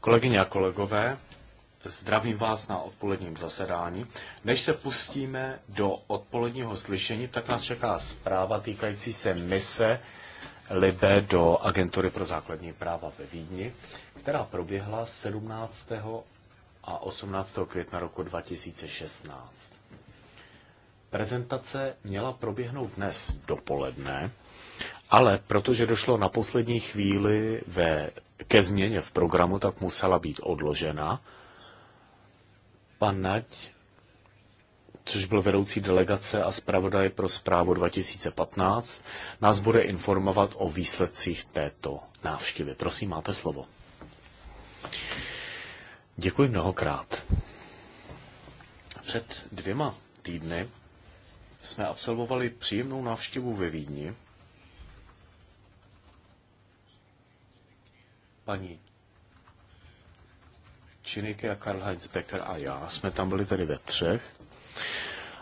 Kolegyně a kolegové, zdravím vás na odpoledním zasedání. Než se pustíme do odpoledního slyšení, tak nás čeká zpráva týkající se mise Libe do Agentury pro základní práva ve Vídni, která proběhla 17. a 18. května roku 2016. Prezentace měla proběhnout dnes dopoledne, ale protože došlo na poslední chvíli ve, ke změně v programu, tak musela být odložena. Pan Naď, což byl vedoucí delegace a zpravodaj pro zprávu 2015, nás bude informovat o výsledcích této návštěvy. Prosím, máte slovo. Děkuji mnohokrát. Před dvěma týdny jsme absolvovali příjemnou návštěvu ve Vídni paní Činiky a Karl-Heinz Becker a já jsme tam byli tedy ve třech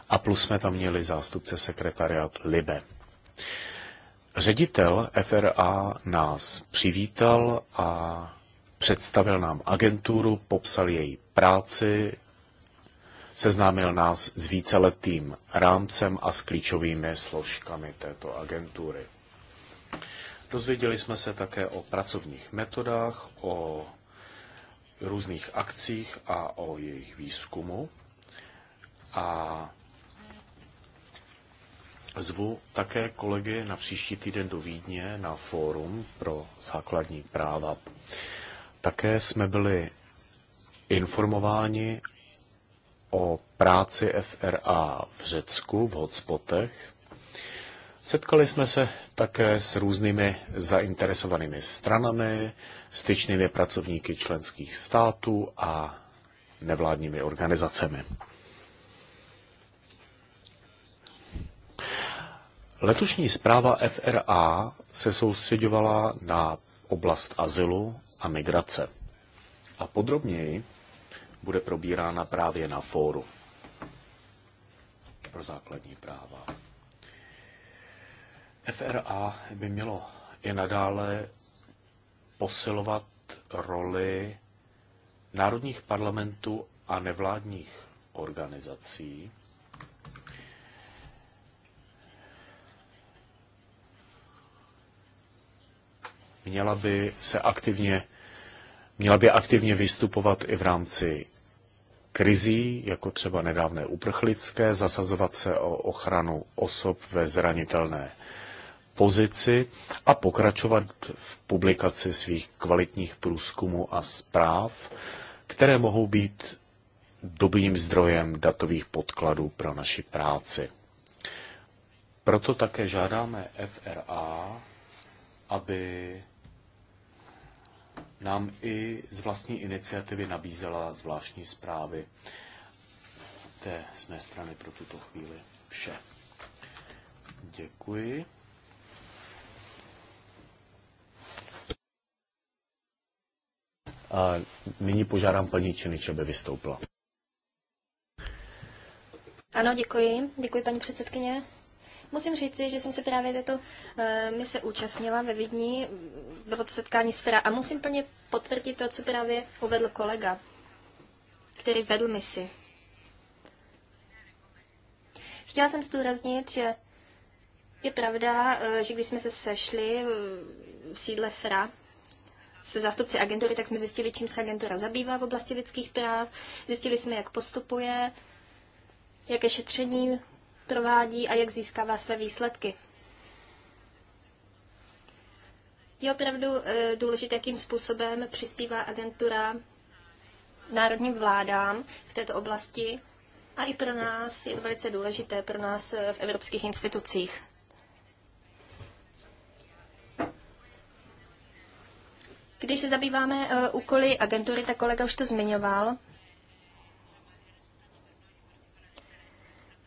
a plus jsme tam měli zástupce sekretariát Libe. Ředitel FRA nás přivítal a představil nám agenturu, popsal její práci, seznámil nás s víceletým rámcem a s klíčovými složkami této agentury. Dozvěděli jsme se také o pracovních metodách, o různých akcích a o jejich výzkumu. A zvu také kolegy na příští týden do Vídně na fórum pro základní práva. Také jsme byli informováni o práci FRA v Řecku v hotspotech. Setkali jsme se také s různými zainteresovanými stranami, styčnými pracovníky členských států a nevládními organizacemi. Letošní zpráva FRA se soustředovala na oblast azylu a migrace. A podrobněji bude probírána právě na fóru pro základní práva. FRA by mělo i nadále posilovat roli národních parlamentů a nevládních organizací. Měla by se aktivně, měla by aktivně vystupovat i v rámci krizí, jako třeba nedávné uprchlické, zasazovat se o ochranu osob ve zranitelné pozici a pokračovat v publikaci svých kvalitních průzkumů a zpráv, které mohou být dobrým zdrojem datových podkladů pro naši práci. Proto také žádáme FRA, aby nám i z vlastní iniciativy nabízela zvláštní zprávy. To je z mé strany pro tuto chvíli vše. Děkuji. A nyní požádám paní Činič, aby vystoupila. Ano, děkuji. Děkuji, paní předsedkyně. Musím říci, že jsem se právě této uh, mise účastnila ve Vidni, bylo to setkání s a musím plně potvrdit to, co právě uvedl kolega, který vedl misi. Chtěla jsem zdůraznit, že je pravda, eh, že když jsme se sešli eh, v sídle FRA, se zástupci agentury, tak jsme zjistili, čím se agentura zabývá v oblasti lidských práv. Zjistili jsme, jak postupuje, jaké šetření provádí a jak získává své výsledky. Je opravdu e, důležité, jakým způsobem přispívá agentura národním vládám v této oblasti a i pro nás je to velice důležité, pro nás v evropských institucích. Když se zabýváme e, úkoly agentury, tak kolega už to zmiňoval.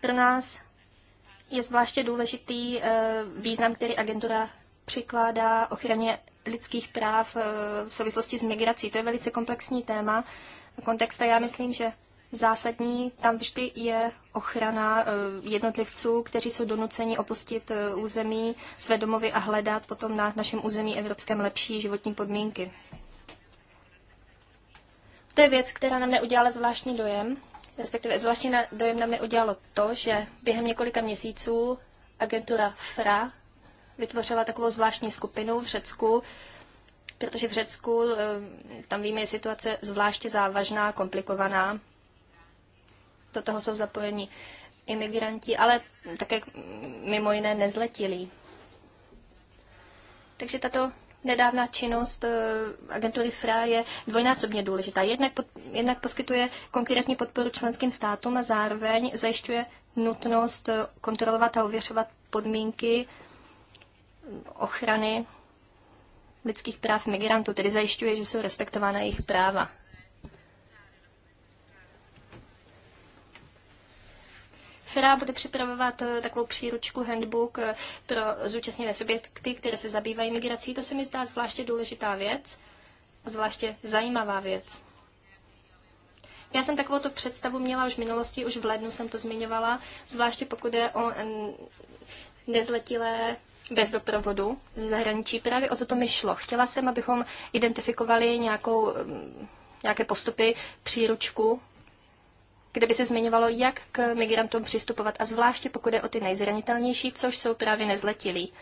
Pro nás je zvláště důležitý e, význam, který agentura přikládá ochraně lidských práv e, v souvislosti s migrací. To je velice komplexní téma Kontexta já myslím, že Zásadní tam vždy je ochrana eh, jednotlivců, kteří jsou donuceni opustit eh, území své domovy a hledat potom na našem území evropském lepší životní podmínky. To je věc, která nám neudělala zvláštní dojem, respektive zvláštní dojem nám neudělalo to, že během několika měsíců agentura FRA vytvořila takovou zvláštní skupinu v Řecku, protože v Řecku eh, tam víme, je situace zvláště závažná, komplikovaná do toho jsou zapojeni imigranti, ale také mimo jiné nezletilí. Takže tato nedávná činnost eh, agentury FRA je dvojnásobně důležitá. Jednak, pod, jednak poskytuje konkrétní podporu členským státům a zároveň zajišťuje nutnost eh, kontrolovat a ověřovat podmínky ochrany lidských práv migrantů, tedy zajišťuje, že jsou respektována jejich práva. která bude připravovat eh, takovou příručku handbook eh, pro zúčastněné subjekty, které se zabývají migrací. To se mi zdá zvláště důležitá věc, zvláště zajímavá věc. Já jsem takovou tu představu měla už v minulosti, už v lednu jsem to zmiňovala, zvláště pokud je o nezletilé bez doprovodu ze zahraničí. Právě o toto mi šlo. Chtěla jsem, abychom identifikovali nějakou, mm, nějaké postupy, příručku kde by se zmiňovalo, jak k migrantům přistupovat, a zvláště pokud je o ty nejzranitelnější, což jsou právě nezletilí.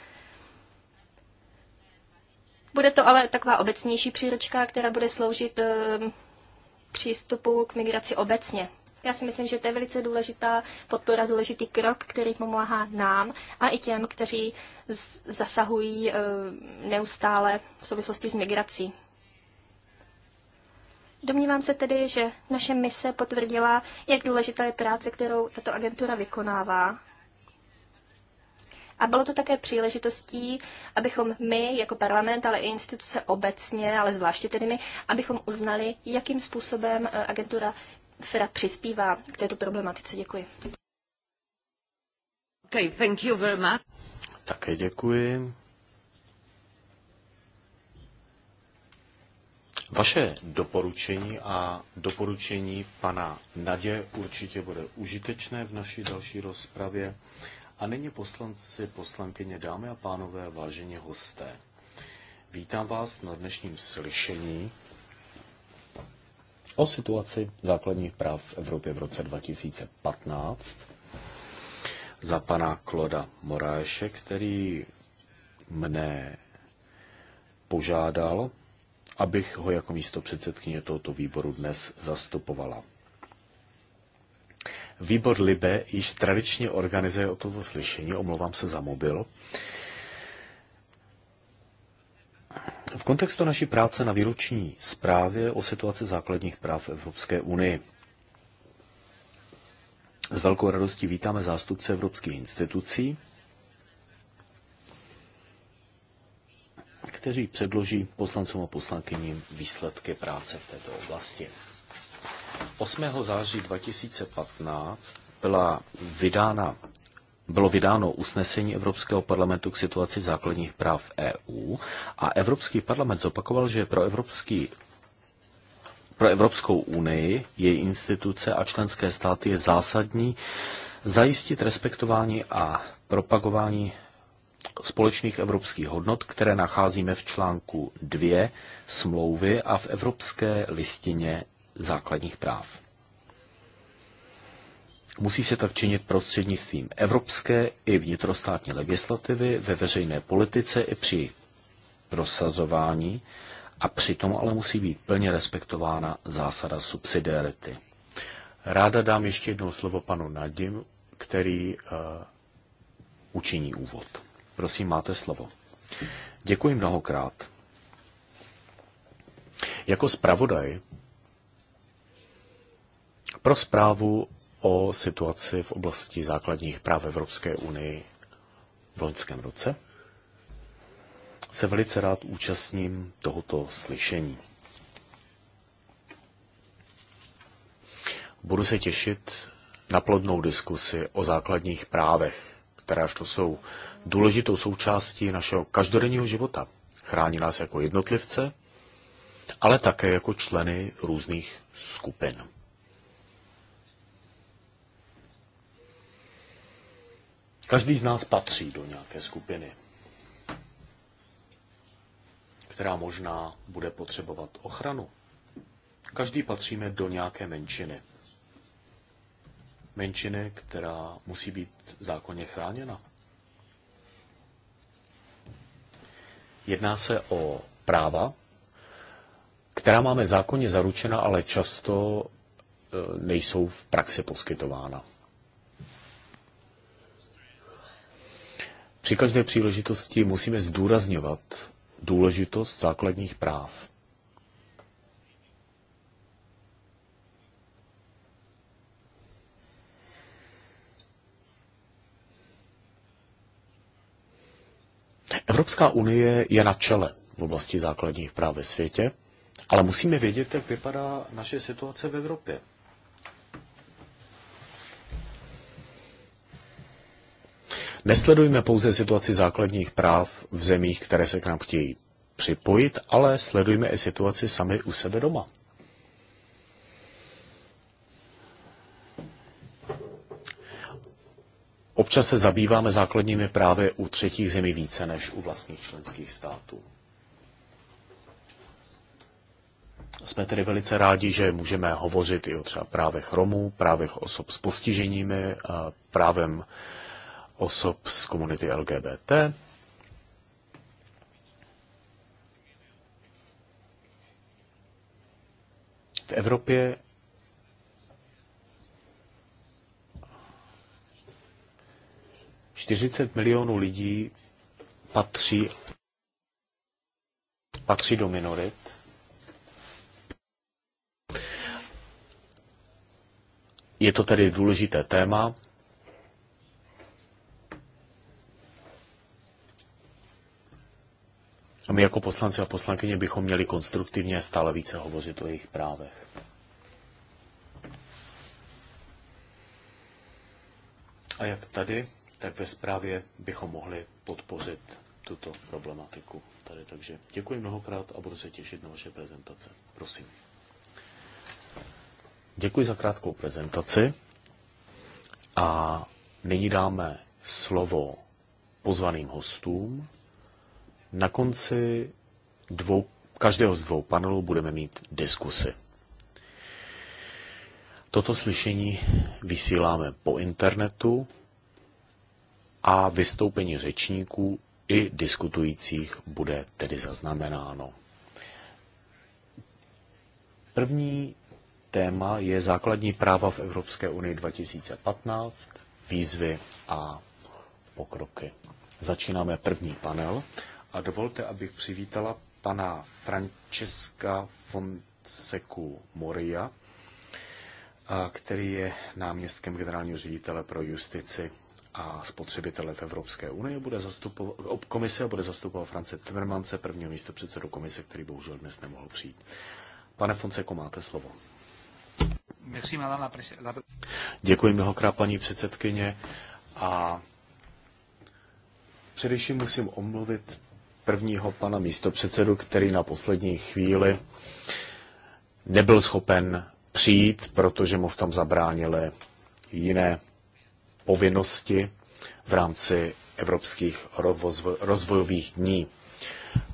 Bude to ale taková obecnější příročka, která bude sloužit e, přístupu k migraci obecně. Já si myslím, že to je velice důležitá podpora, důležitý krok, který pomáhá nám a i těm, kteří zasahují e, neustále v souvislosti s migrací. Domnívám se tedy, že naše mise potvrdila, jak důležitá je práce, kterou tato agentura vykonává. A bylo to také příležitostí, abychom my jako parlament, ale i instituce obecně, ale zvláště tedy my, abychom uznali, jakým způsobem eh, agentura FRA přispívá k této problematice. Děkuji. Okay, thank you very much. Také děkuji. Vaše doporučení a doporučení pana Nadě určitě bude užitečné v naší další rozpravě. A nyní poslanci, poslankyně, dámy a pánové, vážení hosté. Vítám vás na dnešním slyšení o situaci základních práv v Evropě v roce 2015 za pana Kloda Moráše, který mne požádal, abych ho jako místo předsedkyně tohoto výboru dnes zastupovala. Výbor Libe již tradičně organizuje o toto slyšení, omlouvám se za mobil. V kontextu naší práce na výroční zprávě o situaci základních práv Evropské unii. S velkou radostí vítáme zástupce evropských institucí, kteří předloží poslancům a poslankyním výsledky práce v této oblasti. 8. září 2015 byla vydána, bylo vydáno usnesení Evropského parlamentu k situaci základních práv EU a Evropský parlament zopakoval, že pro Evropský pro Evropskou unii, její instituce a členské státy je zásadní zajistit respektování a propagování společných evropských hodnot, které nacházíme v článku 2 smlouvy a v Evropské listině základních práv. Musí se tak činit prostřednictvím evropské i vnitrostátní legislativy ve veřejné politice i při prosazování a přitom ale musí být plně respektována zásada subsidiarity. Ráda dám ještě jednou slovo panu Nadim, který uh, učiní úvod. Prosím, máte slovo. Děkuji mnohokrát. Jako zpravodaj pro zprávu o situaci v oblasti základních práv Evropské unii v loňském roce se velice rád účastním tohoto slyšení. Budu se těšit na plodnou diskusi o základních právech, kteráž to jsou důležitou součástí našeho každodenního života. Chrání nás jako jednotlivce, ale také jako členy různých skupin. Každý z nás patří do nějaké skupiny, která možná bude potřebovat ochranu. Každý patříme do nějaké menšiny. Menšiny, která musí být zákonně chráněna. Jedná se o práva, která máme zákonně zaručena, ale často e, nejsou v praxi poskytována. Při každé příležitosti musíme zdůrazňovat důležitost základních práv. Evropská unie je na čele v oblasti základních práv ve světě, ale musíme vědět, jak vypadá naše situace v Evropě. Nesledujme pouze situaci základních práv v zemích, které se k nám chtějí připojit, ale sledujme i situaci sami u sebe doma. Občas se zabýváme základními právy u třetích zemí více než u vlastních členských států. Jsme tedy velice rádi, že můžeme hovořit i o třeba právech Romů, právech osob s postiženími, právem osob z komunity LGBT. V Evropě 40 milionů lidí patří, patří do minorit. Je to tedy důležité téma. A my jako poslanci a poslankyně bychom měli konstruktivně stále více hovořit o jejich právech. A jak tady, tak ve zprávě bychom mohli podpořit tuto problematiku tady. Takže děkuji mnohokrát a budu se těšit na vaše prezentace. Prosím. Děkuji za krátkou prezentaci a nyní dáme slovo pozvaným hostům. Na konci dvou, každého z dvou panelů budeme mít diskusy. Toto slyšení vysíláme po internetu a vystoupení řečníků i diskutujících bude tedy zaznamenáno. První téma je základní práva v Evropské unii 2015, výzvy a pokroky. Začínáme první panel a dovolte, abych přivítala pana Francesca Fonseku Moria, který je náměstkem generálního ředitele pro justici a spotřebitele v Evropské unii. Bude zastupovat, komise bude zastupovat France Timmermanse, prvního místo předsedu komise, který bohužel dnes nemohl přijít. Pane Fonseko, máte slovo. Děkuji mnohokrát, paní předsedkyně. A především musím omluvit prvního pana místopředsedu, který na poslední chvíli nebyl schopen přijít, protože mu v tom zabránili jiné povinnosti v rámci evropských rozvojových dní.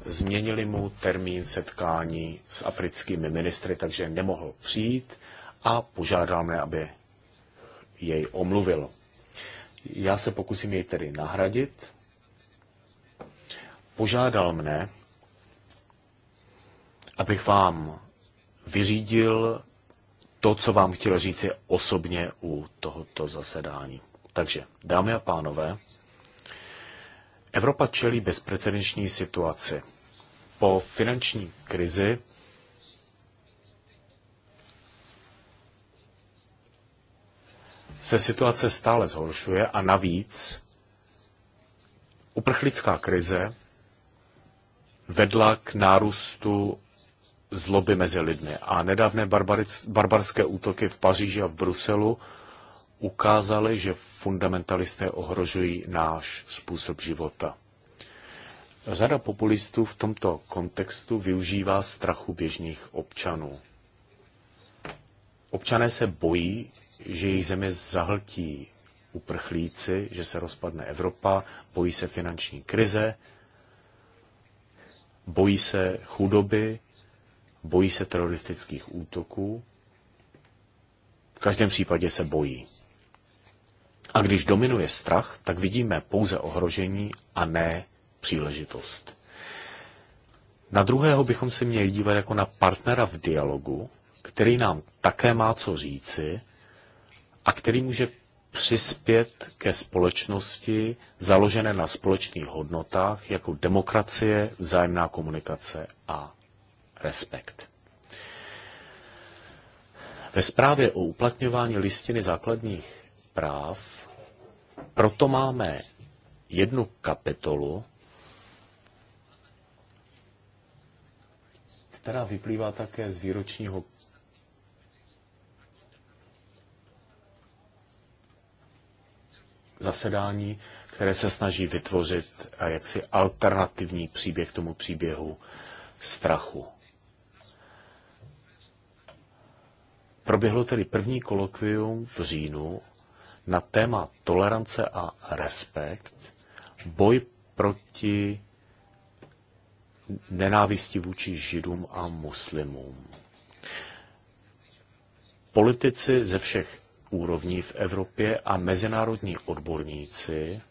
Změnili mu termín setkání s africkými ministry, takže nemohl přijít a požádal mě, aby jej omluvil. Já se pokusím jej tedy nahradit. Požádal mne, abych vám vyřídil to, co vám chtěl říci osobně u tohoto zasedání. Takže, dámy a pánové, Evropa čelí bezprecedenční situaci. Po finanční krizi se situace stále zhoršuje a navíc uprchlická krize vedla k nárůstu zloby mezi lidmi a nedávné barbarické útoky v Paříži a v Bruselu ukázaly, že fundamentalisté ohrožují náš způsob života. Řada populistů v tomto kontextu využívá strachu běžných občanů. Občané se bojí, že jejich země zahltí uprchlíci, že se rozpadne Evropa, bojí se finanční krize, bojí se chudoby, bojí se teroristických útoků. V každém případě se bojí. A když dominuje strach, tak vidíme pouze ohrožení a ne příležitost. Na druhého bychom se měli dívat jako na partnera v dialogu, který nám také má co říci a který může přispět ke společnosti založené na společných hodnotách jako demokracie, vzájemná komunikace a respekt. Ve zprávě o uplatňování listiny základních práv. Proto máme jednu kapitolu, která vyplývá také z výročního zasedání, které se snaží vytvořit jaksi alternativní příběh tomu příběhu strachu. Proběhlo tedy první kolokvium v říjnu na téma tolerance a respekt, boj proti nenávisti vůči židům a muslimům. Politici ze všech úrovní v Evropě a mezinárodní odborníci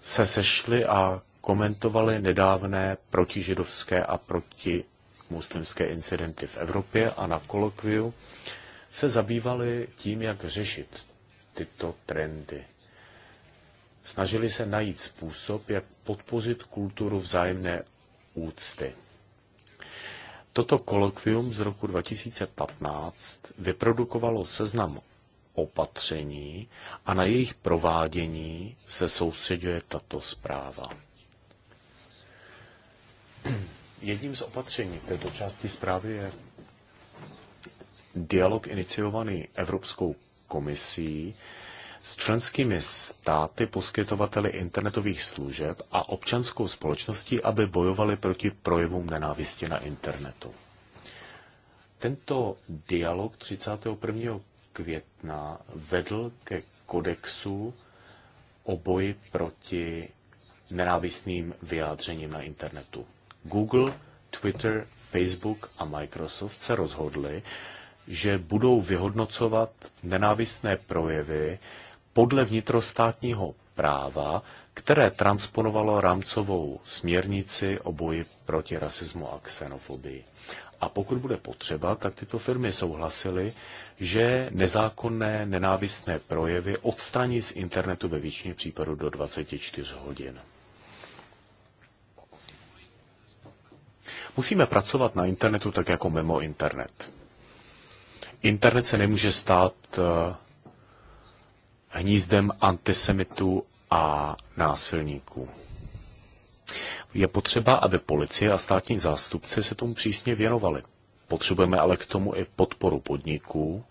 se sešli a komentovali nedávné protižidovské a protimuslimské incidenty v Evropě a na kolokviu se zabývali tím, jak řešit tyto trendy. Snažili se najít způsob, jak podpořit kulturu vzájemné úcty. Toto kolokvium z roku 2015 vyprodukovalo seznam opatření a na jejich provádění se soustředuje tato zpráva. Jedním z opatření v této části zprávy je dialog iniciovaný Evropskou komisí s členskými státy, poskytovateli internetových služeb a občanskou společností, aby bojovali proti projevům nenávisti na internetu. Tento dialog 31. května vedl ke kodexu o boji proti nenávistným vyjádřením na internetu. Google, Twitter, Facebook a Microsoft se rozhodli, že budou vyhodnocovat nenávistné projevy podle vnitrostátního práva, které transponovalo rámcovou směrnici o boji proti rasismu a xenofobii. A pokud bude potřeba, tak tyto firmy souhlasily, že nezákonné nenávistné projevy odstraní z internetu ve většině případů do 24 hodin. Musíme pracovat na internetu tak jako mimo internet. Internet se nemůže stát eh, hnízdem antisemitů a násilníků. Je potřeba, aby policie a státní zástupci se tomu přísně věnovali. Potřebujeme ale k tomu i podporu podniků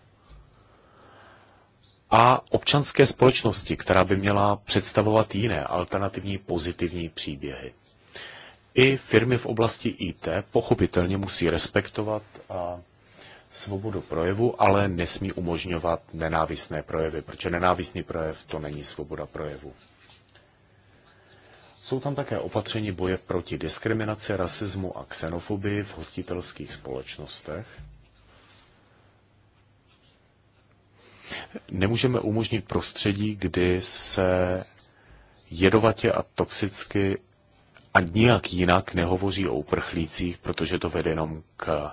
a občanské společnosti, která by měla představovat jiné alternativní pozitivní příběhy. I firmy v oblasti IT pochopitelně musí respektovat a svobodu projevu, ale nesmí umožňovat nenávistné projevy, protože nenávistný projev to není svoboda projevu. Jsou tam také opatření boje proti diskriminaci, rasismu a xenofobii v hostitelských společnostech. Nemůžeme umožnit prostředí, kdy se jedovatě a toxicky a nijak jinak nehovoří o uprchlících, protože to vede jenom k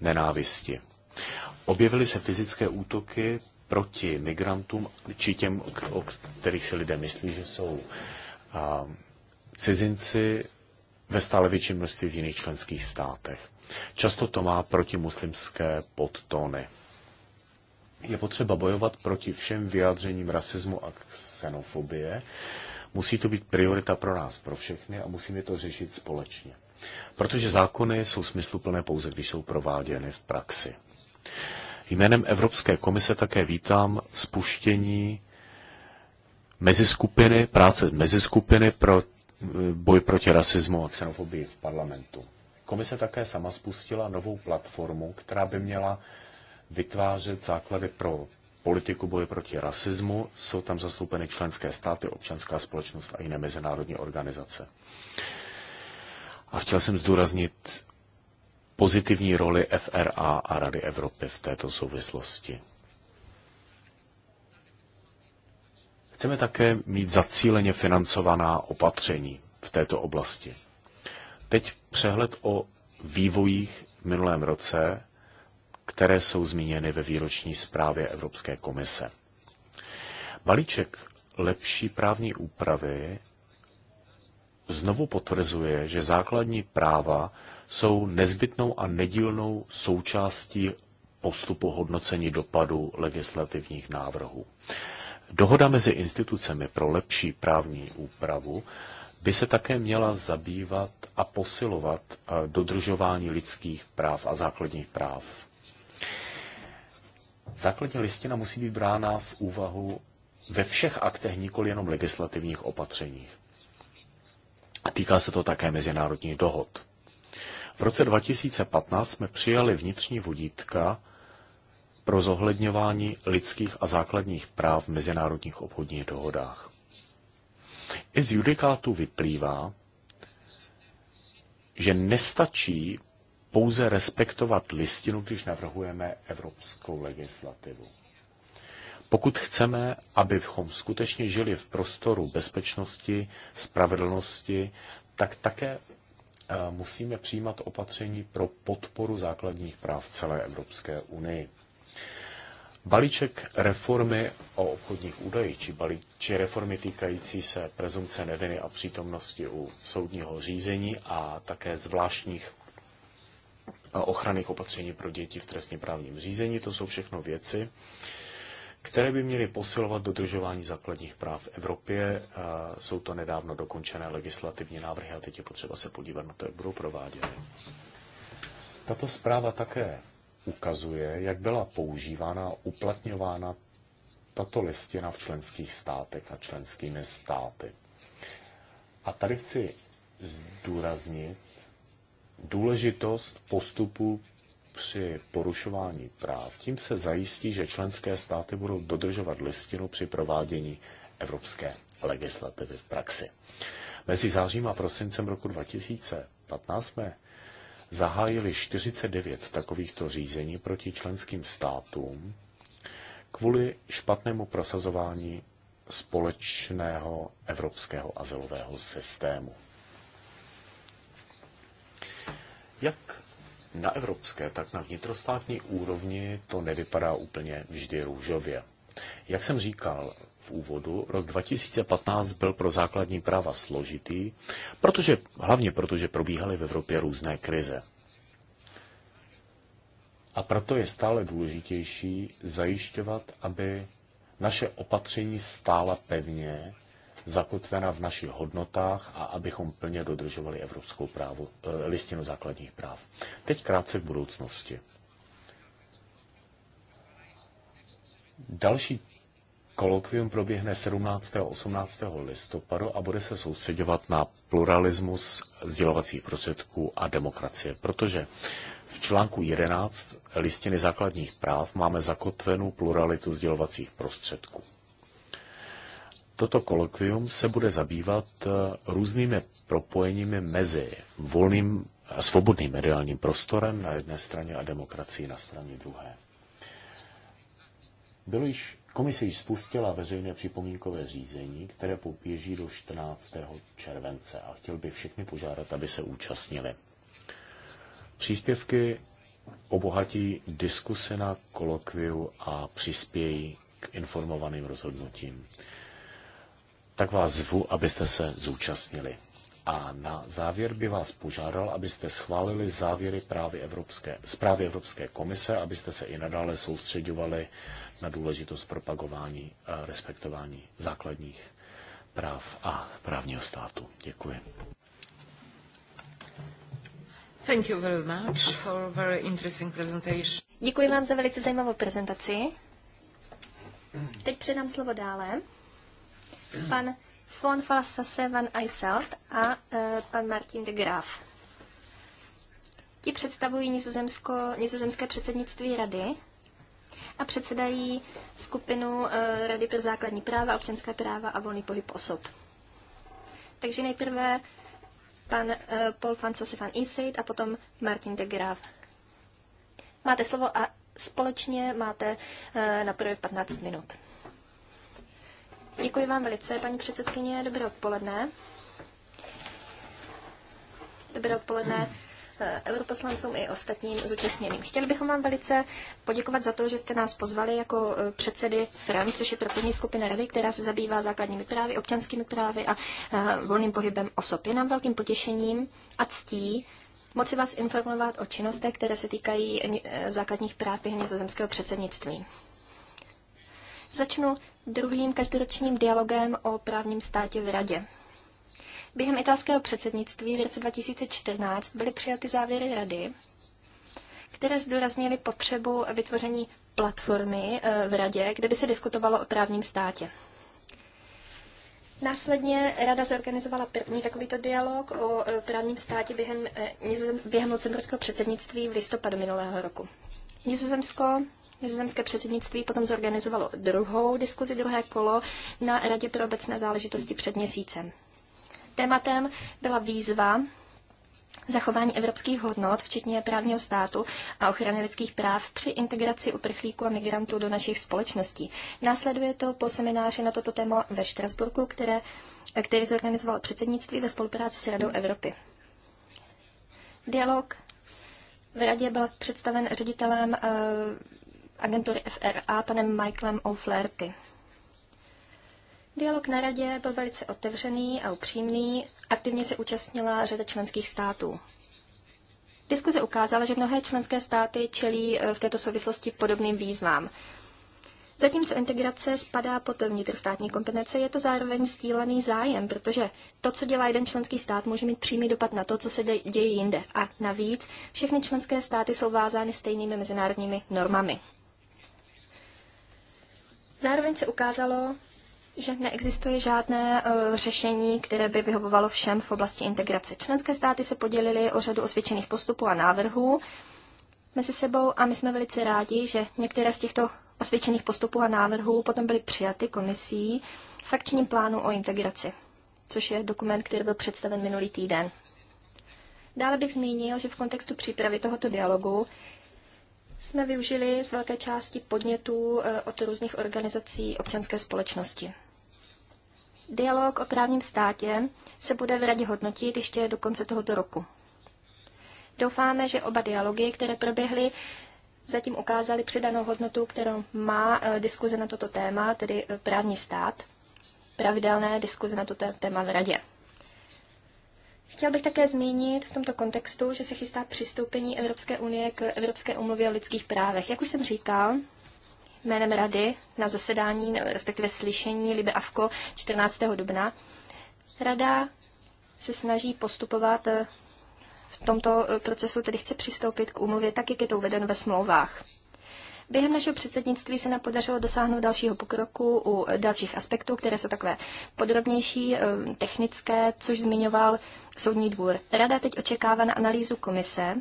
nenávisti. Objevily se fyzické útoky proti migrantům, či těm, o kterých si lidé myslí, že jsou a, cizinci ve stále větším množství v jiných členských státech. Často to má protimuslimské podtóny. Je potřeba bojovat proti všem vyjádřením rasismu a xenofobie. Musí to být priorita pro nás, pro všechny a musíme to řešit společně. Protože zákony jsou smysluplné pouze, když jsou prováděny v praxi. Jménem Evropské komise také vítám spuštění meziskupiny, práce meziskupiny pro e, boj proti rasismu a xenofobii v parlamentu. Komise také sama spustila novou platformu, která by měla vytvářet základy pro politiku boje proti rasismu. Jsou tam zastoupeny členské státy, občanská společnost a jiné mezinárodní organizace. A chtěl jsem zdůraznit pozitivní roli FRA a Rady Evropy v této souvislosti. Chceme také mít zacíleně financovaná opatření v této oblasti. Teď přehled o vývojích v minulém roce, které jsou zmíněny ve výroční zprávě Evropské komise. Balíček lepší právní úpravy znovu potvrzuje, že základní práva jsou nezbytnou a nedílnou součástí postupu hodnocení dopadu legislativních návrhů. Dohoda mezi institucemi pro lepší právní úpravu by se také měla zabývat a posilovat eh, dodržování lidských práv a základních práv. Základní listina musí být brána v úvahu ve všech aktech, nikoli jenom legislativních opatřeních. Týká se to také mezinárodních dohod. V roce 2015 jsme přijali vnitřní vodítka pro zohledňování lidských a základních práv v mezinárodních obchodních dohodách. I z judikátu vyplývá, že nestačí pouze respektovat listinu, když navrhujeme evropskou legislativu. Pokud chceme, abychom skutečně žili v prostoru bezpečnosti, spravedlnosti, tak také musíme přijímat opatření pro podporu základních práv celé Evropské unii. Balíček reformy o obchodních údajích, či, či reformy týkající se prezumce neviny a přítomnosti u soudního řízení a také zvláštních ochranných opatření pro děti v trestně právním řízení, to jsou všechno věci, které by měly posilovat dodržování základních práv v Evropě. Jsou to nedávno dokončené legislativní návrhy a teď je potřeba se podívat na to, jak budou prováděny. Tato zpráva také ukazuje, jak byla používána uplatňována tato listina v členských státech a členskými státy. A tady chci zdůraznit důležitost postupu při porušování práv. Tím se zajistí, že členské státy budou dodržovat listinu při provádění evropské legislativy v praxi. Mezi zářím a prosincem roku 2015 jsme zahájili 49 takovýchto řízení proti členským státům kvůli špatnému prosazování společného evropského azylového systému. Jak na evropské, tak na vnitrostátní úrovni to nevypadá úplně vždy růžově. Jak jsem říkal v úvodu, rok 2015 byl pro základní práva složitý, protože, hlavně protože probíhaly v Evropě různé krize. A proto je stále důležitější zajišťovat, aby naše opatření stála pevně zakotvena v našich hodnotách a abychom plně dodržovali Evropskou právu, eh, listinu základních práv. Teď krátce k budoucnosti. Další kolokvium proběhne 17. a 18. listopadu a bude se soustředovat na pluralismus sdělovacích prostředků a demokracie, protože v článku 11 listiny základních práv máme zakotvenou pluralitu sdělovacích prostředků toto kolokvium se bude zabývat eh, různými propojeními mezi volným a svobodným mediálním prostorem na jedné straně a demokracií na straně druhé. Bylo již, komise již spustila veřejné připomínkové řízení, které pouběží do 14. července a chtěl bych všechny požádat, aby se účastnili. Příspěvky obohatí diskuse na kolokviu a přispějí k informovaným rozhodnutím tak vás zvu, abyste se zúčastnili. A na závěr by vás požádal, abyste schválili závěry právě Evropské, zprávy Evropské komise, abyste se i nadále soustředovali na důležitost propagování a eh, respektování základních práv a právního státu. Děkuji. Thank you very much for very interesting presentation. Děkuji vám za velice zajímavou prezentaci. Teď předám slovo dále pan von Falsase van Eiselt a e, pan Martin de Graaf. Ti představují nizozemsko, nizozemské předsednictví rady a předsedají skupinu e, Rady pro základní práva, občanská práva a volný pohyb osob. Takže nejprve pan e, Paul van Sasse van a potom Martin de Graaf. Máte slovo a společně máte e, na projev 15 minut. Děkuji vám velice, paní předsedkyně. Dobré odpoledne. Dobré odpoledne eh, europoslancům i ostatním zúčastněným. Chtěli bychom vám velice poděkovat za to, že jste nás pozvali jako eh, předsedy FRAM, což je pracovní skupina rady, která se zabývá základními právy, občanskými právy a eh, volným pohybem osob. Je nám velkým potěšením a ctí moci vás informovat o činnostech, které se týkají základních práv během nizozemského předsednictví. Začnu druhým každoročním dialogem o právním státě v Radě. Během italského předsednictví v roce 2014 byly přijaty závěry Rady, které zdůraznily potřebu vytvoření platformy eh, v Radě, kde by se diskutovalo o právním státě. Následně rada zorganizovala první takovýto dialog o eh, právním státě během, eh, během lucemburského předsednictví v listopadu minulého roku. Nizozemsko Nizozemské předsednictví potom zorganizovalo druhou diskuzi, druhé kolo na Radě pro obecné záležitosti před měsícem. Tématem byla výzva zachování evropských hodnot, včetně právního státu a ochrany lidských práv při integraci uprchlíků a migrantů do našich společností. Následuje to po semináři na toto téma ve Štrasburku, které, který zorganizoval předsednictví ve spolupráci s Radou Evropy. Dialog v radě byl představen ředitelem eh, agentury FRA panem Michaelem O'Flaherty. Dialog na radě byl velice otevřený a upřímný, aktivně se účastnila řada členských států. Diskuze ukázala, že mnohé členské státy čelí eh, v této souvislosti podobným výzvám. Zatímco integrace spadá pod vnitrostátní kompetence, je to zároveň stílený zájem, protože to, co dělá jeden členský stát, může mít přímý dopad na to, co se děje jinde. A navíc všechny členské státy jsou vázány stejnými mezinárodními normami. Zároveň se ukázalo, že neexistuje žádné uh, řešení, které by vyhovovalo všem v oblasti integrace. Členské státy se podělily o řadu osvědčených postupů a návrhů mezi sebou a my jsme velice rádi, že některé z těchto osvědčených postupů a návrhů potom byly přijaty komisí v akčním plánu o integraci, což je dokument, který byl představen minulý týden. Dále bych zmínil, že v kontextu přípravy tohoto dialogu jsme využili z velké části podnětů eh, od různých organizací občanské společnosti. Dialog o právním státě se bude v radě hodnotit ještě do konce tohoto roku. Doufáme, že oba dialogy, které proběhly, zatím ukázaly přidanou hodnotu, kterou má eh, diskuze na toto téma, tedy eh, právní stát, pravidelné diskuze na toto téma v radě. Chtěl bych také zmínit v tomto kontextu, že se chystá přistoupení Evropské unie k Evropské umluvě o lidských právech. Jak už jsem říkal, jménem Rady na zasedání, respektive slyšení Libe Avko 14. dubna, Rada se snaží postupovat eh, v tomto eh, procesu, tedy chce přistoupit k umluvě tak, jak je to uvedeno ve smlouvách. Během našeho předsednictví se nám podařilo dosáhnout dalšího pokroku u dalších aspektů, které jsou takové podrobnější, eh, technické, což zmiňoval Soudní dvůr. Rada teď očekává na analýzu komise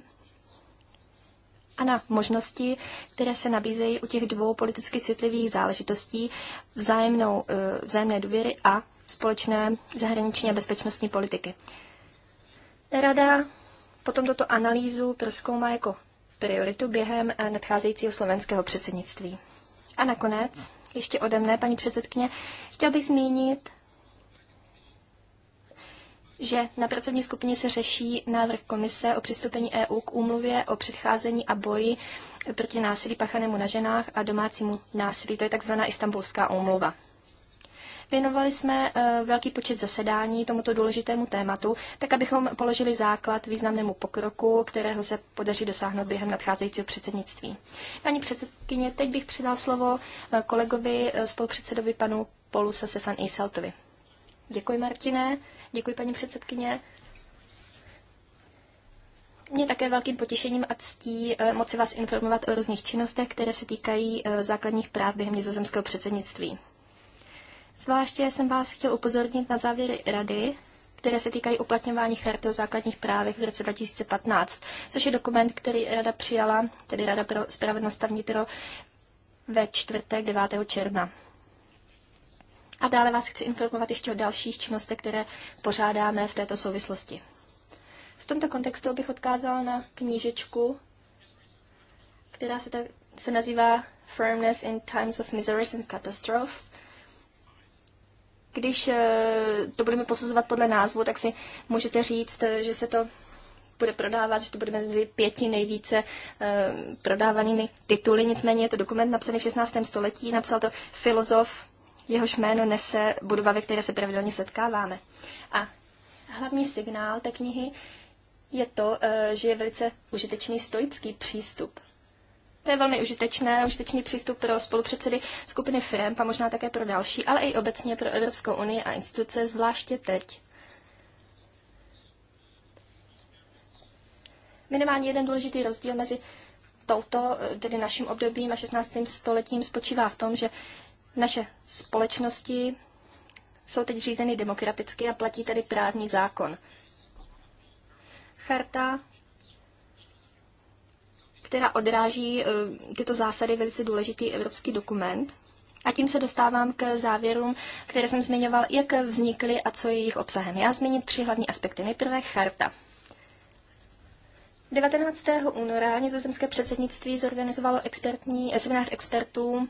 a na možnosti, které se nabízejí u těch dvou politicky citlivých záležitostí vzájemnou, eh, vzájemné důvěry a společné zahraniční a bezpečnostní politiky. Rada potom toto analýzu proskoumá jako prioritu během eh, nadcházejícího slovenského předsednictví. A nakonec, ještě ode mne, paní předsedkyně, chtěl bych zmínit, že na pracovní skupině se řeší návrh komise o přistoupení EU k úmluvě o předcházení a boji proti násilí pachanému na ženách a domácímu násilí. To je takzvaná istambulská úmluva. Věnovali jsme eh, velký počet zasedání tomuto důležitému tématu, tak abychom položili základ významnému pokroku, kterého se podaří dosáhnout během nadcházejícího předsednictví. Paní předsedkyně, teď bych předal slovo eh, kolegovi, eh, spolupředsedovi panu Polu Sasefan Iseltovi. Děkuji, Martine. Děkuji, paní předsedkyně. Mě také velkým potěšením a ctí moci vás informovat o různých činnostech, které se týkají základních práv během nizozemského předsednictví. Zvláště jsem vás chtěl upozornit na závěry Rady, které se týkají uplatňování charty o základních právech v roce 2015, což je dokument, který Rada přijala, tedy Rada pro spravedlnost a vnitro, ve čtvrtek 9. června. A dále vás chci informovat ještě o dalších činnostech, které pořádáme v této souvislosti. V tomto kontextu bych odkázal na knížečku, která se, ta, se nazývá Firmness in Times of Miseries and Catastrophe když eh, to budeme posuzovat podle názvu, tak si můžete říct, eh, že se to bude prodávat, že to bude mezi pěti nejvíce eh, prodávanými tituly. Nicméně je to dokument napsaný v 16. století, napsal to filozof, jehož jméno nese budova, ve které se pravidelně setkáváme. A hlavní signál té knihy je to, že je velice užitečný stoický přístup. To je velmi užitečné, užitečný přístup pro spolupředsedy skupiny firm a možná také pro další, ale i obecně pro Evropskou unii a instituce, zvláště teď. Minimálně jeden důležitý rozdíl mezi touto, tedy naším obdobím a 16. stoletím spočívá v tom, že naše společnosti jsou teď řízeny demokraticky a platí tedy právní zákon. Charta která odráží eh, tyto zásady velice důležitý evropský dokument. A tím se dostávám k závěrům, které jsem zmiňoval, jak vznikly a co je jejich obsahem. Já zmíním tři hlavní aspekty. Nejprve charta. 19. února nizozemské předsednictví zorganizovalo expertní, seminář expertů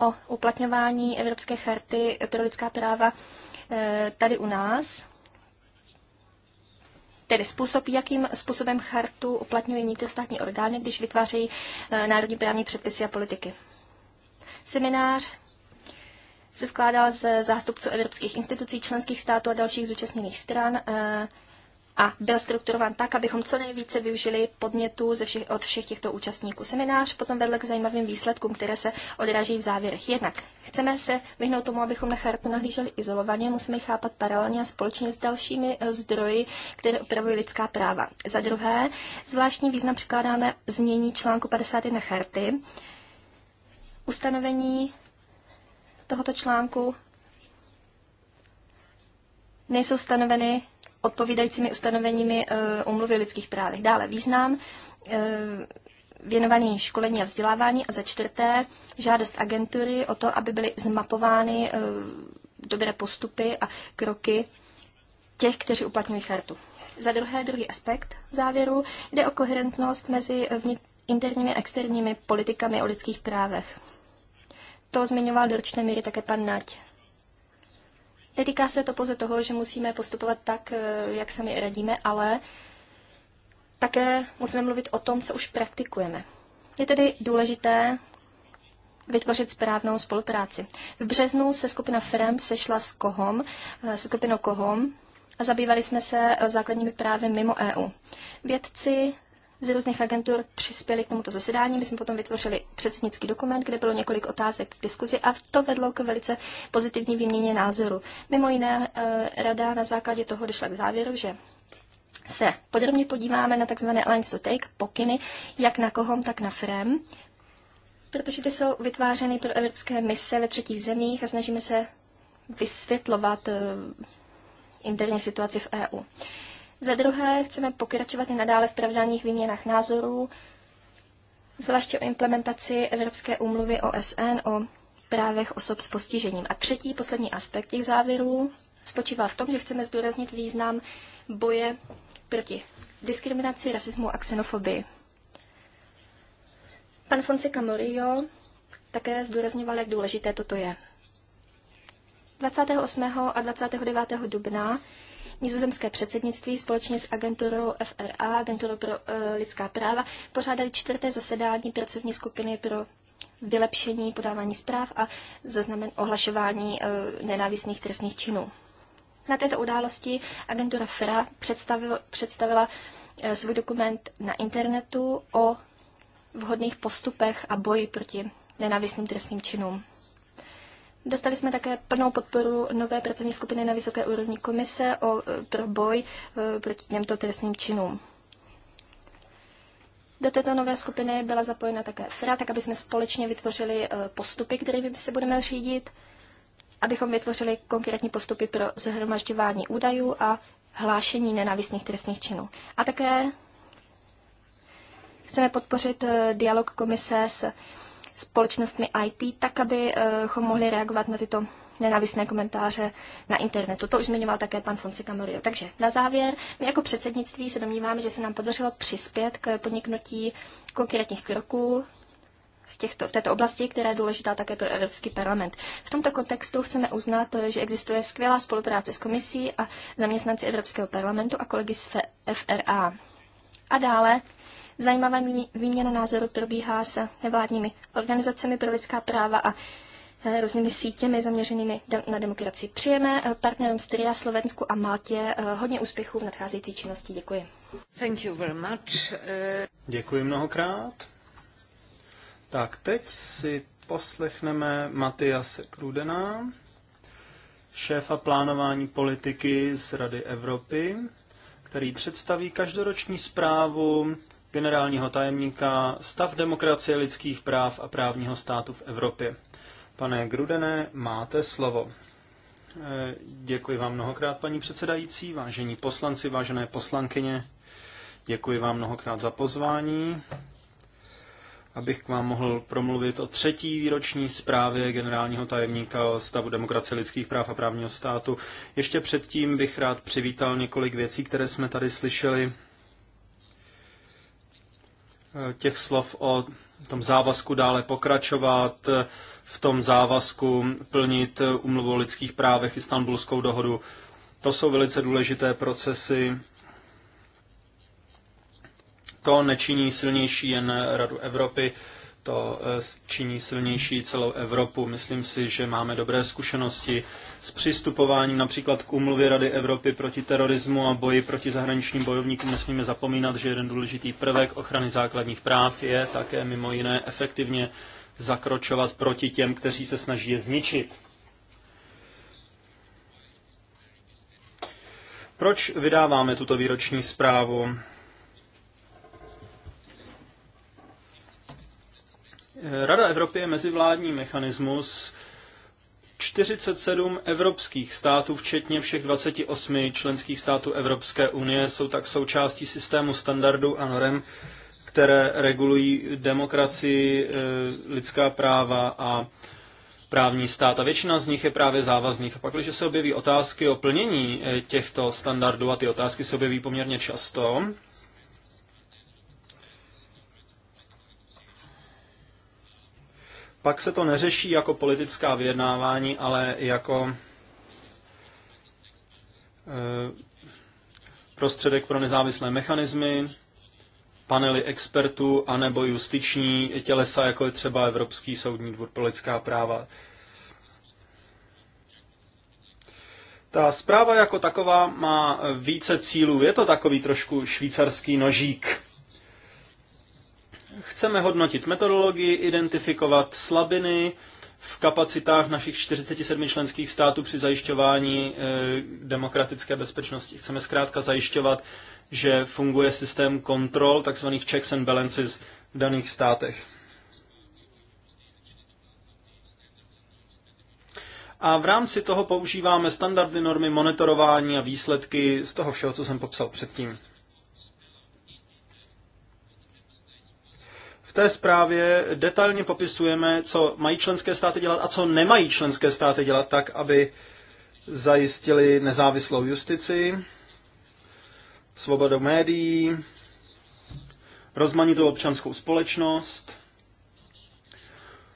o uplatňování Evropské charty pro lidská práva eh, tady u nás tedy způsob, jakým způsobem chartu uplatňují státní orgány, když vytvářejí eh, národní právní předpisy a politiky. Seminář se skládal z zástupců evropských institucí, členských států a dalších zúčastněných stran. Eh, a byl strukturován tak, abychom co nejvíce využili podnětů ze všech, od všech těchto účastníků. Seminář potom vedl k zajímavým výsledkům, které se odraží v závěrech. Jednak chceme se vyhnout tomu, abychom na chartu nahlíželi izolovaně, musíme ji chápat paralelně a společně s dalšími eh, zdroji, které upravují lidská práva. Za druhé, zvláštní význam přikládáme znění článku 51 charty. Ustanovení tohoto článku nejsou stanoveny odpovídajícími ustanoveními umluvy eh, o lidských právech. Dále význam eh, věnovaný školení a vzdělávání a za čtvrté žádost agentury o to, aby byly zmapovány eh, dobré postupy a kroky těch, kteří uplatňují chartu. Za druhé, druhý aspekt závěru jde o koherentnost mezi interními a externími politikami o lidských právech. To zmiňoval do určité míry také pan Nať. Netýká se to pouze toho, že musíme postupovat tak, eh, jak sami radíme, ale také musíme mluvit o tom, co už praktikujeme. Je tedy důležité vytvořit správnou spolupráci. V březnu se skupina firm sešla s KOHOM, eh, se skupinou KOHOM a zabývali jsme se eh, základními právy mimo EU. Vědci z různých agentur přispěli k tomuto zasedání. My jsme potom vytvořili předsednický dokument, kde bylo několik otázek k diskuzi a to vedlo k velice pozitivní výměně názoru. Mimo jiné, eh, rada na základě toho došla k závěru, že se podrobně podíváme na tzv. Alliance to take, pokyny, jak na kohom, tak na frem, protože ty jsou vytvářeny pro evropské mise ve třetích zemích a snažíme se vysvětlovat eh, interní situaci v EU. Za druhé, chceme pokračovat i nadále v pravidelných výměnách názorů, zvláště o implementaci Evropské úmluvy OSN o právech osob s postižením. A třetí, poslední aspekt těch závěrů spočívá v tom, že chceme zdůraznit význam boje proti diskriminaci, rasismu a xenofobii. Pan Fonseca Morillo také zdůrazňoval, jak důležité toto je. 28. a 29. dubna nizozemské předsednictví společně s agenturou FRA, agenturou pro e, lidská práva, pořádali čtvrté zasedání pracovní skupiny pro vylepšení podávání zpráv a zaznamen ohlašování e, nenávistných trestných činů. Na této události agentura FRA představil, představila e, svůj dokument na internetu o vhodných postupech a boji proti nenávistným trestným činům. Dostali jsme také plnou podporu nové pracovní skupiny na vysoké úrovni komise o, pro boj e, proti těmto trestným činům. Do této nové skupiny byla zapojena také FRA, tak aby jsme společně vytvořili e, postupy, kterými se budeme řídit, abychom vytvořili konkrétní postupy pro zhromažďování údajů a hlášení nenávistných trestných činů. A také chceme podpořit e, dialog komise s společnostmi IT, tak abychom mohli reagovat na tyto nenávistné komentáře na internetu. To už zmiňoval také pan Fonseca Morio. Takže na závěr, my jako předsednictví se domníváme, že se nám podařilo přispět k podniknutí konkrétních kroků v, těchto, v této oblasti, která je důležitá také pro Evropský parlament. V tomto kontextu chceme uznat, že existuje skvělá spolupráce s komisí a zaměstnanci Evropského parlamentu a kolegy z FRA. A dále Zajímavá výměna názoru probíhá s nevládními organizacemi pro lidská práva a eh, různými sítěmi zaměřenými na demokracii. Přijeme eh, partnerům z Tyria, Slovensku a Maltě eh, hodně úspěchů v nadcházející činnosti. Děkuji. Thank you very much. Uh... Děkuji mnohokrát. Tak teď si poslechneme Matiase Krudena, šéfa plánování politiky z Rady Evropy, který představí každoroční zprávu generálního tajemníka Stav demokracie, lidských práv a právního státu v Evropě. Pane Grudené, máte slovo. E, děkuji vám mnohokrát, paní předsedající, vážení poslanci, vážené poslankyně. Děkuji vám mnohokrát za pozvání, abych k vám mohl promluvit o třetí výroční zprávě generálního tajemníka o stavu demokracie lidských práv a právního státu. Ještě předtím bych rád přivítal několik věcí, které jsme tady slyšeli Eh, těch slov o tom závazku dále pokračovat, eh, v tom závazku plnit umluvu eh, o lidských právech, Istanbulskou dohodu. To jsou velice důležité procesy. To nečiní silnější jen Radu Evropy, to eh, činí silnější celou Evropu. Myslím si, že máme dobré zkušenosti s přistupováním například k umluvě Rady Evropy proti terorismu a boji proti zahraničním bojovníkům. Nesmíme zapomínat, že jeden důležitý prvek ochrany základních práv je také mimo jiné efektivně zakročovat proti těm, kteří se snaží je zničit. Proč vydáváme tuto výroční zprávu? Rada Evropy je mezivládní mechanismus, 47 evropských států, včetně všech 28 členských států Evropské unie, jsou tak součástí systému standardů a norem, které regulují demokracii, eh, lidská práva a právní stát. A většina z nich je právě závazných. A pak, když se objeví otázky o plnění eh, těchto standardů, a ty otázky se objeví poměrně často, pak se to neřeší jako politická vyjednávání, ale jako eh, prostředek pro nezávislé mechanismy, panely expertů, anebo justiční tělesa, jako je třeba Evropský soudní dvůr pro lidská práva. Ta zpráva jako taková má více cílů. Je to takový trošku švýcarský nožík. Chceme hodnotit metodologii, identifikovat slabiny v kapacitách našich 47 členských států při zajišťování e, demokratické bezpečnosti. Chceme zkrátka zajišťovat, že funguje systém kontrol, takzvaných checks and balances v daných státech. A v rámci toho používáme standardy normy monitorování a výsledky z toho všeho, co jsem popsal předtím. té zprávě detailně popisujeme, co mají členské státy dělat a co nemají členské státy dělat tak, aby zajistili nezávislou justici, svobodu médií, rozmanitou občanskou společnost,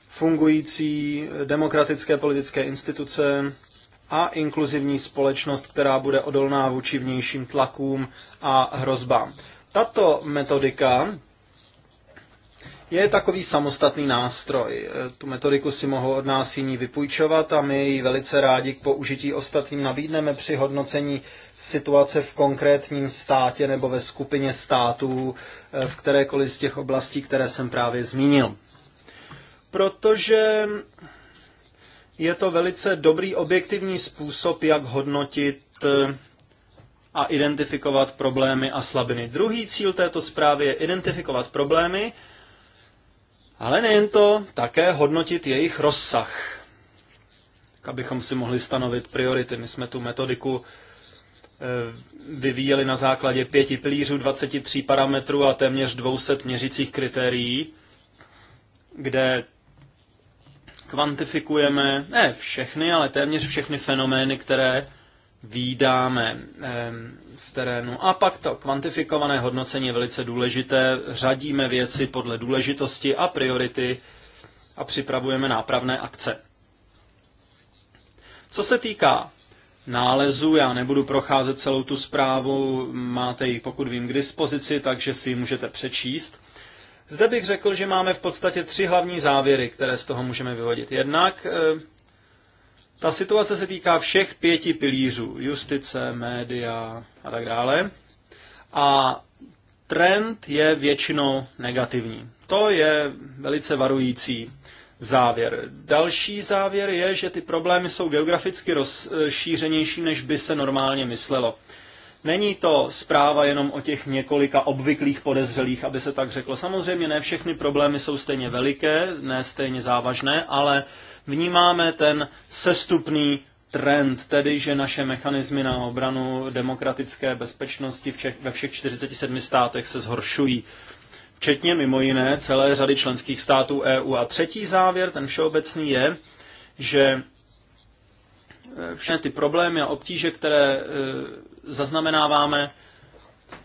fungující demokratické politické instituce a inkluzivní společnost, která bude odolná vůči vnějším tlakům a hrozbám. Tato metodika je takový samostatný nástroj. E, tu metodiku si mohou od nás jiní vypůjčovat a my ji velice rádi k použití ostatním nabídneme při hodnocení situace v konkrétním státě nebo ve skupině států e, v kterékoliv z těch oblastí, které jsem právě zmínil. Protože je to velice dobrý objektivní způsob, jak hodnotit e, a identifikovat problémy a slabiny. Druhý cíl této zprávy je identifikovat problémy ale nejen to, také hodnotit jejich rozsah, tak abychom si mohli stanovit priority. My jsme tu metodiku eh, vyvíjeli na základě pěti pilířů, 23 parametrů a téměř 200 měřicích kritérií, kde kvantifikujeme, ne všechny, ale téměř všechny fenomény, které výdáme. Ehm, terénu. A pak to kvantifikované hodnocení je velice důležité. Řadíme věci podle důležitosti a priority a připravujeme nápravné akce. Co se týká nálezu, já nebudu procházet celou tu zprávu, máte ji pokud vím k dispozici, takže si ji můžete přečíst. Zde bych řekl, že máme v podstatě tři hlavní závěry, které z toho můžeme vyvodit. Jednak eh, ta situace se týká všech pěti pilířů, justice, média a tak dále. A trend je většinou negativní. To je velice varující závěr. Další závěr je, že ty problémy jsou geograficky rozšířenější, než by se normálně myslelo. Není to zpráva jenom o těch několika obvyklých podezřelých, aby se tak řeklo. Samozřejmě ne všechny problémy jsou stejně veliké, ne stejně závažné, ale vnímáme ten sestupný trend, tedy že naše mechanismy na obranu demokratické bezpečnosti ve všech 47 státech se zhoršují včetně mimo jiné celé řady členských států EU. A třetí závěr, ten všeobecný, je, že e, všechny ty problémy a obtíže, které e, zaznamenáváme,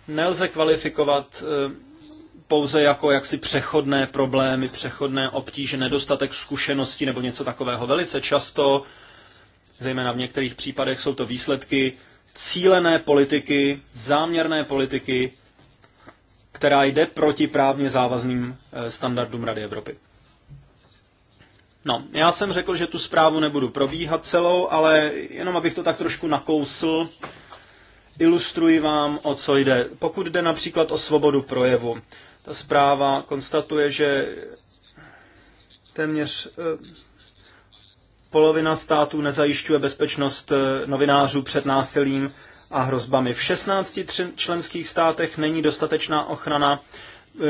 nelze kvalifikovat e, pouze jako jaksi přechodné problémy, přechodné obtíže, nedostatek zkušeností nebo něco takového. Velice často, zejména v některých případech, jsou to výsledky cílené politiky, záměrné politiky, která jde proti právně závazným eh, standardům Rady Evropy. No, já jsem řekl, že tu zprávu nebudu probíhat celou, ale jenom abych to tak trošku nakousl, ilustruji vám, o co jde. Pokud jde například o svobodu projevu, ta zpráva konstatuje, že téměř eh, polovina států nezajišťuje bezpečnost eh, novinářů před násilím a hrozbami. V 16 členských státech není dostatečná ochrana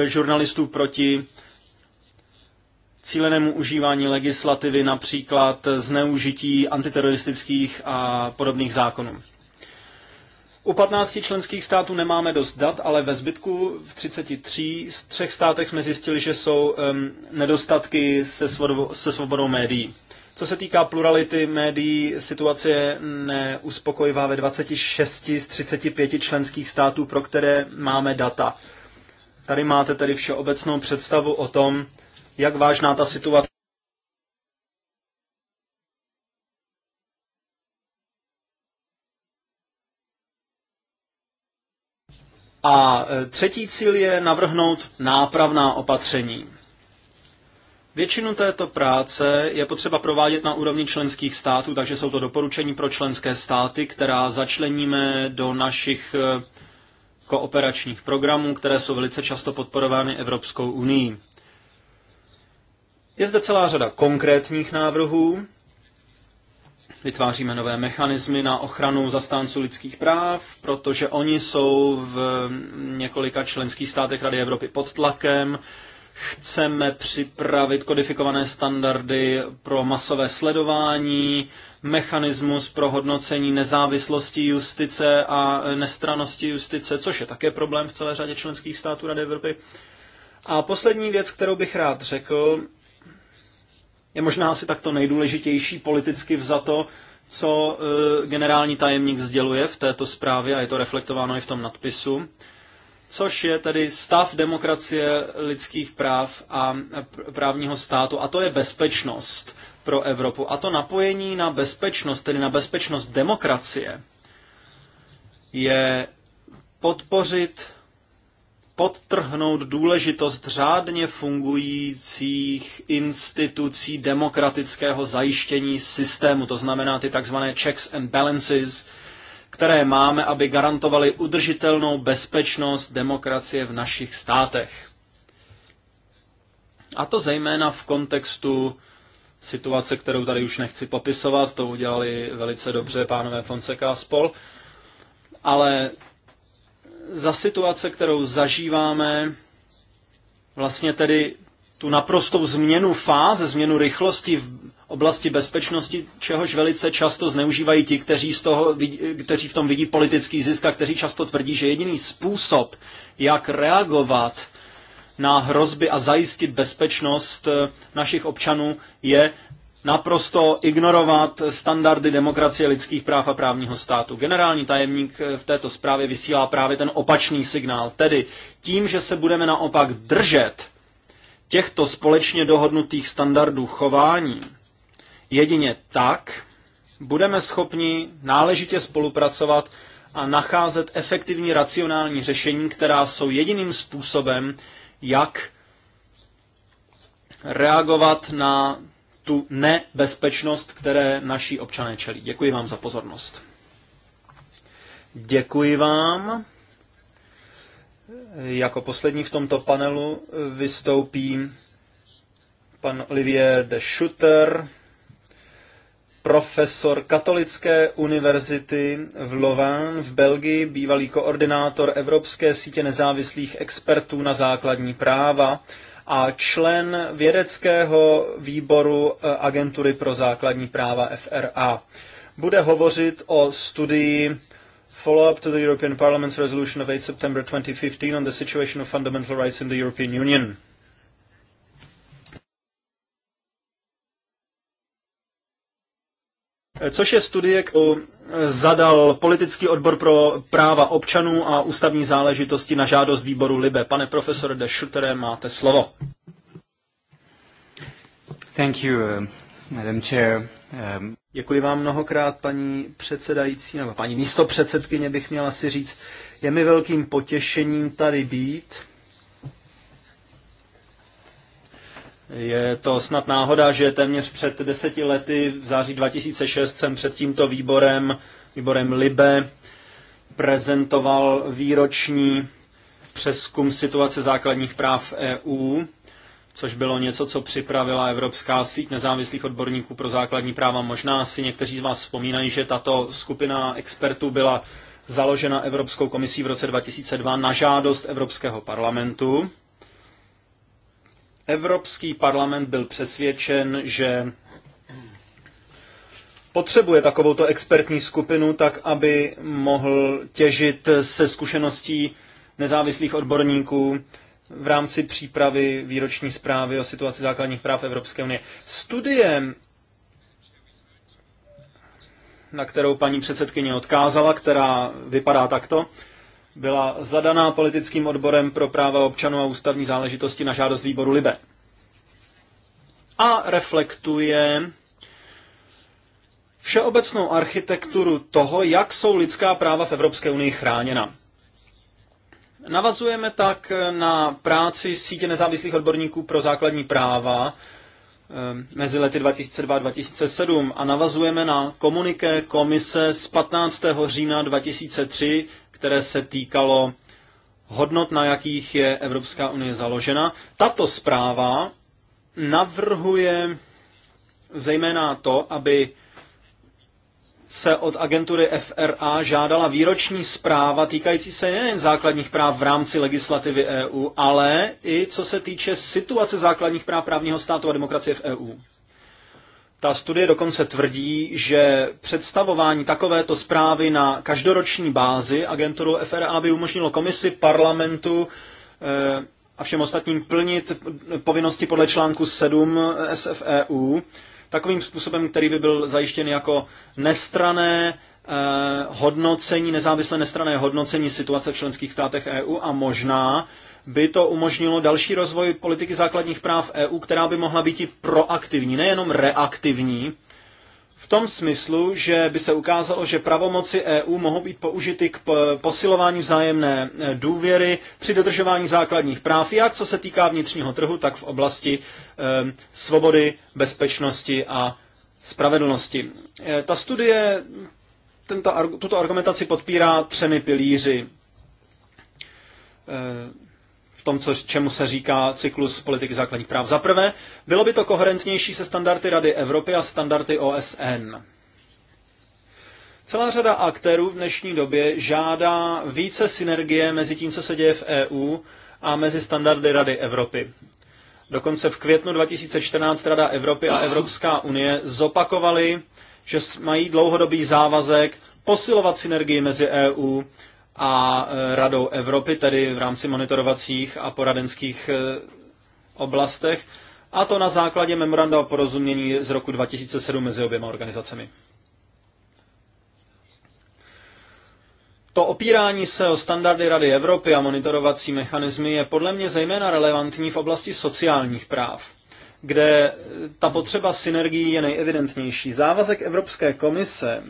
eh, žurnalistů proti cílenému užívání legislativy, například zneužití antiteroristických a podobných zákonů. U 15 členských států nemáme dost dat, ale ve zbytku v 33 z třech státech jsme zjistili, že jsou um, nedostatky se, svobodou, se svobodou médií. Co se týká plurality médií, situace je neuspokojivá ve 26 z 35 členských států, pro které máme data. Tady máte tedy všeobecnou představu o tom, jak vážná ta situace A e, třetí cíl je navrhnout nápravná opatření. Většinu této práce je potřeba provádět na úrovni členských států, takže jsou to doporučení pro členské státy, která začleníme do našich e, kooperačních programů, které jsou velice často podporovány Evropskou unii. Je zde celá řada konkrétních návrhů, Vytváříme nové mechanismy na ochranu zastánců lidských práv, protože oni jsou v několika členských státech Rady Evropy pod tlakem. Chceme připravit kodifikované standardy pro masové sledování, mechanismus pro hodnocení nezávislosti justice a nestranosti justice, což je také problém v celé řadě členských států Rady Evropy. A poslední věc, kterou bych rád řekl, je možná asi takto nejdůležitější politicky vzato, co eh, generální tajemník sděluje v této zprávě a je to reflektováno i v tom nadpisu, což je tedy stav demokracie, lidských práv a právního státu a to je bezpečnost pro Evropu. A to napojení na bezpečnost, tedy na bezpečnost demokracie, je podpořit podtrhnout důležitost řádně fungujících institucí demokratického zajištění systému, to znamená ty tzv. checks and balances, které máme, aby garantovaly udržitelnou bezpečnost demokracie v našich státech. A to zejména v kontextu situace, kterou tady už nechci popisovat, to udělali velice dobře pánové Fonseca a spol, ale za situace, kterou zažíváme, vlastně tedy tu naprostou změnu fáze, změnu rychlosti v oblasti bezpečnosti, čehož velice často zneužívají ti, kteří, z toho, kteří v tom vidí politický zisk a kteří často tvrdí, že jediný způsob, jak reagovat na hrozby a zajistit bezpečnost eh, našich občanů, je naprosto ignorovat standardy demokracie, lidských práv a právního státu. Generální tajemník eh, v této zprávě vysílá právě ten opačný signál, tedy tím, že se budeme naopak držet těchto společně dohodnutých standardů chování, jedině tak budeme schopni náležitě spolupracovat a nacházet efektivní racionální řešení, která jsou jediným způsobem, jak reagovat na tu nebezpečnost, které naši občané čelí. Děkuji vám za pozornost. Děkuji vám. Jako poslední v tomto panelu vystoupí pan Olivier de Schutter, profesor Katolické univerzity v Lovan v Belgii, bývalý koordinátor Evropské sítě nezávislých expertů na základní práva a člen vědeckého výboru e, Agentury pro základní práva FRA. Bude hovořit o studii Follow-up to the European Parliament's resolution of 8 September 2015 on the situation of fundamental rights in the European Union. E, což je studie, kterou zadal politický odbor pro práva občanů a ústavní záležitosti na žádost výboru Libe. Pane profesore de Schutere, máte slovo. Thank you, uh, Madam Chair. Um... Děkuji vám mnohokrát, paní předsedající, nebo paní místopředsedkyně bych měla si říct. Je mi velkým potěšením tady být Je to snad náhoda, že téměř před deseti lety, v září 2006, jsem před tímto výborem, výborem Libe, prezentoval výroční přeskum situace základních práv EU, což bylo něco, co připravila Evropská síť nezávislých odborníků pro základní práva. Možná si někteří z vás vzpomínají, že tato skupina expertů byla založena Evropskou komisí v roce 2002 na žádost Evropského parlamentu Evropský parlament byl přesvědčen, že potřebuje takovouto expertní skupinu, tak aby mohl těžit se zkušeností nezávislých odborníků v rámci přípravy výroční zprávy o situaci základních práv Evropské unie. Studie, na kterou paní předsedkyně odkázala, která vypadá takto, byla zadaná politickým odborem pro práva občanů a ústavní záležitosti na žádost výboru Libe. A reflektuje všeobecnou architekturu toho, jak jsou lidská práva v Evropské unii chráněna. Navazujeme tak na práci sítě nezávislých odborníků pro základní práva ehm, mezi lety 2002 a 2007 a navazujeme na komuniké komise z 15. října 2003 které se týkalo hodnot, na jakých je Evropská unie založena. Tato zpráva navrhuje zejména to, aby se od agentury FRA žádala výroční zpráva týkající se nejen základních práv v rámci legislativy EU, ale i co se týče situace základních práv právního státu a demokracie v EU. Ta studie dokonce tvrdí, že představování takovéto zprávy na každoroční bázi agenturu FRA by umožnilo komisi, parlamentu eh, a všem ostatním plnit povinnosti podle článku 7 SFEU takovým způsobem, který by byl zajištěn jako nestrané eh, hodnocení, nezávislé nestrané hodnocení situace v členských státech EU a možná by to umožnilo další rozvoj politiky základních práv EU, která by mohla být i proaktivní, nejenom reaktivní, v tom smyslu, že by se ukázalo, že pravomoci EU mohou být použity k posilování vzájemné e, důvěry při dodržování základních práv, jak co se týká vnitřního trhu, tak v oblasti e, svobody, bezpečnosti a spravedlnosti. E, ta studie tento, tuto argumentaci podpírá třemi pilíři tom, co, čemu se říká cyklus politiky základních práv. Za prvé, bylo by to koherentnější se standardy Rady Evropy a standardy OSN. Celá řada aktérů v dnešní době žádá více synergie mezi tím, co se děje v EU a mezi standardy Rady Evropy. Dokonce v květnu 2014 Rada Evropy a Evropská unie zopakovali, že mají dlouhodobý závazek posilovat synergii mezi EU a e, Radou Evropy, tedy v rámci monitorovacích a poradenských e, oblastech, a to na základě memoranda o porozumění z roku 2007 mezi oběma organizacemi. To opírání se o standardy Rady Evropy a monitorovací mechanismy je podle mě zejména relevantní v oblasti sociálních práv, kde ta potřeba synergií je nejevidentnější. Závazek Evropské komise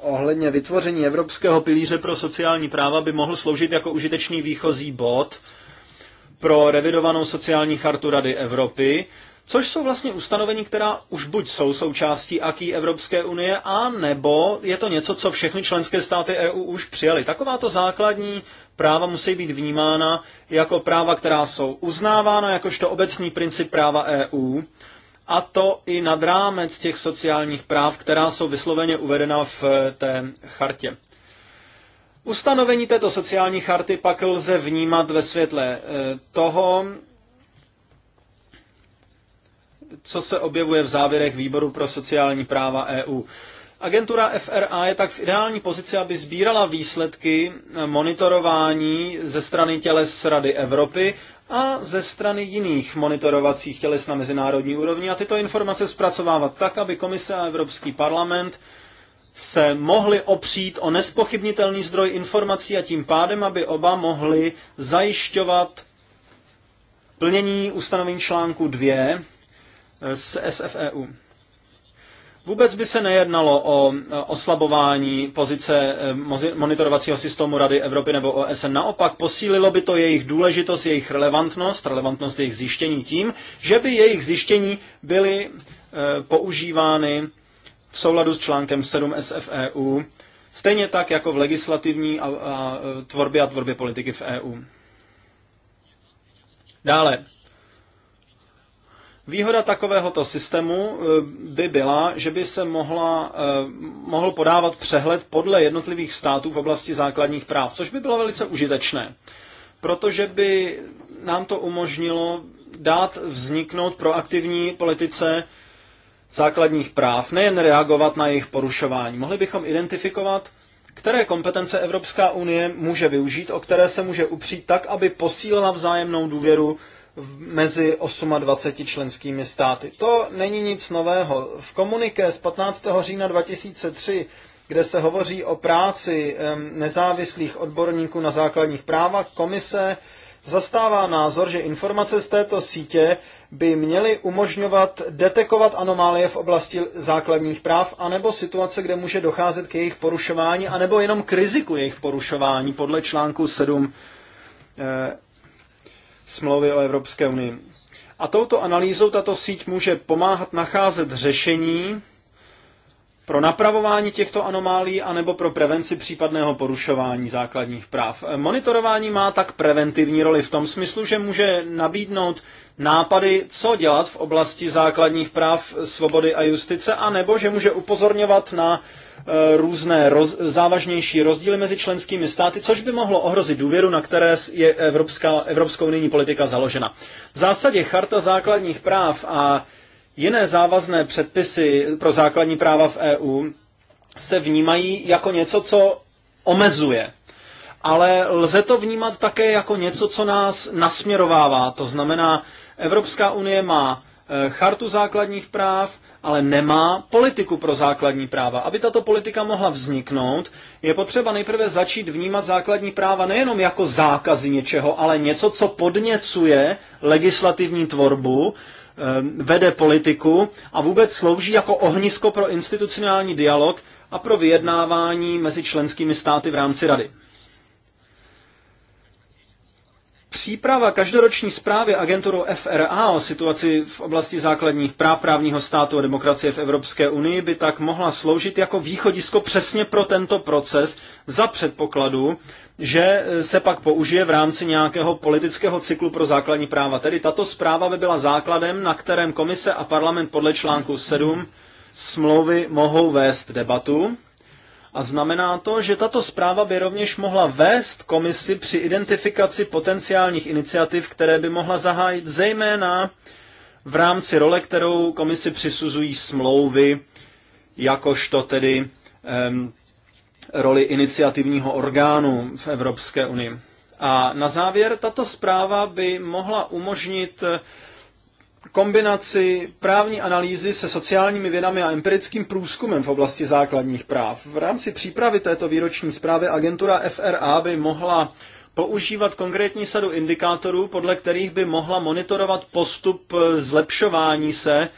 ohledně vytvoření Evropského pilíře pro sociální práva by mohl sloužit jako užitečný výchozí bod pro revidovanou sociální chartu Rady Evropy, což jsou vlastně ustanovení, která už buď jsou součástí aký Evropské unie, a nebo je to něco, co všechny členské státy EU už přijali. Takováto základní práva musí být vnímána jako práva, která jsou uznávána jakožto obecný princip práva EU a to i nad rámec těch sociálních práv, která jsou vysloveně uvedena v eh, té chartě. Ustanovení této sociální charty pak lze vnímat ve světle eh, toho, co se objevuje v závěrech Výboru pro sociální práva EU. Agentura FRA je tak v ideální pozici, aby sbírala výsledky eh, monitorování ze strany těles Rady Evropy a ze strany jiných monitorovacích těles na mezinárodní úrovni a tyto informace zpracovávat tak, aby Komise a Evropský parlament se mohli opřít o nespochybnitelný zdroj informací a tím pádem, aby oba mohli zajišťovat plnění ustanovení článku 2 z SFEU. Vůbec by se nejednalo o e, oslabování pozice e, monitorovacího systému Rady Evropy nebo OSN. Naopak posílilo by to jejich důležitost, jejich relevantnost, relevantnost jejich zjištění tím, že by jejich zjištění byly e, používány v souladu s článkem 7 SFEU, stejně tak jako v legislativní a, a, tvorbě a tvorbě politiky v EU. Dále, Výhoda takovéhoto systému eh, by byla, že by se mohla, eh, mohl podávat přehled podle jednotlivých států v oblasti základních práv, což by bylo velice užitečné, protože by nám to umožnilo dát vzniknout proaktivní politice základních práv, nejen reagovat na jejich porušování. Mohli bychom identifikovat, které kompetence Evropská unie může využít, o které se může upřít tak, aby posílila vzájemnou důvěru mezi 28 členskými státy. To není nic nového. V komuniké z 15. října 2003, kde se hovoří o práci nezávislých odborníků na základních právech, komise zastává názor, že informace z této sítě by měly umožňovat detekovat anomálie v oblasti základních práv, anebo situace, kde může docházet k jejich porušování, anebo jenom k riziku jejich porušování podle článku 7 smlouvy o Evropské unii. A touto analýzou tato síť může pomáhat nacházet řešení pro napravování těchto anomálí anebo pro prevenci případného porušování základních práv. Monitorování má tak preventivní roli v tom smyslu, že může nabídnout nápady, co dělat v oblasti základních práv, svobody a justice, anebo že může upozorňovat na Eh, různé roz, závažnější rozdíly mezi členskými státy, což by mohlo ohrozit důvěru, na které je evropská, evropskou unijní politika založena. V zásadě Charta základních práv a jiné závazné předpisy pro základní práva v EU se vnímají jako něco, co omezuje ale lze to vnímat také jako něco, co nás nasměrovává. To znamená, Evropská unie má eh, chartu základních práv, ale nemá politiku pro základní práva. Aby tato politika mohla vzniknout, je potřeba nejprve začít vnímat základní práva nejenom jako zákazy něčeho, ale něco, co podněcuje legislativní tvorbu, eh, vede politiku a vůbec slouží jako ohnisko pro institucionální dialog a pro vyjednávání mezi členskými státy v rámci Rady. Příprava každoroční zprávy agenturu FRA o situaci v oblasti základních práv právního státu a demokracie v Evropské unii by tak mohla sloužit jako východisko přesně pro tento proces za předpokladu, že se pak použije v rámci nějakého politického cyklu pro základní práva. Tedy tato zpráva by byla základem, na kterém komise a parlament podle článku 7 smlouvy mohou vést debatu a znamená to, že tato zpráva by rovněž mohla vést komisi při identifikaci potenciálních iniciativ, které by mohla zahájit zejména v rámci role, kterou komisi přisuzují smlouvy, jakožto tedy um, roli iniciativního orgánu v Evropské unii. A na závěr tato zpráva by mohla umožnit kombinaci právní analýzy se sociálními vědami a empirickým průzkumem v oblasti základních práv. V rámci přípravy této výroční zprávy agentura FRA by mohla používat konkrétní sadu indikátorů, podle kterých by mohla monitorovat postup zlepšování se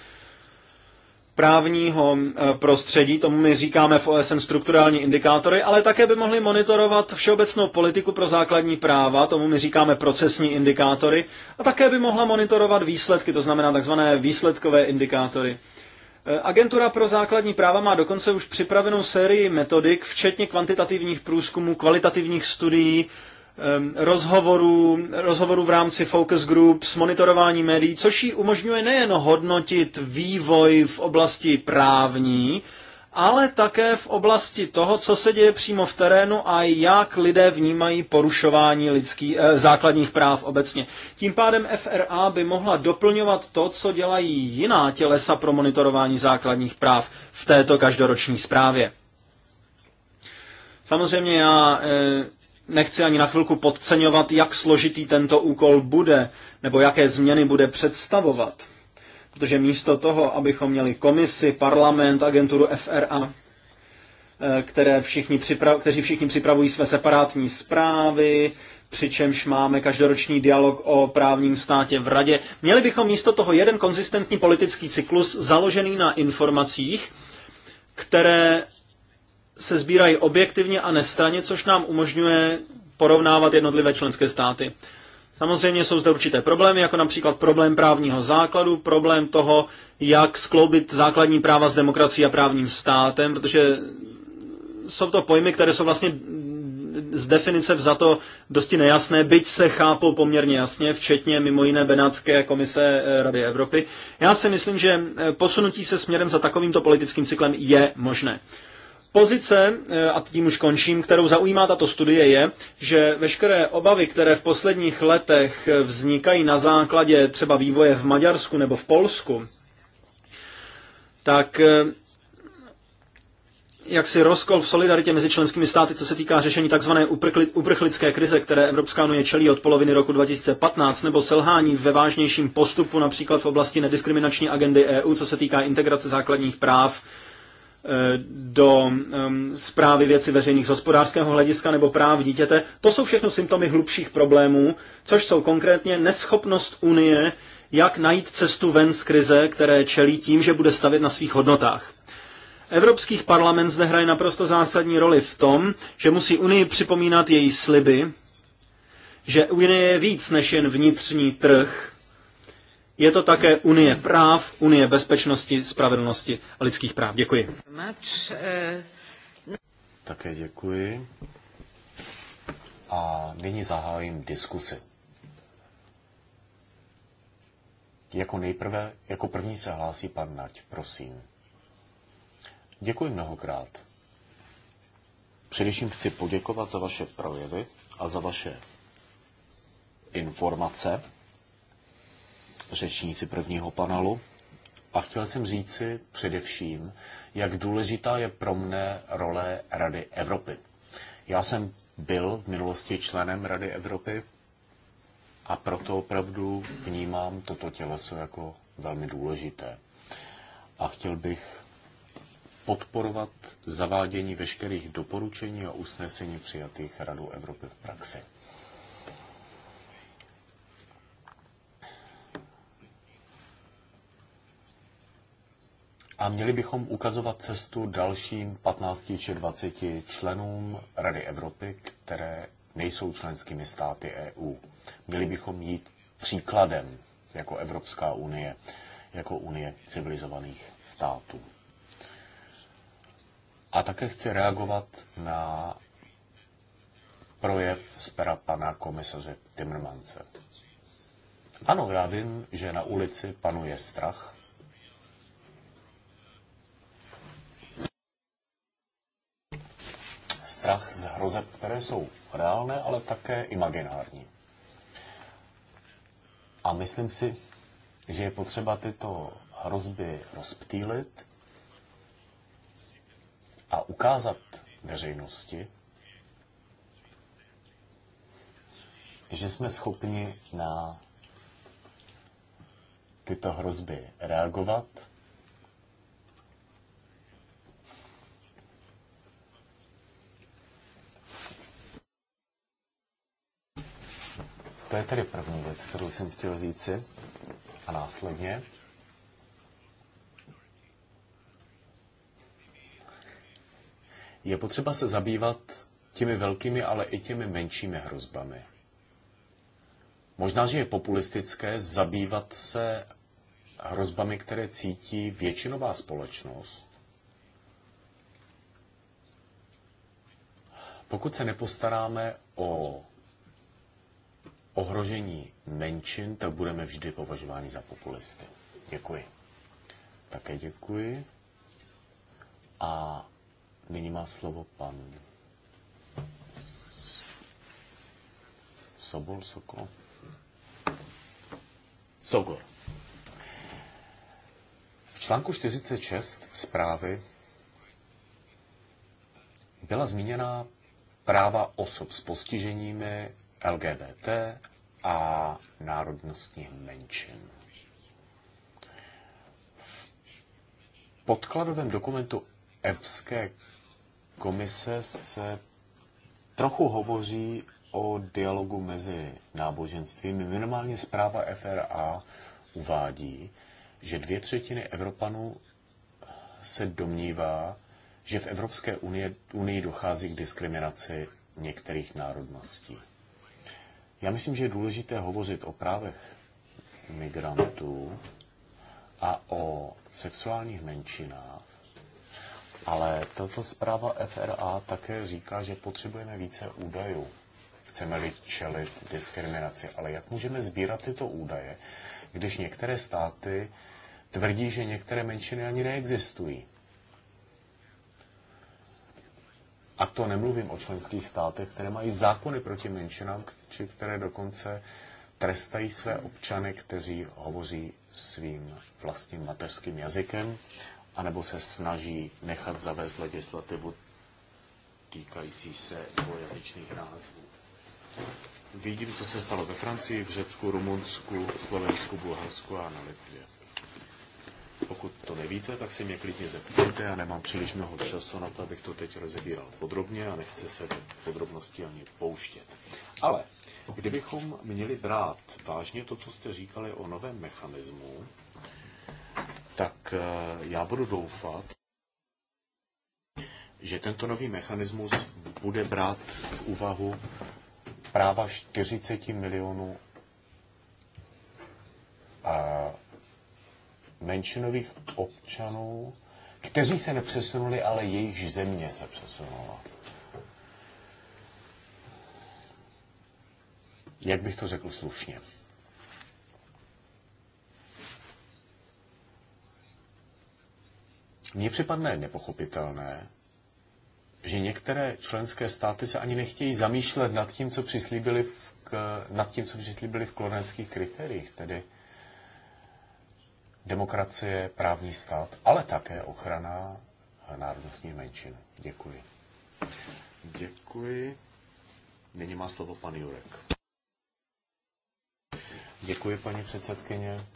právního eh, prostředí, tomu my říkáme v OSN strukturální indikátory, ale také by mohli monitorovat všeobecnou politiku pro základní práva, tomu my říkáme procesní indikátory, a také by mohla monitorovat výsledky, to znamená takzvané výsledkové indikátory. Eh, agentura pro základní práva má dokonce už připravenou sérii metodik, včetně kvantitativních průzkumů, kvalitativních studií, rozhovorů, rozhovorů v rámci focus Group s monitorováním médií, což jí umožňuje nejen hodnotit vývoj v oblasti právní, ale také v oblasti toho, co se děje přímo v terénu a jak lidé vnímají porušování lidský, eh, základních práv obecně. Tím pádem FRA by mohla doplňovat to, co dělají jiná tělesa pro monitorování základních práv v této každoroční zprávě. Samozřejmě já eh, nechci ani na chvilku podceňovat, jak složitý tento úkol bude, nebo jaké změny bude představovat. Protože místo toho, abychom měli komisi, parlament, agenturu FRA, eh, které všichni připra- kteří všichni připravují své separátní zprávy, přičemž máme každoroční dialog o právním státě v radě. Měli bychom místo toho jeden konzistentní politický cyklus založený na informacích, které se sbírají objektivně a nestraně, což nám umožňuje porovnávat jednotlivé členské státy. Samozřejmě jsou zde určité problémy, jako například problém právního základu, problém toho, jak skloubit základní práva s demokracií a právním státem, protože jsou to pojmy, které jsou vlastně z definice vzato dosti nejasné, byť se chápou poměrně jasně, včetně mimo jiné Benátské komise eh, Rady Evropy. Já si myslím, že eh, posunutí se směrem za takovýmto politickým cyklem je možné. Pozice, eh, a tím už končím, kterou zaujímá tato studie je, že veškeré obavy, které v posledních letech eh, vznikají na základě třeba vývoje v Maďarsku nebo v Polsku, tak eh, jak si rozkol v solidaritě mezi členskými státy, co se týká řešení tzv. uprchlické krize, které Evropská unie čelí od poloviny roku 2015, nebo selhání ve vážnějším postupu, například v oblasti nediskriminační agendy EU, co se týká integrace základních práv Eh, do zprávy věci veřejných z hospodářského hlediska nebo práv dítěte. To jsou všechno symptomy hlubších problémů, což jsou konkrétně neschopnost Unie, jak najít cestu ven z krize, které čelí tím, že bude stavět na svých hodnotách. Evropský parlament zde hraje naprosto zásadní roli v tom, že musí Unii připomínat její sliby, že Unie je víc než jen vnitřní trh, je to také Unie práv, Unie bezpečnosti, spravedlnosti a lidských práv. Děkuji. Také děkuji. A nyní zahájím diskusi. Jako nejprve, jako první se hlásí pan Nať, prosím. Děkuji mnohokrát. Především chci poděkovat za vaše projevy a za vaše informace řečníci prvního panelu. A chtěl jsem říci především, jak důležitá je pro mne role Rady Evropy. Já jsem byl v minulosti členem Rady Evropy a proto opravdu vnímám toto těleso jako velmi důležité. A chtěl bych podporovat zavádění veškerých doporučení a usnesení přijatých Radu Evropy v praxi. A měli bychom ukazovat cestu dalším 15 či 20 členům Rady Evropy, které nejsou členskými státy EU. Měli bychom jít příkladem jako Evropská unie, jako unie civilizovaných států. A také chci reagovat na projev z pera pana komisaře Timmermanse. Ano, já vím, že na ulici panuje strach, strach z hrozeb, které jsou reálné, ale také imaginární. A myslím si, že je potřeba tyto hrozby rozptýlit a ukázat veřejnosti, že jsme schopni na tyto hrozby reagovat To je tedy první věc, kterou jsem chtěl říci. A následně je potřeba se zabývat těmi velkými, ale i těmi menšími hrozbami. Možná, že je populistické zabývat se hrozbami, které cítí většinová společnost. Pokud se nepostaráme o ohrožení menšin, tak budeme vždy považováni za populisty. Děkuji. Také děkuji. A nyní má slovo pan Sobol Sokol. Sokol. V článku 46 zprávy byla zmíněna práva osob s postiženími LGBT a národnostních menšin. V podkladovém dokumentu Evropské komise se trochu hovoří o dialogu mezi náboženstvími. Minimálně zpráva FRA uvádí, že dvě třetiny Evropanů se domnívá, že v Evropské unii, unii dochází k diskriminaci některých národností. Já myslím, že je důležité hovořit o právech migrantů a o sexuálních menšinách, ale tato zpráva FRA také říká, že potřebujeme více údajů. Chceme-li čelit diskriminaci, ale jak můžeme sbírat tyto údaje, když některé státy tvrdí, že některé menšiny ani neexistují? A to nemluvím o členských státech, které mají zákony proti menšinám, či které dokonce trestají své občany, kteří hovoří svým vlastním mateřským jazykem, anebo se snaží nechat zavést legislativu týkající se dvojazyčných názvů. Vidím, co se stalo ve Francii, v Řecku, Rumunsku, Slovensku, Bulharsku a na Litvě. Pokud to nevíte, tak se mě klidně zeptejte. Já nemám příliš mnoho času na to, abych to teď rozebíral podrobně a nechce se do podrobnosti ani pouštět. Ale kdybychom měli brát vážně to, co jste říkali o novém mechanismu, tak eh, já budu doufat, že tento nový mechanismus bude brát v úvahu práva 40 milionů eh, menšinových občanů, kteří se nepřesunuli, ale jejich země se přesunula. Jak bych to řekl slušně? Mně připadne nepochopitelné, že některé členské státy se ani nechtějí zamýšlet nad tím, co přislíbili v, nad tím, co přislíbili v klonenských kritériích, tedy demokracie, právní stát, ale také ochrana národnostní menšin. Děkuji. Děkuji. Nyní má slovo pan Jurek. Děkuji, paní předsedkyně.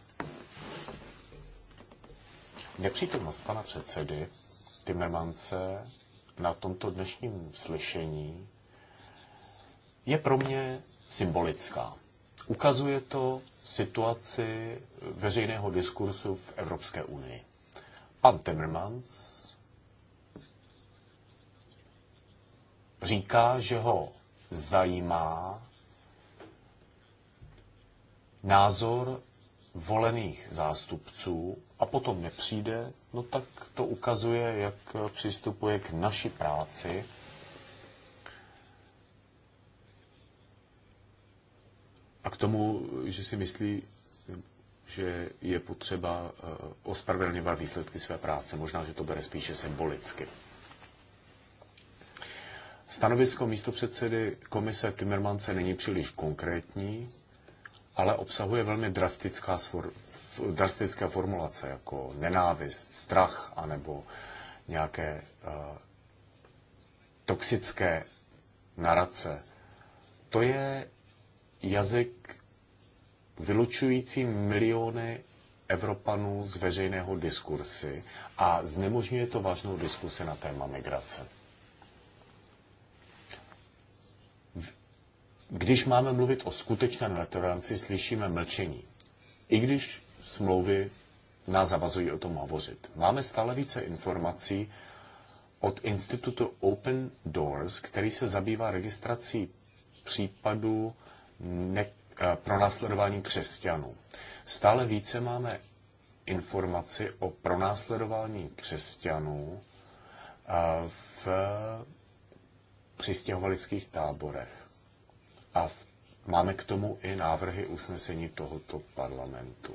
Nepřítomnost pana předsedy Timmermance na tomto dnešním slyšení je pro mě symbolická. Ukazuje to situaci veřejného diskursu v Evropské unii. Pan Timmermans říká, že ho zajímá názor volených zástupců a potom nepřijde, no tak to ukazuje, jak přistupuje k naší práci A k tomu, že si myslí, že je potřeba eh, ospravedlňovat výsledky své práce. Možná, že to bere spíše symbolicky. Stanovisko místopředsedy komise Timmermance není příliš konkrétní, ale obsahuje velmi drastická sfor, drastické formulace, jako nenávist, strach, anebo nějaké uh, toxické narace. To je jazyk vylučující miliony Evropanů z veřejného diskursy a znemožňuje to vážnou diskusi na téma migrace. Když máme mluvit o skutečném netoleranci, slyšíme mlčení. I když smlouvy nás zavazují o tom hovořit. Máme stále více informací od institutu Open Doors, který se zabývá registrací případů ne, eh, pronásledování křesťanů. Stále více máme informaci o pronásledování křesťanů eh, v přistěhovalických táborech. A v, máme k tomu i návrhy usnesení tohoto parlamentu.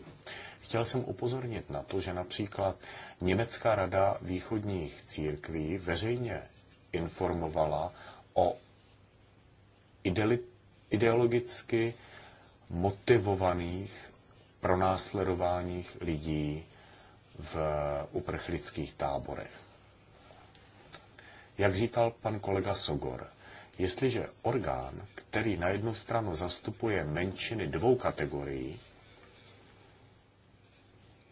Chtěl jsem upozornit na to, že například Německá rada východních církví veřejně informovala o ideologicky motivovaných pronásledováních lidí v uprchlických táborech. Jak říkal pan kolega Sogor, jestliže orgán, který na jednu stranu zastupuje menšiny dvou kategorií,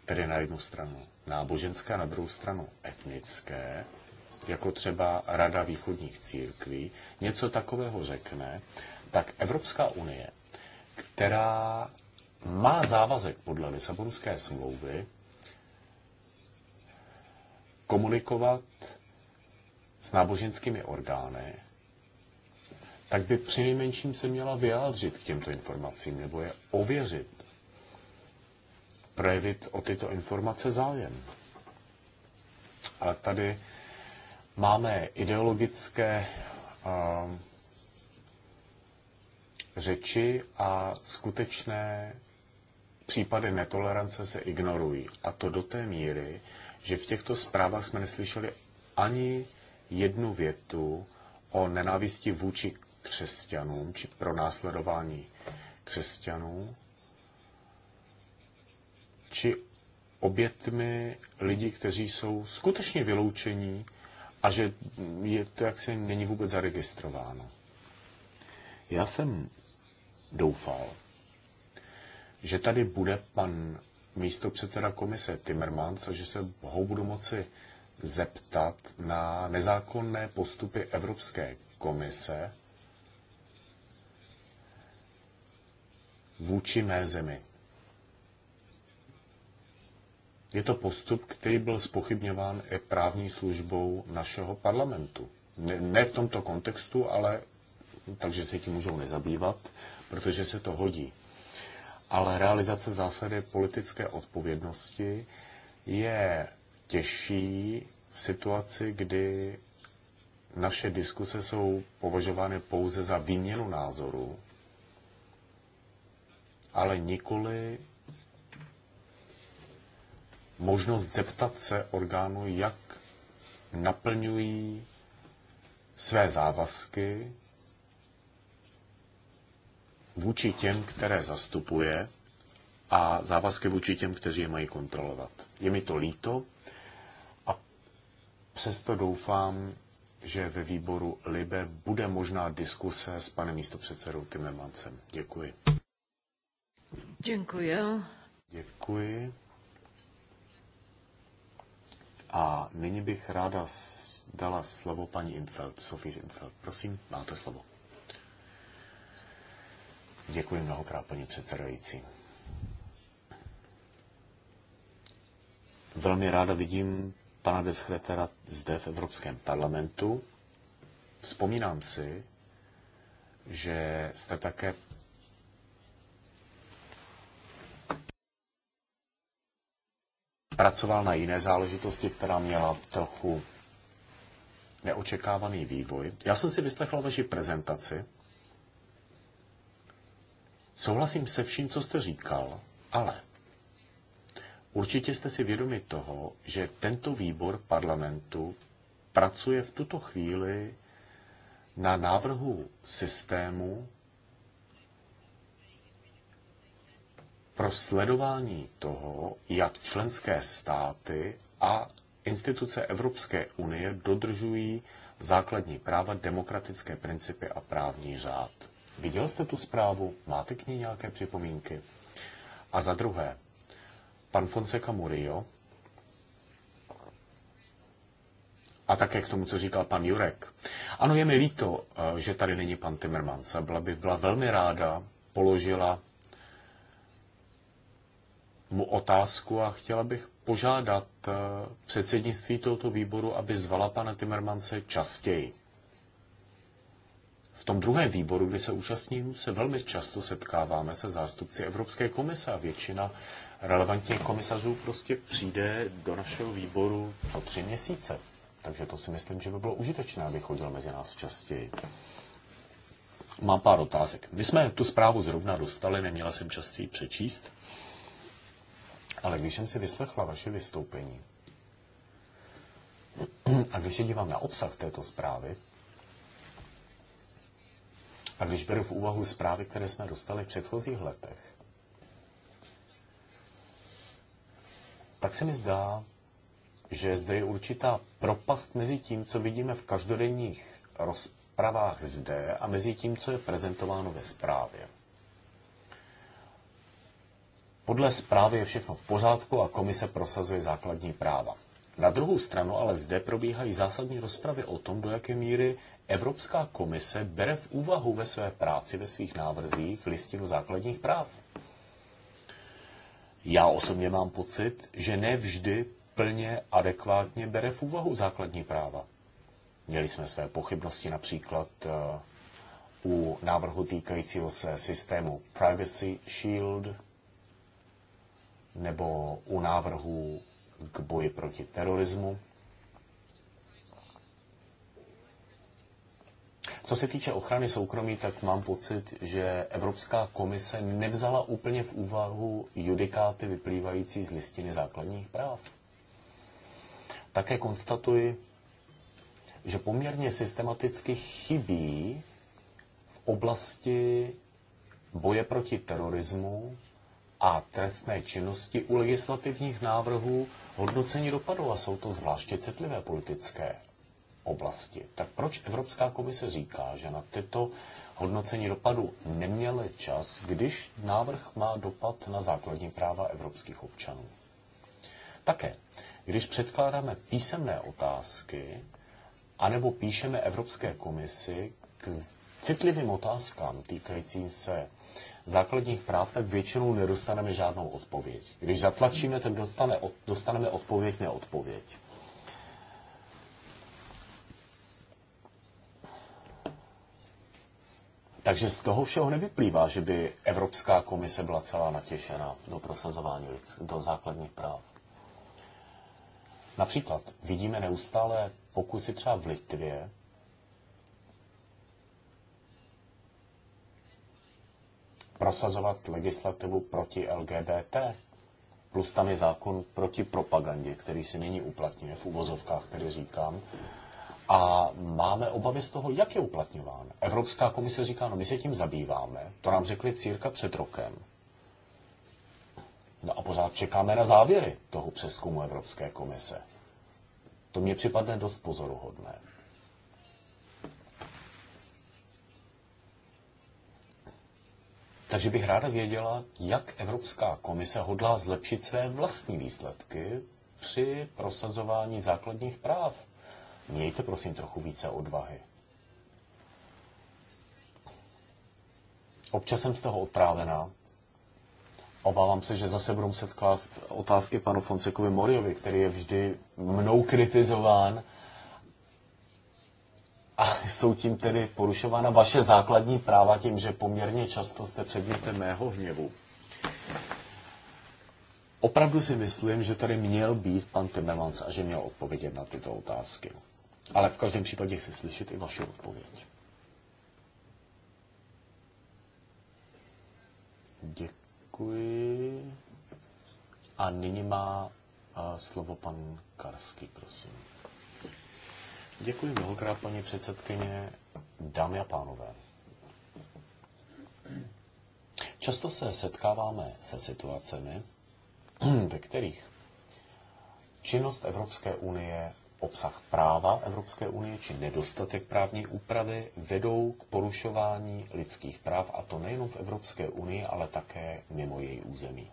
tedy na jednu stranu náboženské, na druhou stranu etnické, jako třeba Rada východních církví, něco takového řekne, tak Evropská unie, která má závazek podle Lisabonské smlouvy komunikovat s náboženskými orgány, tak by nejmenším se měla vyjádřit k těmto informacím nebo je ověřit, projevit o tyto informace zájem. Ale tady Máme ideologické um, řeči a skutečné případy netolerance se ignorují. A to do té míry, že v těchto zprávách jsme neslyšeli ani jednu větu o nenávisti vůči křesťanům či pro následování křesťanů, či obětmi lidí, kteří jsou skutečně vyloučení a že je to jaksi není vůbec zaregistrováno. Já jsem doufal, že tady bude pan místo předseda komise Timmermans a že se ho budu moci zeptat na nezákonné postupy Evropské komise vůči mé zemi, je to postup, který byl spochybňován i právní službou našeho parlamentu. Ne, ne v tomto kontextu, ale takže se tím můžou nezabývat, protože se to hodí. Ale realizace zásady politické odpovědnosti je těžší v situaci, kdy naše diskuse jsou považovány pouze za výměnu názorů, ale nikoli možnost zeptat se orgánu, jak naplňují své závazky vůči těm, které zastupuje a závazky vůči těm, kteří je mají kontrolovat. Je mi to líto a přesto doufám, že ve výboru LIBE bude možná diskuse s panem místopředsedou Timemancem. Děkuji. Děkuji. Děkuji. A nyní bych ráda dala slovo paní Infeld, Sofie Infeld. Prosím, máte slovo. Děkuji mnohokrát, paní předsedající. Velmi ráda vidím pana Deschretera zde v Evropském parlamentu. Vzpomínám si, že jste také pracoval na jiné záležitosti, která měla trochu neočekávaný vývoj. Já jsem si vyslechl vaši prezentaci. Souhlasím se vším, co jste říkal, ale určitě jste si vědomi toho, že tento výbor parlamentu pracuje v tuto chvíli na návrhu systému, pro sledování toho, jak členské státy a instituce Evropské unie dodržují základní práva, demokratické principy a právní řád. Viděl jste tu zprávu? Máte k ní nějaké připomínky? A za druhé, pan Fonseca Murillo a také k tomu, co říkal pan Jurek. Ano, je mi líto, eh, že tady není pan Timmermans. Byla bych byla velmi ráda, položila mu otázku a chtěla bych požádat eh, předsednictví tohoto výboru, aby zvala pana Timmermance častěji. V tom druhém výboru, kde se účastním, se velmi často setkáváme se zástupci Evropské komise a většina relevantních komisařů prostě přijde do našeho výboru po tři měsíce. Takže to si myslím, že by bylo užitečné, aby chodil mezi nás častěji. Mám pár otázek. My jsme tu zprávu zrovna dostali, neměla jsem čas si ji přečíst. Ale když jsem si vyslechla vaše vystoupení a když se dívám na obsah této zprávy, a když beru v úvahu zprávy, které jsme dostali v předchozích letech, tak se mi zdá, že zde je určitá propast mezi tím, co vidíme v každodenních rozpravách zde a mezi tím, co je prezentováno ve zprávě. Podle zprávy je všechno v pořádku a komise prosazuje základní práva. Na druhou stranu ale zde probíhají zásadní rozpravy o tom, do jaké míry Evropská komise bere v úvahu ve své práci, ve svých návrzích listinu základních práv. Já osobně mám pocit, že ne vždy plně adekvátně bere v úvahu základní práva. Měli jsme své pochybnosti například eh, u návrhu týkajícího se systému Privacy Shield, nebo u návrhů k boji proti terorismu. Co se týče ochrany soukromí, tak mám pocit, že Evropská komise nevzala úplně v úvahu judikáty vyplývající z listiny základních práv. Také konstatuji, že poměrně systematicky chybí v oblasti boje proti terorismu a trestné činnosti u legislativních návrhů hodnocení dopadu a jsou to zvláště citlivé politické oblasti. Tak proč Evropská komise říká, že na tyto hodnocení dopadu neměli čas, když návrh má dopad na základní práva evropských občanů? Také, když předkládáme písemné otázky, anebo píšeme Evropské komisi k citlivým otázkám týkajícím se základních práv, tak většinou nedostaneme žádnou odpověď. Když zatlačíme, tak dostane, dostaneme odpověď, neodpověď. Takže z toho všeho nevyplývá, že by Evropská komise byla celá natěšena do prosazování do základních práv. Například vidíme neustále pokusy třeba v Litvě prosazovat legislativu proti LGBT. Plus tam je zákon proti propagandě, který se nyní uplatňuje v uvozovkách, které říkám. A máme obavy z toho, jak je uplatňován. Evropská komise říká, no my se tím zabýváme. To nám řekli círka před rokem. No a pořád čekáme na závěry toho přeskumu Evropské komise. To mně připadne dost pozoruhodné. Takže bych ráda věděla, jak Evropská komise hodlá zlepšit své vlastní výsledky při prosazování základních práv. Mějte prosím trochu více odvahy. Občas jsem z toho otrávená. Obávám se, že zase budu muset klást otázky panu Fonsekovi Moriovi, který je vždy mnou kritizován a jsou tím tedy porušována vaše základní práva tím, že poměrně často jste předmětem mého hněvu. Opravdu si myslím, že tady měl být pan Timmermans a že měl odpovědět na tyto otázky. Ale v každém případě chci slyšet i vaši odpověď. Děkuji. A nyní má eh, slovo pan Karský, prosím. Děkuji mnohokrát, paní předsedkyně, dámy a pánové. Často se setkáváme se situacemi, ve kterých činnost Evropské unie, obsah práva Evropské unie či nedostatek právní úpravy vedou k porušování lidských práv, a to nejenom v Evropské unii, ale také mimo její území.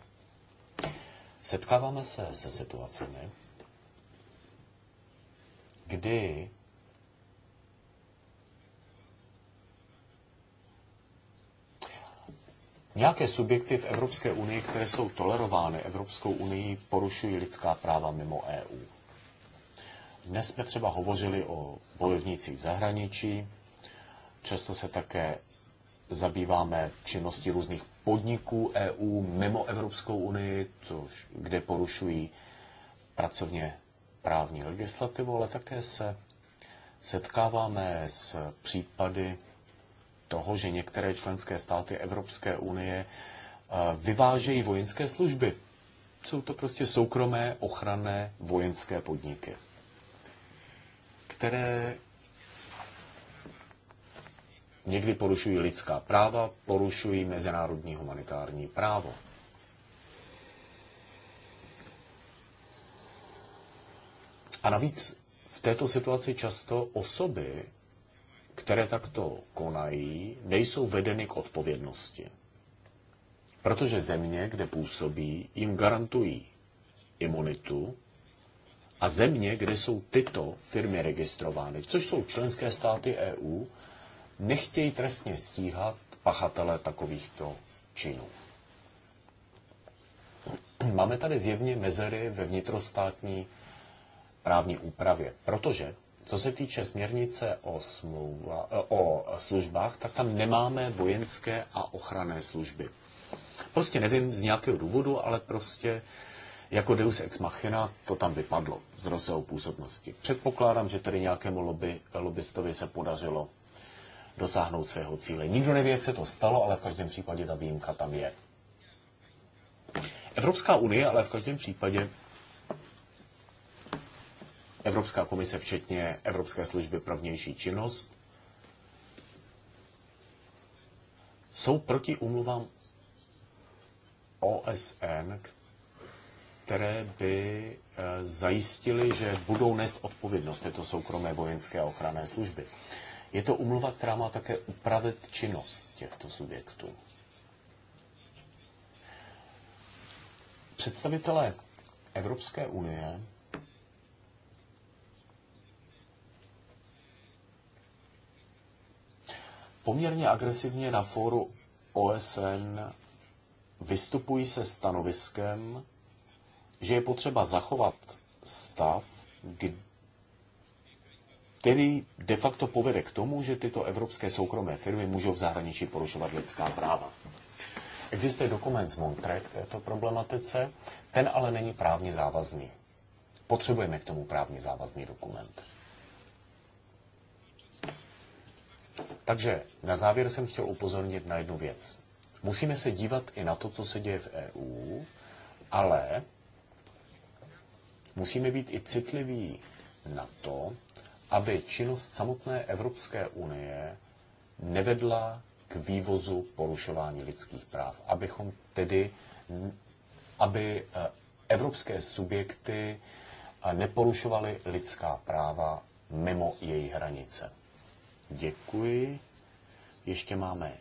Setkáváme se se situacemi, kdy Nějaké subjekty v Evropské unii, které jsou tolerovány Evropskou unii, porušují lidská práva mimo EU. Dnes jsme třeba hovořili o bojovnících v zahraničí, často se také zabýváme činností různých podniků EU mimo Evropskou unii, což, kde porušují pracovně právní legislativu, ale také se setkáváme s případy toho, že některé členské státy Evropské unie eh, vyvážejí vojenské služby. Jsou to prostě soukromé ochranné vojenské podniky, které někdy porušují lidská práva, porušují mezinárodní humanitární právo. A navíc v této situaci často osoby, které takto konají, nejsou vedeny k odpovědnosti. Protože země, kde působí, jim garantují imunitu a země, kde jsou tyto firmy registrovány, což jsou členské státy EU, nechtějí trestně stíhat pachatele takovýchto činů. Máme tady zjevně mezery ve vnitrostátní právní úpravě. Protože co se týče směrnice o, smlouva, eh, o službách, tak tam nemáme vojenské a ochranné služby. Prostě nevím z nějakého důvodu, ale prostě jako deus ex machina to tam vypadlo z rozsahu působnosti. Předpokládám, že tedy nějakému lobby, lobbystovi se podařilo dosáhnout svého cíle. Nikdo neví, jak se to stalo, ale v každém případě ta výjimka tam je. Evropská unie ale v každém případě Evropská komise, včetně Evropské služby pro vnější činnost, jsou proti umluvám OSN, které by e, zajistily, že budou nést odpovědnost této soukromé vojenské ochranné služby. Je to umluva, která má také upravit činnost těchto subjektů. Představitelé Evropské unie poměrně agresivně na fóru OSN vystupují se stanoviskem, že je potřeba zachovat stav, který de facto povede k tomu, že tyto evropské soukromé firmy můžou v zahraničí porušovat lidská práva. Existuje dokument z Montre k této problematice, ten ale není právně závazný. Potřebujeme k tomu právně závazný dokument. Takže na závěr jsem chtěl upozornit na jednu věc. Musíme se dívat i na to, co se děje v EU, ale musíme být i citliví na to, aby činnost samotné Evropské unie nevedla k vývozu porušování lidských práv. Abychom tedy, aby eh, evropské subjekty eh, neporušovaly lidská práva mimo jejich hranice. Děkuji. Ještě máme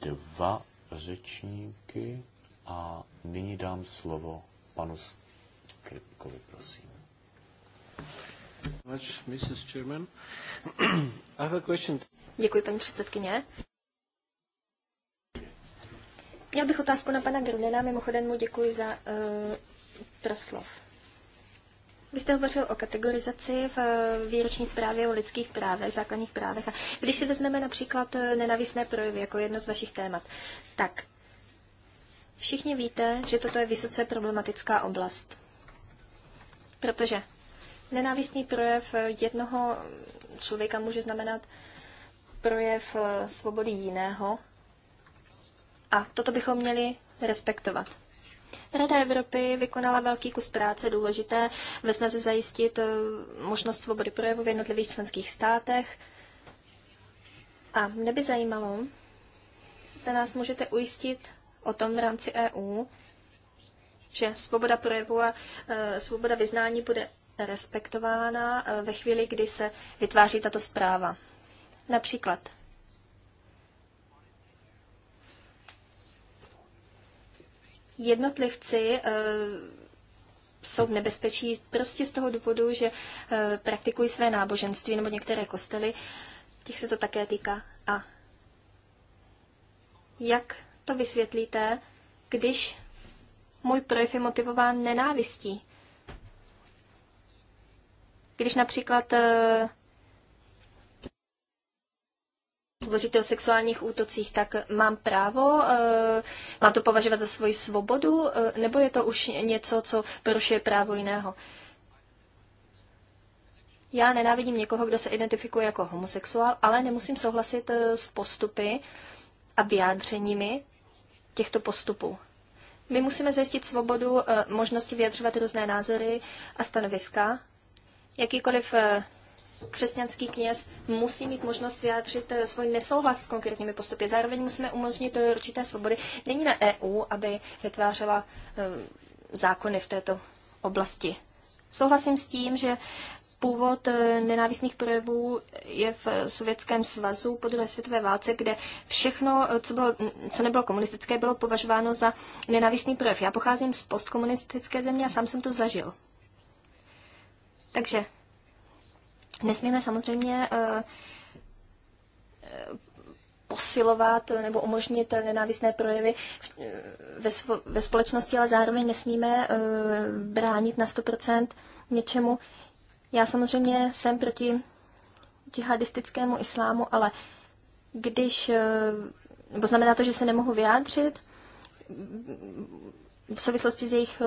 dva řečníky a nyní dám slovo panu Skripkovi, prosím. Děkuji, paní předsedkyně. Měl bych otázku na pana Grunena, mimochodem mu děkuji za uh, proslov. Vy jste hovořil o kategorizaci v eh, výroční zprávě o lidských právech, základních právech. A když si vezmeme například eh, nenavisné projevy jako jedno z vašich témat, tak všichni víte, že toto je vysoce problematická oblast. Protože nenávistný projev eh, jednoho člověka může znamenat projev svobody jiného. A toto bychom měli respektovat. Rada Evropy vykonala velký kus práce důležité ve snaze zajistit eh, možnost svobody projevu v jednotlivých členských státech. A mě by zajímalo, zda nás můžete ujistit o tom v rámci EU, že svoboda projevu a eh, svoboda vyznání bude respektována eh, ve chvíli, kdy se vytváří tato zpráva. Například jednotlivci eh, jsou v nebezpečí prostě z toho důvodu, že eh, praktikují své náboženství nebo některé kostely, těch se to také týká. A jak to vysvětlíte, když můj projev je motivován nenávistí? Když například eh, hovoříte o sexuálních útocích, tak mám právo, eh, mám to považovat za svoji svobodu, eh, nebo je to už něco, co porušuje právo jiného? Já nenávidím někoho, kdo se identifikuje jako homosexuál, ale nemusím souhlasit eh, s postupy a vyjádřeními těchto postupů. My musíme zjistit svobodu, možnosti vyjadřovat různé názory a stanoviska. Jakýkoliv křesťanský kněz musí mít možnost vyjádřit eh, svůj nesouhlas s konkrétními postupy. Zároveň musíme umožnit eh, určité svobody. Není na EU, aby vytvářela eh, zákony v této oblasti. Souhlasím s tím, že původ nenávistných projevů je v Sovětském svazu po druhé světové válce, kde všechno, co, bylo, mm, co nebylo komunistické, bylo považováno za nenávistný projev. Já pocházím z postkomunistické země a sám jsem to zažil. Takže Nesmíme samozřejmě eh, eh, posilovat nebo umožnit nenávistné projevy eh, ve, společnosti, ale zároveň nesmíme bránit na 100% něčemu. Já samozřejmě jsem proti džihadistickému islámu, ale když, nebo znamená to, že se nemohu vyjádřit v souvislosti s jejich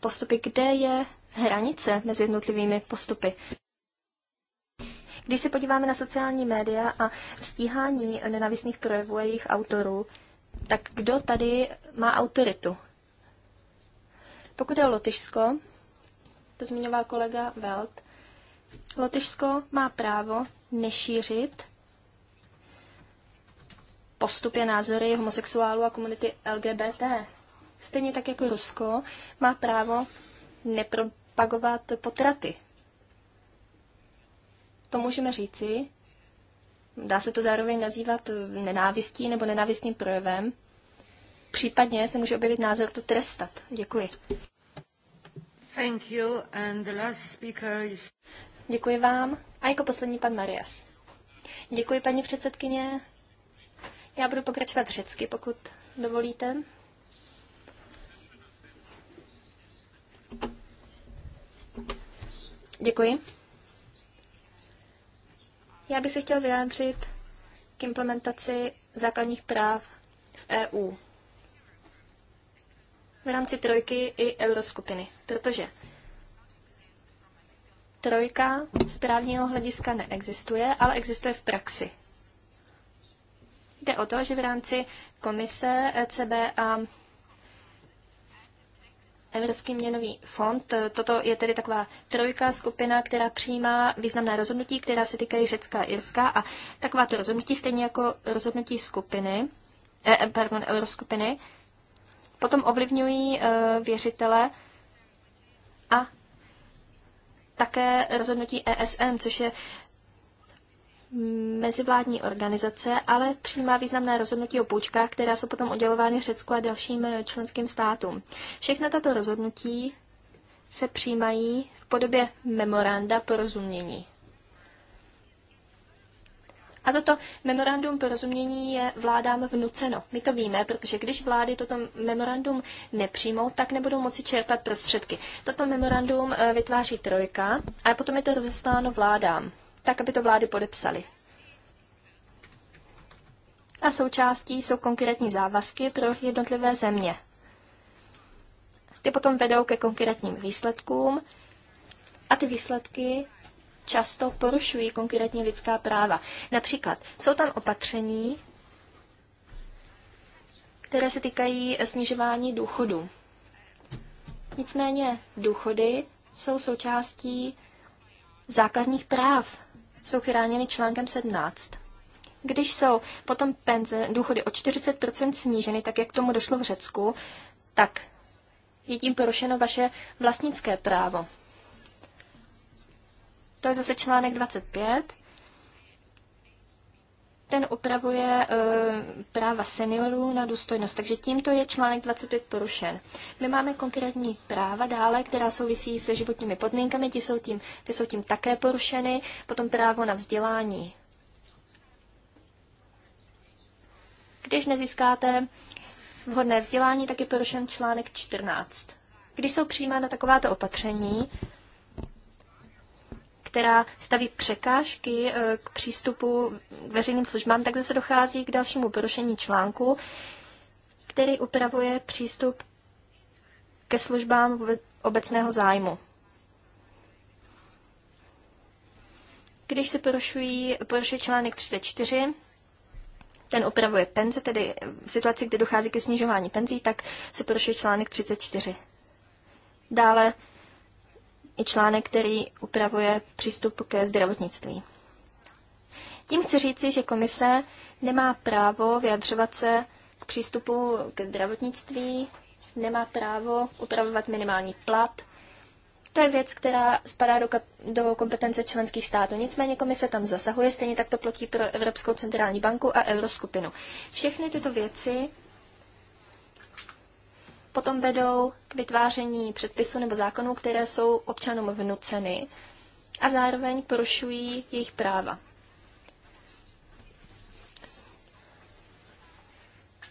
postupy, kde je hranice mezi jednotlivými postupy. Když se podíváme na sociální média a stíhání nenavistných projevů a jejich autorů, tak kdo tady má autoritu? Pokud je o Lotyšsko, to zmiňoval kolega Welt, Lotyšsko má právo nešířit postupy názory homosexuálů a komunity LGBT. Stejně tak jako Rusko má právo nepropagovat potraty to můžeme říci. Dá se to zároveň nazývat nenávistí nebo nenávistným projevem. Případně se může objevit názor to trestat. Děkuji. Thank you. And the last speaker is... Děkuji vám. A jako poslední pan Marias. Děkuji, paní předsedkyně. Já budu pokračovat řecky, pokud dovolíte. Děkuji. Já bych se chtěl vyjádřit k implementaci základních práv v EU v rámci trojky i euroskupiny, protože trojka z právního hlediska neexistuje, ale existuje v praxi. Jde o to, že v rámci komise ECB a Evropský měnový fond. Toto je tedy taková trojka skupina, která přijímá významné rozhodnutí, která se týkají Řecka a Irska a takováto rozhodnutí, stejně jako rozhodnutí skupiny, eh, eh, pardon, euroskupiny, potom ovlivňují eh, věřitele a také rozhodnutí ESM, což je mezivládní organizace, ale přijímá významné rozhodnutí o půjčkách, která jsou potom udělovány Řecku a dalším eh, členským státům. Všechna tato rozhodnutí se přijímají v podobě memoranda porozumění. A toto memorandum porozumění je vládám vnuceno. My to víme, protože když vlády toto memorandum nepřijmou, tak nebudou moci čerpat prostředky. Toto memorandum eh, vytváří trojka a potom je to rozesláno vládám tak aby to vlády podepsaly. A součástí jsou konkrétní závazky pro jednotlivé země. Ty potom vedou ke konkrétním výsledkům a ty výsledky často porušují konkrétní lidská práva. Například jsou tam opatření, které se týkají snižování důchodu. Nicméně důchody jsou součástí základních práv jsou chráněny článkem 17. Když jsou potom penze, důchody o 40% sníženy, tak jak tomu došlo v Řecku, tak je tím porušeno vaše vlastnické právo. To je zase článek 25 ten upravuje e, práva seniorů na důstojnost. Takže tímto je článek 25 porušen. My máme konkrétní práva dále, která souvisí se životními podmínkami, ty jsou tím, ty jsou tím také porušeny, potom právo na vzdělání. Když nezískáte vhodné vzdělání, tak je porušen článek 14. Když jsou přijímána takováto opatření, která staví překážky eh, k přístupu k veřejným službám, tak zase dochází k dalšímu porušení článku, který upravuje přístup ke službám obecného zájmu. Když se porušují, porušuje článek 34, ten upravuje penze, tedy v situaci, kdy dochází ke snižování penzí, tak se porušuje článek 34. Dále i článek, který upravuje přístup ke zdravotnictví. Tím chci říci, že komise nemá právo vyjadřovat se k přístupu ke zdravotnictví, nemá právo upravovat minimální plat. To je věc, která spadá do, do kompetence členských států. Nicméně komise tam zasahuje, stejně tak to platí pro Evropskou centrální banku a Euroskupinu. Všechny tyto věci potom vedou k vytváření předpisů nebo zákonů, které jsou občanům vnuceny a zároveň porušují jejich práva.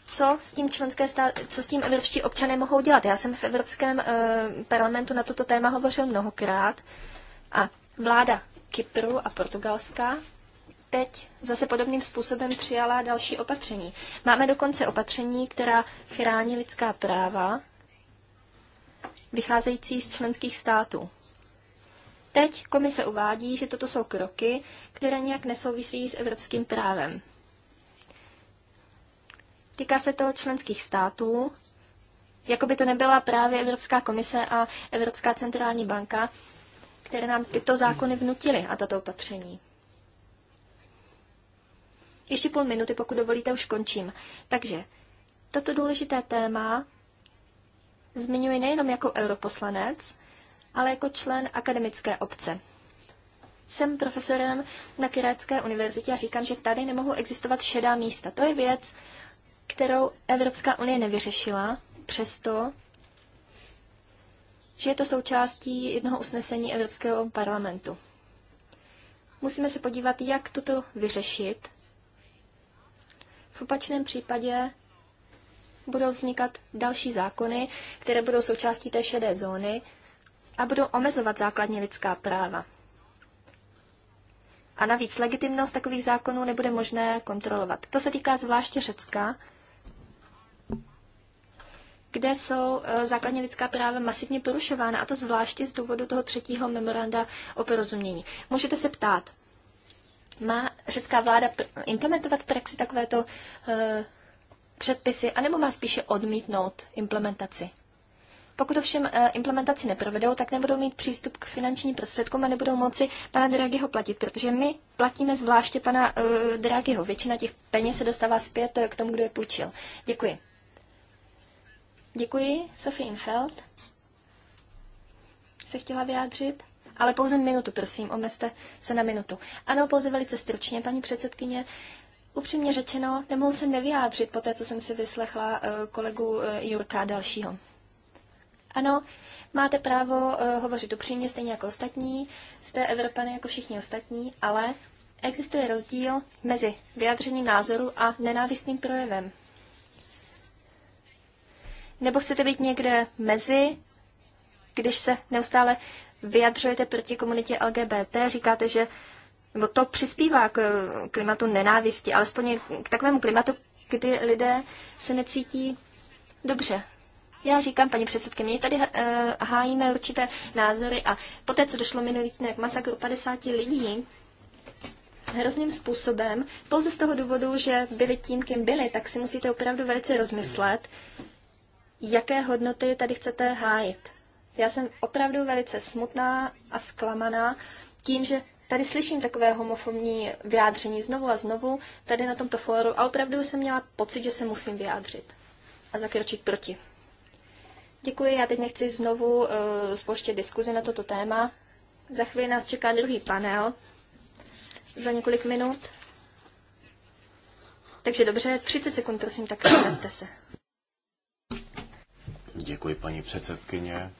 co s tím členské stát, co s tím evropští občané mohou dělat. Já jsem v Evropském e, parlamentu na toto téma hovořil mnohokrát a vláda Kypru a Portugalska teď zase podobným způsobem přijala další opatření. Máme dokonce opatření, která chrání lidská práva, vycházející z členských států. Teď komise uvádí, že toto jsou kroky, které nějak nesouvisí s evropským právem. Týká se to členských států, jako by to nebyla právě Evropská komise a Evropská centrální banka, které nám tyto zákony vnutily a tato opatření. Ještě půl minuty, pokud dovolíte, už končím. Takže toto důležité téma zmiňuji nejenom jako europoslanec, ale jako člen akademické obce. Jsem profesorem na Kirácké univerzitě a říkám, že tady nemohou existovat šedá místa. To je věc, kterou Evropská unie nevyřešila, přesto, že je to součástí jednoho usnesení Evropského parlamentu. Musíme se podívat, jak toto vyřešit, v opačném případě budou vznikat další zákony, které budou součástí té šedé zóny a budou omezovat základní lidská práva. A navíc legitimnost takových zákonů nebude možné kontrolovat. To se týká zvláště Řecka, kde jsou eh, základní lidská práva masivně porušována, a to zvláště z důvodu toho třetího memoranda o porozumění. Můžete se ptát, má řecká vláda implementovat v praxi takovéto uh, předpisy, anebo má spíše odmítnout implementaci? Pokud ovšem e, implementaci neprovedou, tak nebudou mít přístup k finančním prostředkům a nebudou moci pana Dragiho platit, protože my platíme zvláště pana uh, eh, Dragiho. Většina těch peněz se dostává zpět k tomu, kdo je půjčil. Děkuji. Děkuji, Sophie Infeld se chtěla vyjádřit ale pouze minutu, prosím, omezte se na minutu. Ano, pouze velice stručně, paní předsedkyně. Upřímně řečeno, nemohu se nevyjádřit po té, co jsem si vyslechla eh, kolegu eh, Jurka dalšího. Ano, máte právo eh, hovořit upřímně, stejně jako ostatní, jste Evropany jako všichni ostatní, ale existuje rozdíl mezi vyjádřením názoru a nenávistným projevem. Nebo chcete být někde mezi, když se neustále vyjadřujete proti komunitě LGBT, říkáte, že nebo to přispívá k klimatu nenávisti, alespoň k takovému klimatu, kdy lidé se necítí dobře. Já říkám, paní předsedkyně, my tady eh, hájíme určité názory a poté, co došlo minulý týden k masakru 50 lidí, hrozným způsobem, pouze z toho důvodu, že byli tím, kým byli, tak si musíte opravdu velice rozmyslet, jaké hodnoty tady chcete hájit. Já jsem opravdu velice smutná a zklamaná tím, že tady slyším takové homofobní vyjádření znovu a znovu tady na tomto fóru a opravdu jsem měla pocit, že se musím vyjádřit a zakročit proti. Děkuji, já teď nechci znovu uh, spouštět diskuzi na toto téma. Za chvíli nás čeká druhý panel za několik minut. Takže dobře, 30 sekund, prosím, tak omezte se. Děkuji, paní předsedkyně.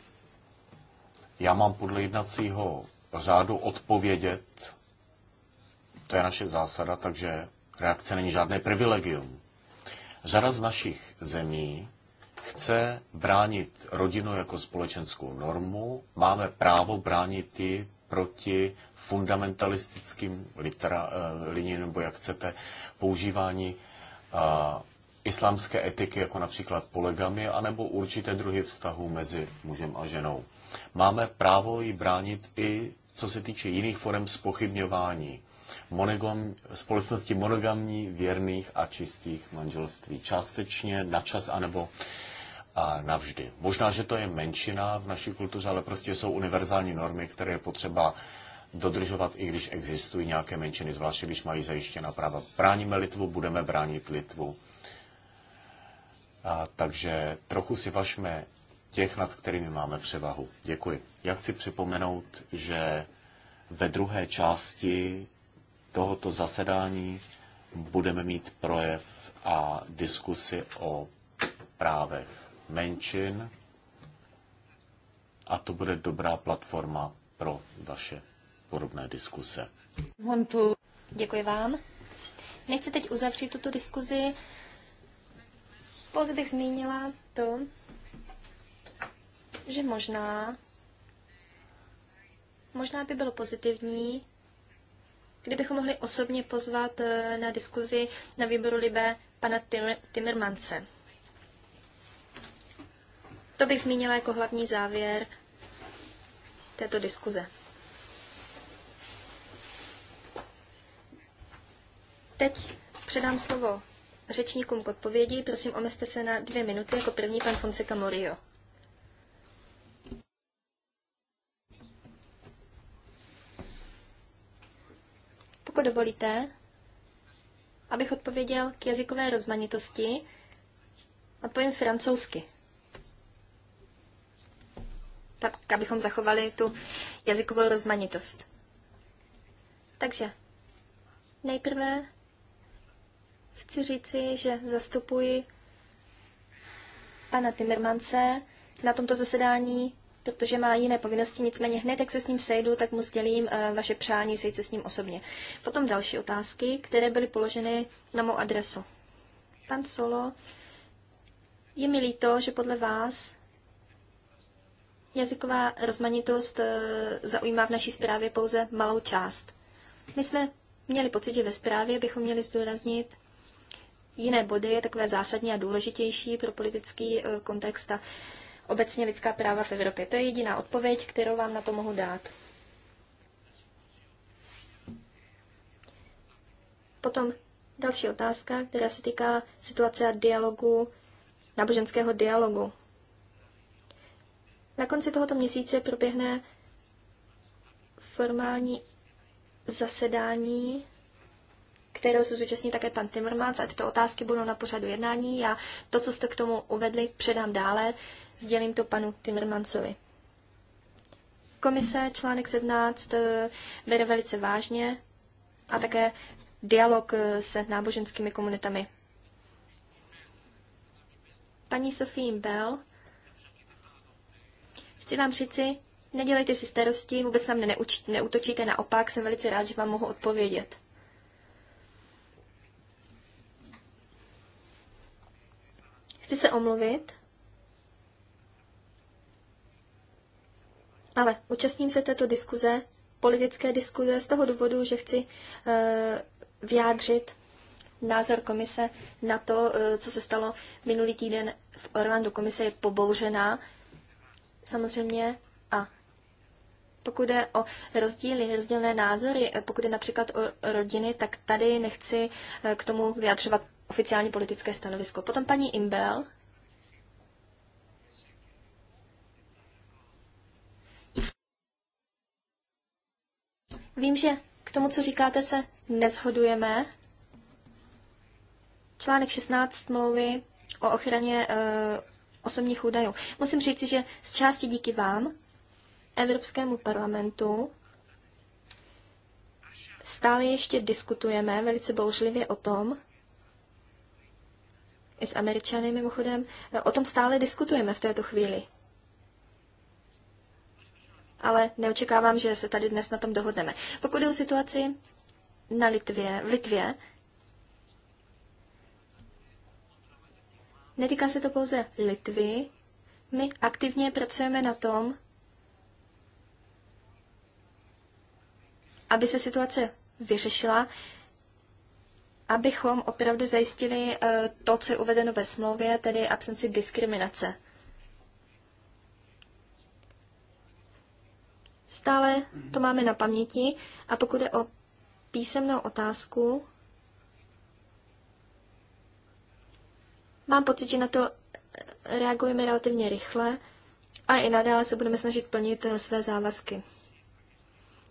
Já mám podle jednacího řádu odpovědět. To je naše zásada, takže reakce není žádné privilegium. Řada z našich zemí chce bránit rodinu jako společenskou normu, máme právo bránit ji proti fundamentalistickým litera, eh, liním, nebo jak chcete, používání a, eh, islámské etiky, jako například polegamy, anebo určité druhy vztahů mezi mužem a ženou. Máme právo ji bránit i co se týče jiných forem spochybňování monogam, společnosti monogamní, věrných a čistých manželství. Částečně, na čas anebo a navždy. Možná, že to je menšina v naší kultuře, ale prostě jsou univerzální normy, které je potřeba dodržovat, i když existují nějaké menšiny, zvláště když mají zajištěna práva. Bráníme Litvu, budeme bránit Litvu. A, takže trochu si vašme těch, nad kterými máme převahu. Děkuji. Já chci připomenout, že ve druhé části tohoto zasedání budeme mít projev a diskusy o právech menšin a to bude dobrá platforma pro vaše podobné diskuse. Hontu, děkuji vám. Nechci teď uzavřít tuto diskuzi. Pouze bych zmínila to, že možná, možná by bylo pozitivní, kdybychom mohli osobně pozvat eh, na diskuzi na výboru Libe pana Timmermance. To bych zmínila jako hlavní závěr této diskuze. Teď předám slovo řečníkům k odpovědi. Prosím, omezte se na dvě minuty, jako první pan Fonseca Morio. pokud dovolíte, abych odpověděl k jazykové rozmanitosti, odpovím francouzsky. Tak, abychom zachovali tu jazykovou rozmanitost. Takže nejprve chci říci, že zastupuji pana Timmermance na tomto zasedání protože má jiné povinnosti, nicméně hned, jak se s ním sejdu, tak mu sdělím eh, vaše přání sejít se s ním osobně. Potom další otázky, které byly položeny na mou adresu. Pan Solo, je mi líto, že podle vás jazyková rozmanitost eh, zaujímá v naší zprávě pouze malou část. My jsme měli pocit, že ve zprávě bychom měli zdůraznit jiné body, takové zásadní a důležitější pro politický eh, kontext a obecně lidská práva v Evropě. To je jediná odpověď, kterou vám na to mohu dát. Potom další otázka, která se týká situace a dialogu, náboženského dialogu. Na konci tohoto měsíce proběhne formální zasedání kterého se zúčastní také pan Timmermans a tyto otázky budou na pořadu jednání. Já to, co jste k tomu uvedli, předám dále, sdělím to panu Timmermansovi. Komise článek 17 eh, bere velice vážně a také dialog eh, se náboženskými komunitami. Paní Sofie Bell, chci vám říci, nedělejte si starosti, vůbec nám neuč, neutočíte, naopak jsem velice rád, že vám mohu odpovědět. Chci se omluvit, ale účastním se této diskuze, politické diskuze, z toho důvodu, že chci e, vyjádřit názor komise na to, e, co se stalo minulý týden v Orlandu. Komise je pobouřená, samozřejmě, a pokud je o rozdíly, rozdílné názory, eh, pokud je například o rodiny, tak tady nechci k tomu vyjadřovat oficiální politické stanovisko. Potom paní Imbel. Vím, že k tomu, co říkáte, se neshodujeme. Článek 16 smlouvy o ochraně e, osobních údajů. Musím říct, že z části díky vám, Evropskému parlamentu, stále ještě diskutujeme velice bouřlivě o tom, i s Američany mimochodem, o tom stále diskutujeme v této chvíli. Ale neočekávám, že se tady dnes na tom dohodneme. Pokud je o situaci na Litvě, v Litvě, netýká se to pouze Litvy, my aktivně pracujeme na tom, aby se situace vyřešila abychom opravdu zajistili eh, to, co je uvedeno ve smlouvě, tedy absenci diskriminace. Stále to máme na paměti a pokud je o písemnou otázku, mám pocit, že na to eh, reagujeme relativně rychle a i nadále se budeme snažit plnit eh, své závazky.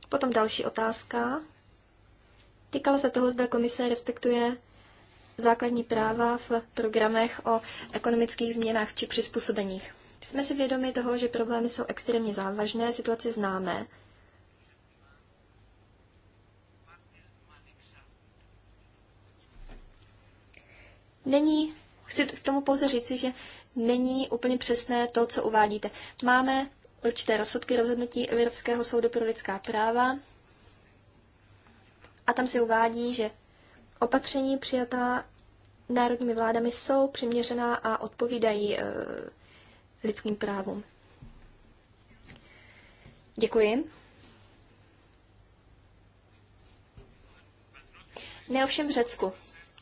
Potom další otázka. Týkalo se toho, zda komise respektuje základní práva v programech o ekonomických změnách či přizpůsobeních. Jsme si vědomi toho, že problémy jsou extrémně závažné, situaci známe. Není, chci k tomu pouze říci, že není úplně přesné to, co uvádíte. Máme určité rozsudky rozhodnutí Evropského soudu pro lidská práva, a tam se uvádí, že opatření přijatá národními vládami jsou přiměřená a odpovídají e, lidským právům. Děkuji. Ne ovšem v Řecku.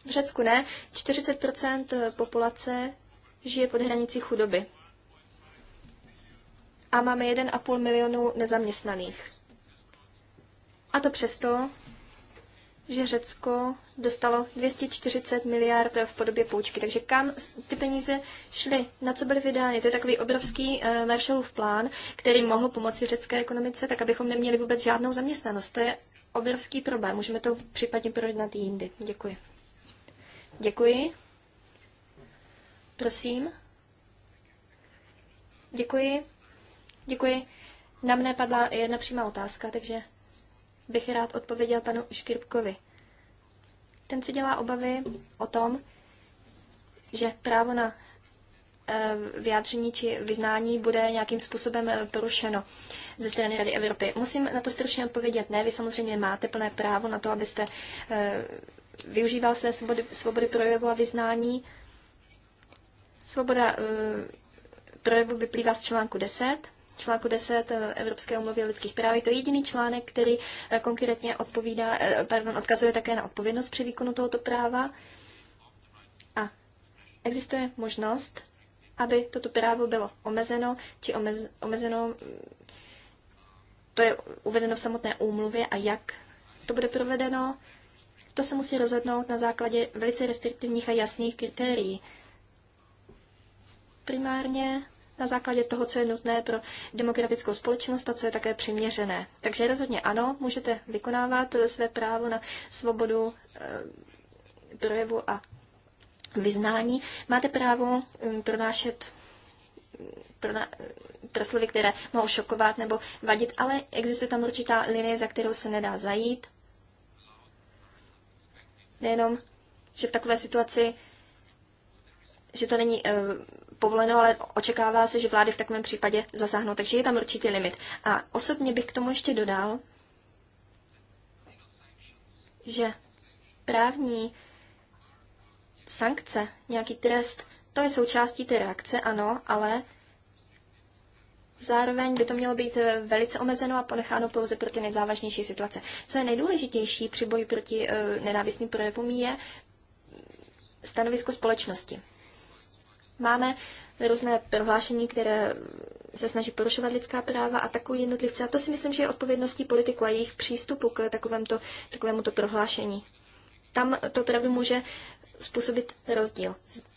V Řecku ne. 40% eh, populace žije pod hranicí chudoby. A máme 1,5 milionu nezaměstnaných. A to přesto, že Řecko dostalo 240 miliard v podobě půjčky. Takže kam ty peníze šly, na co byly vydány? To je takový obrovský uh, Marshallův plán, který mohl pomoci řecké ekonomice, tak abychom neměli vůbec žádnou zaměstnanost. To je obrovský problém. Můžeme to případně projednat jindy. Děkuji. Děkuji. Prosím. Děkuji. Děkuji. Na mne padla jedna přímá otázka, takže bych rád odpověděl panu Škripkovi. Ten si dělá obavy o tom, že právo na eh, vyjádření či vyznání bude nějakým způsobem eh, porušeno ze strany Rady Evropy. Musím na to stručně odpovědět. Ne, vy samozřejmě máte plné právo na to, abyste eh, využíval své svobody, svobody projevu a vyznání. Svoboda projevu vyplývá z článku 10 článku 10 eh, Evropské umluvy o lidských právech. To je jediný článek, který eh, konkrétně odpovídá, eh, pardon, odkazuje také na odpovědnost při výkonu tohoto práva. A existuje možnost, aby toto právo bylo omezeno, či omez, omezeno, mm, to je uvedeno v samotné úmluvě a jak to bude provedeno, to se musí rozhodnout na základě velice restriktivních a jasných kritérií. Primárně na základě toho, co je nutné pro demokratickou společnost a co je také přiměřené. Takže rozhodně ano, můžete vykonávat své právo na svobodu e, projevu a vyznání. Máte právo hm, pronášet hm, pro na, slovy, které mohou šokovat nebo vadit, ale existuje tam určitá linie, za kterou se nedá zajít. Nejenom, že v takové situaci, že to není eh, povoleno, ale očekává se, že vlády v takovém případě zasáhnou, takže je tam určitý limit. A osobně bych k tomu ještě dodal, že právní sankce, nějaký trest, to je součástí té reakce, ano, ale zároveň by to mělo být velice omezeno a ponecháno pouze pro ty nejzávažnější situace. Co je nejdůležitější při boji proti e, nenávistným projevům je stanovisko společnosti. Máme různé prohlášení, které se snaží porušovat lidská práva a takový jednotlivce. A to si myslím, že je odpovědností politiku a jejich přístupu k takovému takovémuto prohlášení. Tam to opravdu může způsobit rozdíl.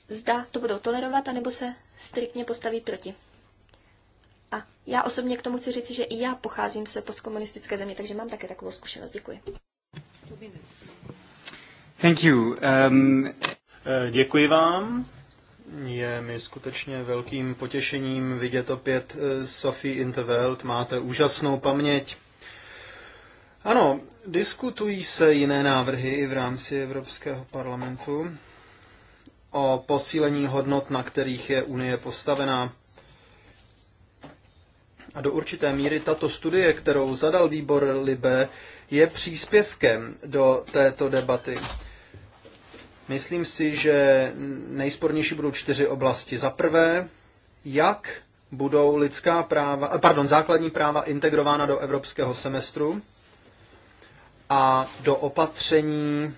Zda to budou tolerovat, anebo se striktně postaví proti. A já osobně k tomu chci říct, že i já pocházím se postkomunistické země, takže mám také takovou zkušenost. Děkuji. Thank you. Um... Eh, děkuji vám. Je mi skutečně velkým potěšením vidět opět eh, Sophie Intervelt. Máte úžasnou paměť. Ano, diskutují se jiné návrhy i v rámci Evropského parlamentu o posílení hodnot, na kterých je Unie postavená. A do určité míry tato studie, kterou zadal výbor Libe, je příspěvkem do této debaty. Myslím si, že nejspornější budou čtyři oblasti. Za prvé, jak budou lidská práva, eh, pardon, základní práva integrována do evropského semestru a do opatření,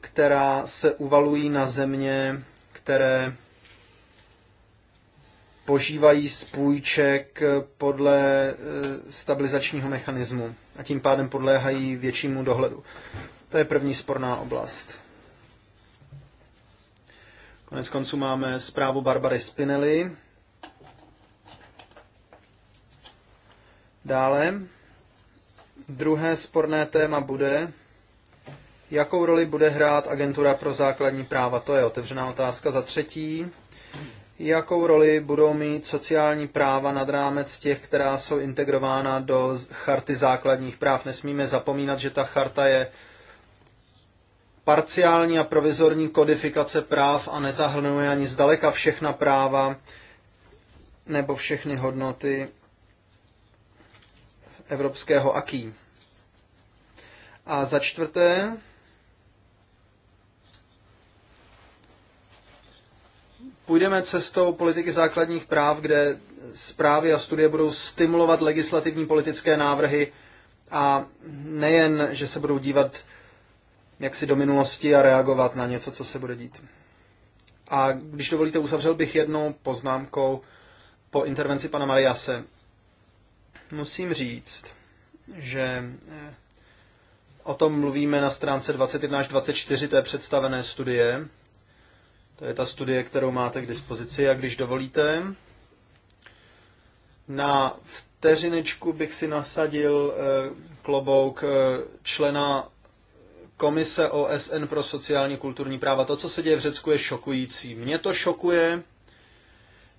která se uvalují na země, které požívají spůjček podle eh, stabilizačního mechanismu a tím pádem podléhají většímu dohledu. To je první sporná oblast. Konec konců máme zprávu Barbary Spinelli. Dále druhé sporné téma bude, jakou roli bude hrát agentura pro základní práva. To je otevřená otázka. Za třetí, jakou roli budou mít sociální práva nad rámec těch, která jsou integrována do charty základních práv. Nesmíme zapomínat, že ta charta je parciální a provizorní kodifikace práv a nezahrnuje ani zdaleka všechna práva nebo všechny hodnoty evropského aký. A za čtvrté, půjdeme cestou politiky základních práv, kde zprávy a studie budou stimulovat legislativní politické návrhy a nejen, že se budou dívat si do minulosti a reagovat na něco, co se bude dít. A když dovolíte, uzavřel bych jednou poznámkou po intervenci pana Mariase. Musím říct, že eh, o tom mluvíme na stránce 21 až 24 té představené studie. To je ta studie, kterou máte k dispozici a když dovolíte, na vteřinečku bych si nasadil eh, klobouk eh, člena Komise OSN pro sociálně kulturní práva. To, co se děje v Řecku, je šokující. Mě to šokuje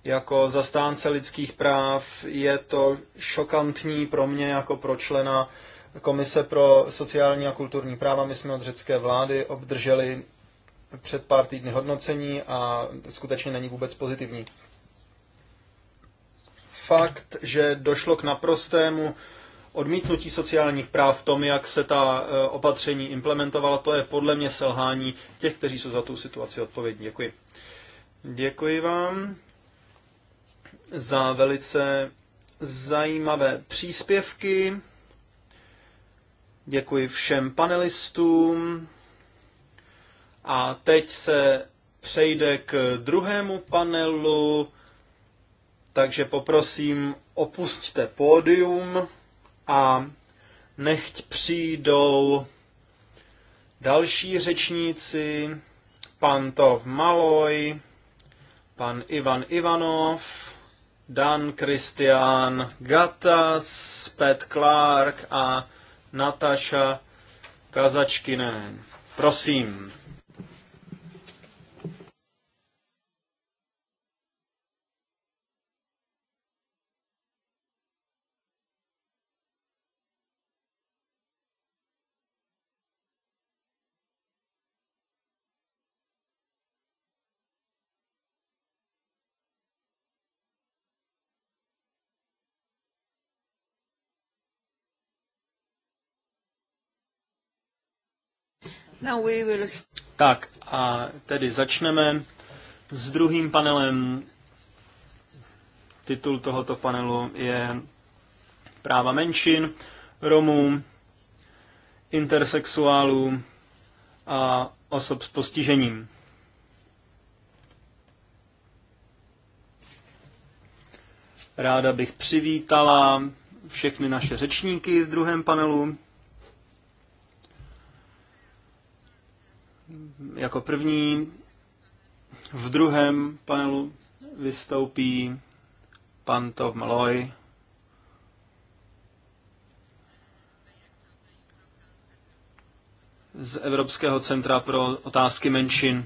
jako zastánce lidských práv. Je to šokantní pro mě jako pro člena Komise pro sociální a kulturní práva. My jsme od řecké vlády obdrželi před pár týdny hodnocení a skutečně není vůbec pozitivní. Fakt, že došlo k naprostému odmítnutí sociálních práv v tom, jak se ta e, opatření implementovala, to je podle mě selhání těch, kteří jsou za tu situaci odpovědní. Děkuji. Děkuji vám za velice zajímavé příspěvky. Děkuji všem panelistům. A teď se přejde k druhému panelu, takže poprosím, opusťte pódium a nechť přijdou další řečníci, pan Tov Maloj, pan Ivan Ivanov, Dan Christian Gatas, Pat Clark a Natasha Kazačkinen. Prosím. Now we will... Tak a tedy začneme s druhým panelem. Titul tohoto panelu je Práva menšin, Romů, intersexuálů a osob s postižením. Ráda bych přivítala všechny naše řečníky v druhém panelu. Jako první v druhém panelu vystoupí pan Tom Malloy, z Evropského centra pro otázky menšin.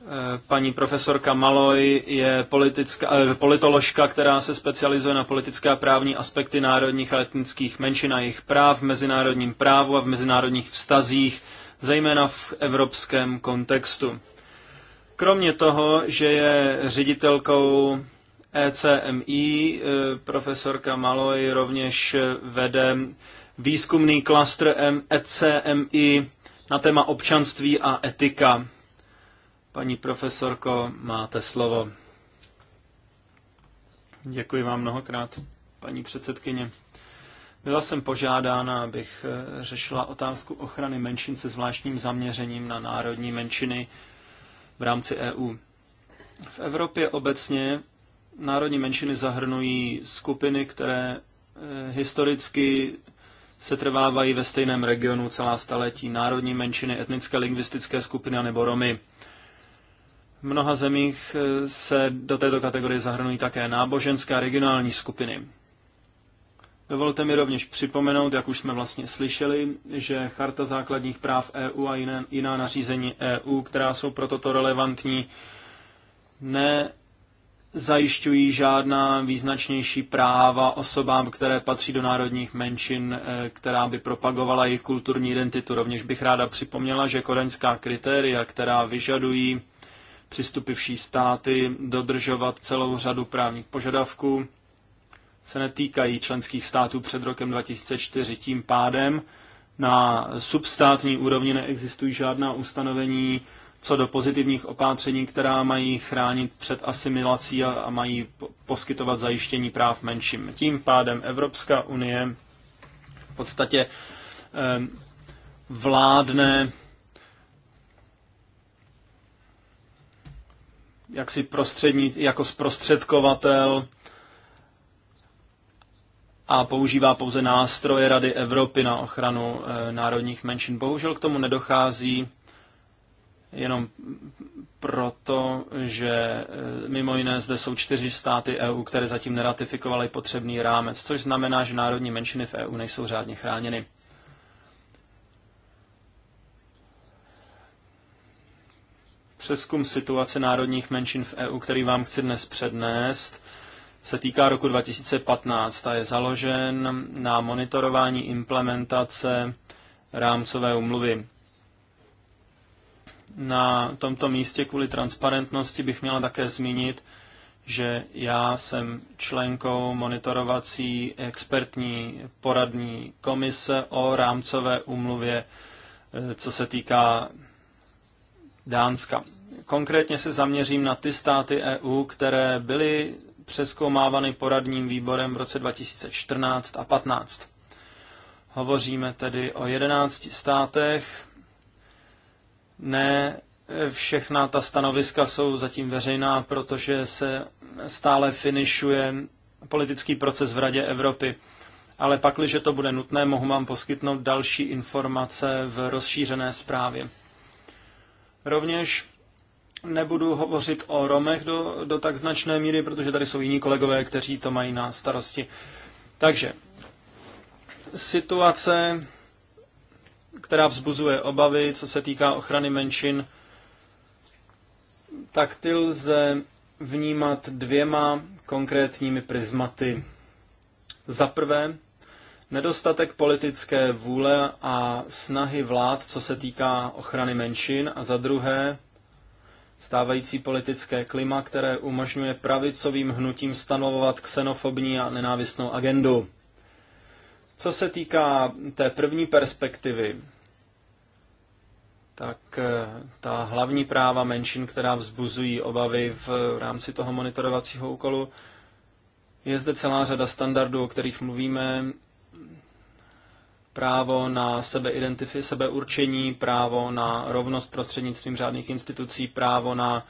Eh, paní profesorka Maloj je politická, eh, politoložka, která se specializuje na politické a právní aspekty národních a etnických menšin a jejich práv v mezinárodním právu a v mezinárodních vztazích zejména v evropském kontextu. Kromě toho, že je ředitelkou ECMI, eh, profesorka Maloy rovněž vede výzkumný klastr ECMI na téma občanství a etika. Paní profesorko, máte slovo. Děkuji vám mnohokrát, paní předsedkyně. Byla jsem požádána, abych eh, řešila otázku ochrany menšin se zvláštním zaměřením na národní menšiny v rámci EU. V Evropě obecně národní menšiny zahrnují skupiny, které eh, historicky se trvávají ve stejném regionu celá staletí. Národní menšiny, etnické lingvistické skupiny nebo Romy. V mnoha zemích eh, se do této kategorie zahrnují také náboženské a regionální skupiny. Dovolte mi rovněž připomenout, jak už jsme vlastně slyšeli, že Charta základních práv EU a jiné, jiná nařízení EU, která jsou pro toto relevantní, ne zajišťují žádná význačnější práva osobám, které patří do národních menšin, eh, která by propagovala jejich kulturní identitu. Rovněž bych ráda připomněla, že kodaňská kritéria, která vyžadují přistupivší státy dodržovat celou řadu právních požadavků, se netýkají členských států před rokem 2004. Tím pádem na substátní úrovni neexistují žádná ustanovení co do pozitivních opatření, která mají chránit před asimilací a mají poskytovat zajištění práv menším. Tím pádem Evropská unie v podstatě vládne jaksi prostřední jako zprostředkovatel a používá pouze nástroje Rady Evropy na ochranu eh, národních menšin. Bohužel k tomu nedochází jenom proto, že eh, mimo jiné zde jsou čtyři státy EU, které zatím neratifikovaly potřebný rámec, což znamená, že národní menšiny v EU nejsou řádně chráněny. Přeskum situace národních menšin v EU, který vám chci dnes přednést, se týká roku 2015 a je založen na monitorování implementace rámcové umluvy. Na tomto místě kvůli transparentnosti bych měla také zmínit, že já jsem členkou monitorovací expertní poradní komise o rámcové umluvě, eh, co se týká Dánska. Konkrétně se zaměřím na ty státy EU, které byly přeskoumávány poradním výborem v roce 2014 a 15. Hovoříme tedy o 11 státech. Ne všechna ta stanoviska jsou zatím veřejná, protože se stále finišuje politický proces v Radě Evropy. Ale pakliže to bude nutné, mohu vám poskytnout další informace v rozšířené zprávě. Rovněž Nebudu hovořit o Romech do, do tak značné míry, protože tady jsou jiní kolegové, kteří to mají na starosti. Takže situace, která vzbuzuje obavy, co se týká ochrany menšin, tak ty lze vnímat dvěma konkrétními prismaty. Za prvé, nedostatek politické vůle a snahy vlád, co se týká ochrany menšin, a za druhé, Stávající politické klima, které umožňuje pravicovým hnutím stanovovat ksenofobní a nenávistnou agendu. Co se týká té první perspektivy, tak eh, ta hlavní práva menšin, která vzbuzují obavy v rámci toho monitorovacího úkolu, je zde celá řada standardů, o kterých mluvíme, právo na sebeidentifi- sebeurčení, právo na rovnost prostřednictvím řádných institucí, právo na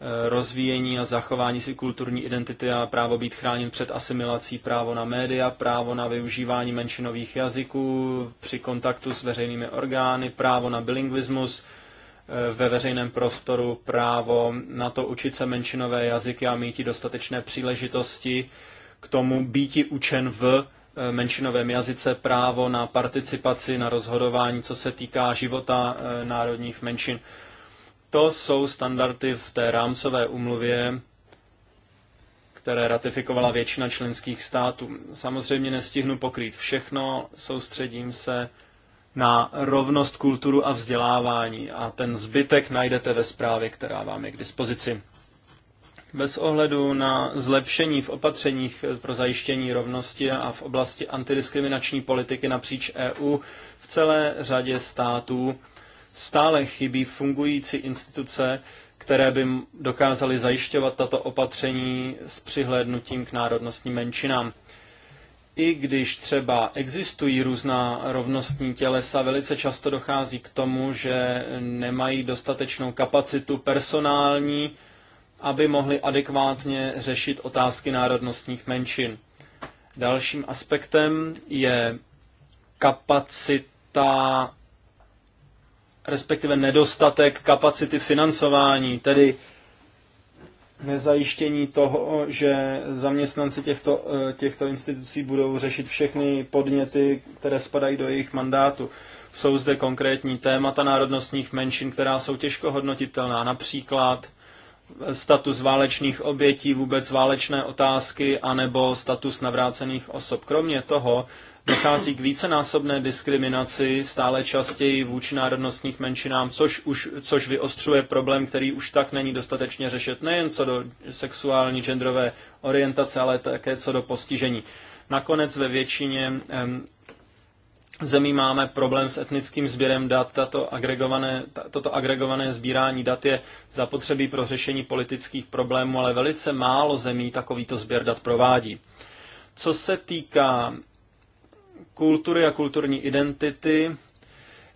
eh, rozvíjení a zachování si kulturní identity a právo být chráněn před asimilací, právo na média, právo na využívání menšinových jazyků při kontaktu s veřejnými orgány, právo na bilingvismus eh, ve veřejném prostoru, právo na to učit se menšinové jazyky a mít dostatečné příležitosti k tomu býti učen v E, menšinovém jazyce, právo na participaci, na rozhodování, co se týká života e, národních menšin. To jsou standardy v té rámcové umluvě, které ratifikovala většina členských států. Samozřejmě nestihnu pokrýt všechno, soustředím se na rovnost kulturu a vzdělávání a ten zbytek najdete ve zprávě, která vám je k dispozici. Bez ohledu na zlepšení v opatřeních pro zajištění rovnosti a v oblasti antidiskriminační politiky napříč EU v celé řadě států stále chybí fungující instituce, které by dokázaly zajišťovat tato opatření s přihlédnutím k národnostním menšinám. I když třeba existují různá rovnostní tělesa, velice často dochází k tomu, že nemají dostatečnou kapacitu personální, aby mohli adekvátně řešit otázky národnostních menšin. Dalším aspektem je kapacita, respektive nedostatek kapacity financování, tedy nezajištění toho, že zaměstnanci těchto, eh, těchto institucí budou řešit všechny podněty, které spadají do jejich mandátu. Jsou zde konkrétní témata národnostních menšin, která jsou těžko hodnotitelná, například status válečných obětí, vůbec válečné otázky, anebo status navrácených osob. Kromě toho dochází k vícenásobné diskriminaci stále častěji vůči národnostních menšinám, což, už, což vyostřuje problém, který už tak není dostatečně řešit, nejen co do sexuální, genderové orientace, ale také co do postižení. Nakonec ve většině zemí máme problém s etnickým sběrem dat. Tato agregované, toto agregované sbírání dat je zapotřebí pro řešení politických problémů, ale velice málo zemí takovýto sběr dat provádí. Co se týká kultury a kulturní identity,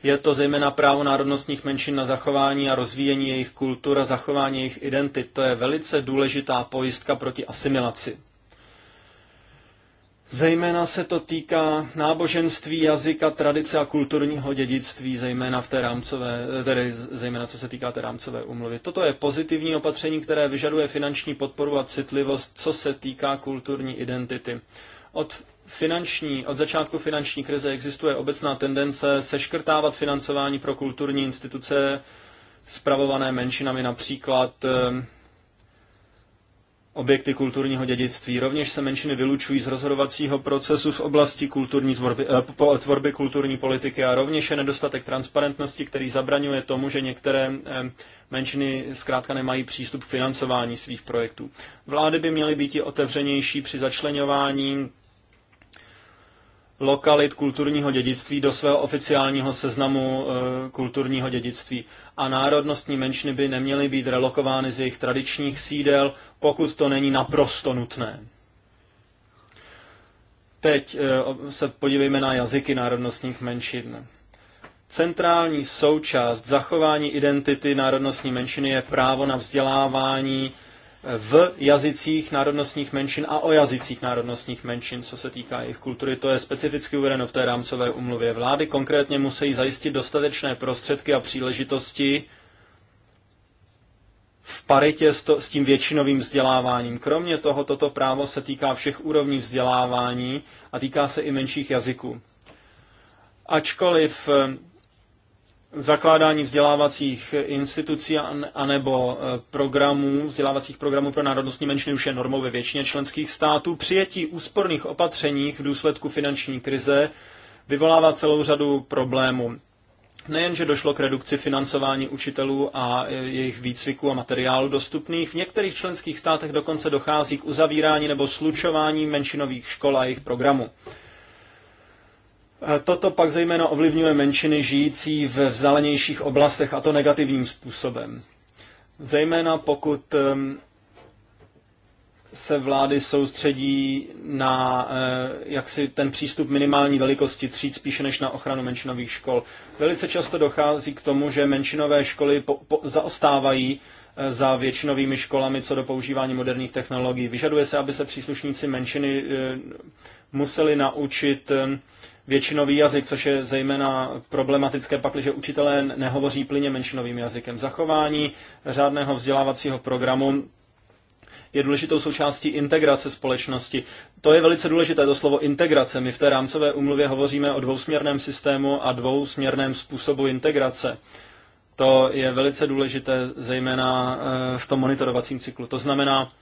je to zejména právo národnostních menšin na zachování a rozvíjení jejich kultur a zachování jejich identit. To je velice důležitá pojistka proti asimilaci. Zejména se to týká náboženství, jazyka, tradice a kulturního dědictví, zejména v té rámcové, tedy zejména co se týká té rámcové umluvy. Toto je pozitivní opatření, které vyžaduje finanční podporu a citlivost, co se týká kulturní identity. Od finanční, od začátku finanční krize existuje obecná tendence seškrtávat financování pro kulturní instituce spravované menšinami, například eh, objekty kulturního dědictví. Rovněž se menšiny vylučují z rozhodovacího procesu v oblasti kulturní tvorby, eh, tvorby kulturní politiky a rovněž je nedostatek transparentnosti, který zabraňuje tomu, že některé eh, menšiny zkrátka nemají přístup k financování svých projektů. Vlády by měly být i otevřenější při začlenování lokalit kulturního dědictví do svého oficiálního seznamu eh, kulturního dědictví. A národnostní menšiny by neměly být relokovány z jejich tradičních sídel, pokud to není naprosto nutné. Teď eh, se podívejme na jazyky národnostních menšin. Centrální součást zachování identity národnostní menšiny je právo na vzdělávání, v jazycích národnostních menšin a o jazycích národnostních menšin, co se týká jejich kultury. To je specificky uvedeno v té rámcové umluvě. Vlády konkrétně musí zajistit dostatečné prostředky a příležitosti v paritě s, to, s tím většinovým vzděláváním. Kromě toho, toto právo se týká všech úrovní vzdělávání a týká se i menších jazyků. Ačkoliv eh, zakládání vzdělávacích institucí anebo eh, programů, vzdělávacích programů pro národnostní menšiny už je normou ve většině členských států. Přijetí úsporných opatření v důsledku finanční krize vyvolává celou řadu problémů. Nejenže došlo k redukci financování učitelů a eh, jejich výcviku a materiálu dostupných, v některých členských státech dokonce dochází k uzavírání nebo slučování menšinových škol a jejich programů. Toto pak zejména ovlivňuje menšiny žijící v vzdálenějších oblastech a to negativním způsobem. Zejména pokud se vlády soustředí na eh, jaksi ten přístup minimální velikosti tříd spíše než na ochranu menšinových škol. Velice často dochází k tomu, že menšinové školy po, po, zaostávají eh, za většinovými školami co do používání moderních technologií. Vyžaduje se, aby se příslušníci menšiny eh, museli naučit většinový jazyk, což je zejména problematické pak, že učitelé nehovoří plyně menšinovým jazykem. Zachování řádného vzdělávacího programu je důležitou součástí integrace společnosti. To je velice důležité, to slovo integrace. My v té rámcové umluvě hovoříme o dvousměrném systému a dvousměrném způsobu integrace. To je velice důležité, zejména eh, v tom monitorovacím cyklu. To znamená,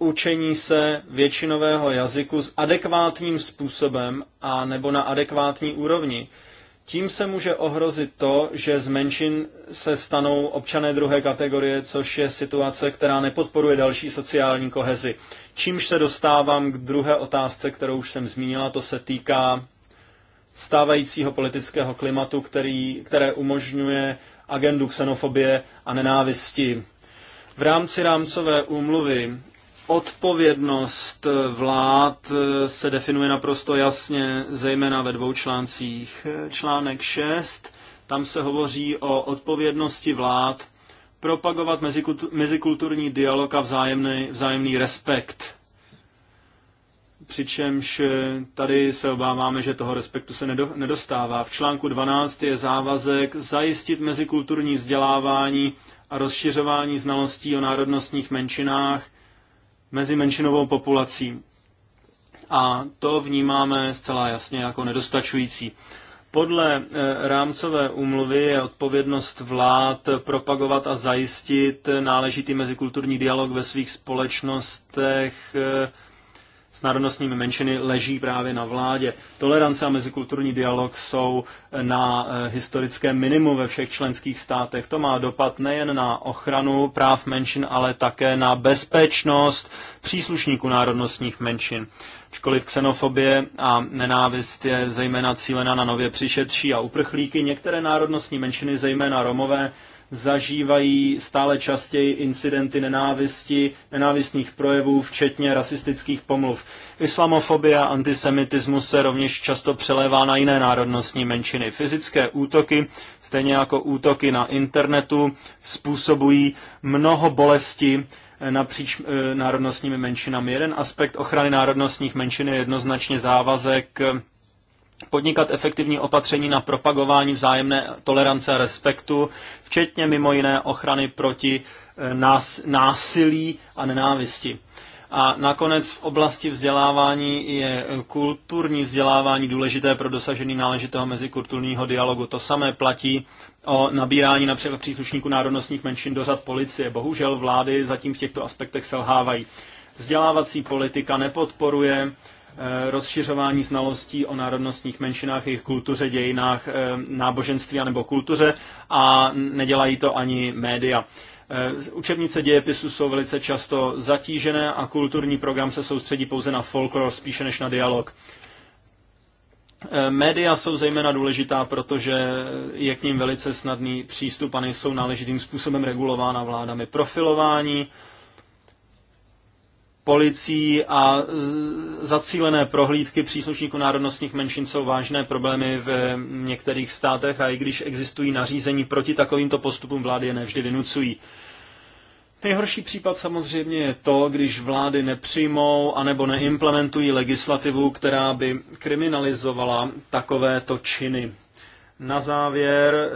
učení se většinového jazyku s adekvátním způsobem a nebo na adekvátní úrovni. Tím se může ohrozit to, že z menšin se stanou občané druhé kategorie, což je situace, která nepodporuje další sociální kohezi. Čímž se dostávám k druhé otázce, kterou už jsem zmínila, to se týká stávajícího politického klimatu, který, které umožňuje agendu xenofobie a nenávisti. V rámci rámcové úmluvy Odpovědnost vlád se definuje naprosto jasně, zejména ve dvou článcích. Článek 6, tam se hovoří o odpovědnosti vlád propagovat mezikulturní dialog a vzájemný, vzájemný respekt. Přičemž tady se obáváme, že toho respektu se nedostává. V článku 12 je závazek zajistit mezikulturní vzdělávání a rozšiřování znalostí o národnostních menšinách – mezi menšinovou populací. A to vnímáme zcela jasně jako nedostačující. Podle eh, rámcové úmluvy je odpovědnost vlád propagovat a zajistit náležitý mezikulturní dialog ve svých společnostech eh, s národnostními menšiny leží právě na vládě. Tolerance a mezikulturní dialog jsou na eh, historické minimum ve všech členských státech. To má dopad nejen na ochranu práv menšin, ale také na bezpečnost příslušníků národnostních menšin. Školit xenofobie a nenávist je zejména cílena na nově přišetří a uprchlíky. Některé národnostní menšiny, zejména Romové, zažívají stále častěji incidenty nenávisti, nenávistných projevů, včetně rasistických pomluv. Islamofobie a antisemitismus se rovněž často přelévá na jiné národnostní menšiny. Fyzické útoky, stejně jako útoky na internetu, způsobují mnoho bolesti napříč eh, národnostními menšinami. Jeden aspekt ochrany národnostních menšin je jednoznačně závazek podnikat efektivní opatření na propagování vzájemné tolerance a respektu, včetně mimo jiné ochrany proti eh, nás, násilí a nenávisti. A nakonec v oblasti vzdělávání je eh, kulturní vzdělávání důležité pro dosažení náležitého mezikulturního dialogu. To samé platí o nabírání například příslušníků národnostních menšin do řad policie. Bohužel vlády zatím v těchto aspektech selhávají. Vzdělávací politika nepodporuje Eh, rozšiřování znalostí o národnostních menšinách, jejich kultuře, dějinách, eh, náboženství nebo kultuře a nedělají to ani média. Eh, učebnice dějepisu jsou velice často zatížené a kulturní program se soustředí pouze na folklor spíše než na dialog. Média jsou zejména důležitá, protože je k ním velice snadný přístup a nejsou náležitým způsobem regulována vládami profilování, policií a zacílené prohlídky příslušníků národnostních menšin jsou vážné problémy v některých státech a i když existují nařízení proti takovýmto postupům, vlády je nevždy vynucují. Nejhorší případ samozřejmě je to, když vlády nepřijmou anebo neimplementují legislativu, která by kriminalizovala takovéto činy. Na závěr eh,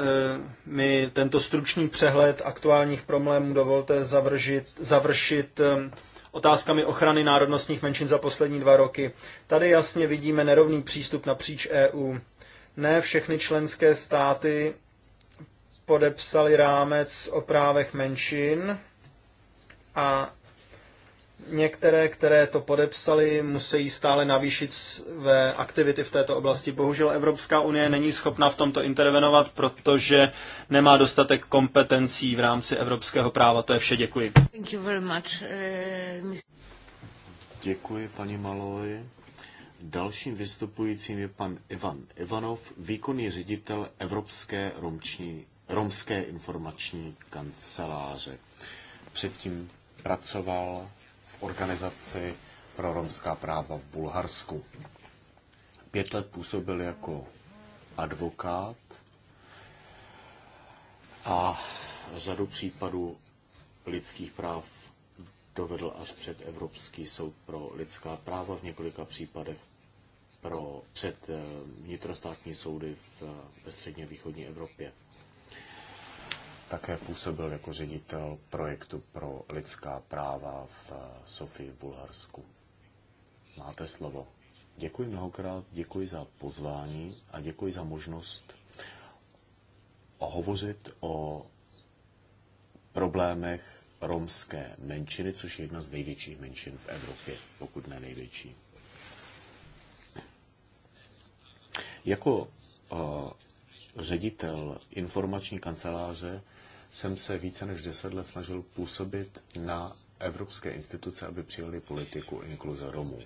mi tento stručný přehled aktuálních problémů dovolte završit, završit eh, otázkami ochrany národnostních menšin za poslední dva roky. Tady jasně vidíme nerovný přístup napříč EU. Ne všechny členské státy podepsali rámec o právech menšin a Některé, které to podepsali, musí stále navýšit své aktivity v této oblasti. Bohužel Evropská unie není schopna v tomto intervenovat, protože nemá dostatek kompetencí v rámci evropského práva. To je vše. Děkuji. Thank you very much. Uh, Děkuji, paní Maloj. Dalším vystupujícím je pan Ivan Ivanov, výkonný ředitel Evropské romční, romské informační kanceláře. Předtím pracoval v organizaci pro romská práva v Bulharsku. Pět let působil jako advokát a řadu případů lidských práv dovedl až před Evropský soud pro lidská práva, v několika případech pro, před eh, vnitrostátní soudy v, eh, ve středně východní Evropě také působil jako ředitel projektu pro lidská práva v eh, Sofii v Bulharsku. Máte slovo. Děkuji mnohokrát, děkuji za pozvání a děkuji za možnost hovořit o problémech romské menšiny, což je jedna z největších menšin v Evropě, pokud ne největší. Jako eh, ředitel informační kanceláře jsem se více než deset let snažil působit na evropské instituce, aby přijeli politiku inkluze Romů.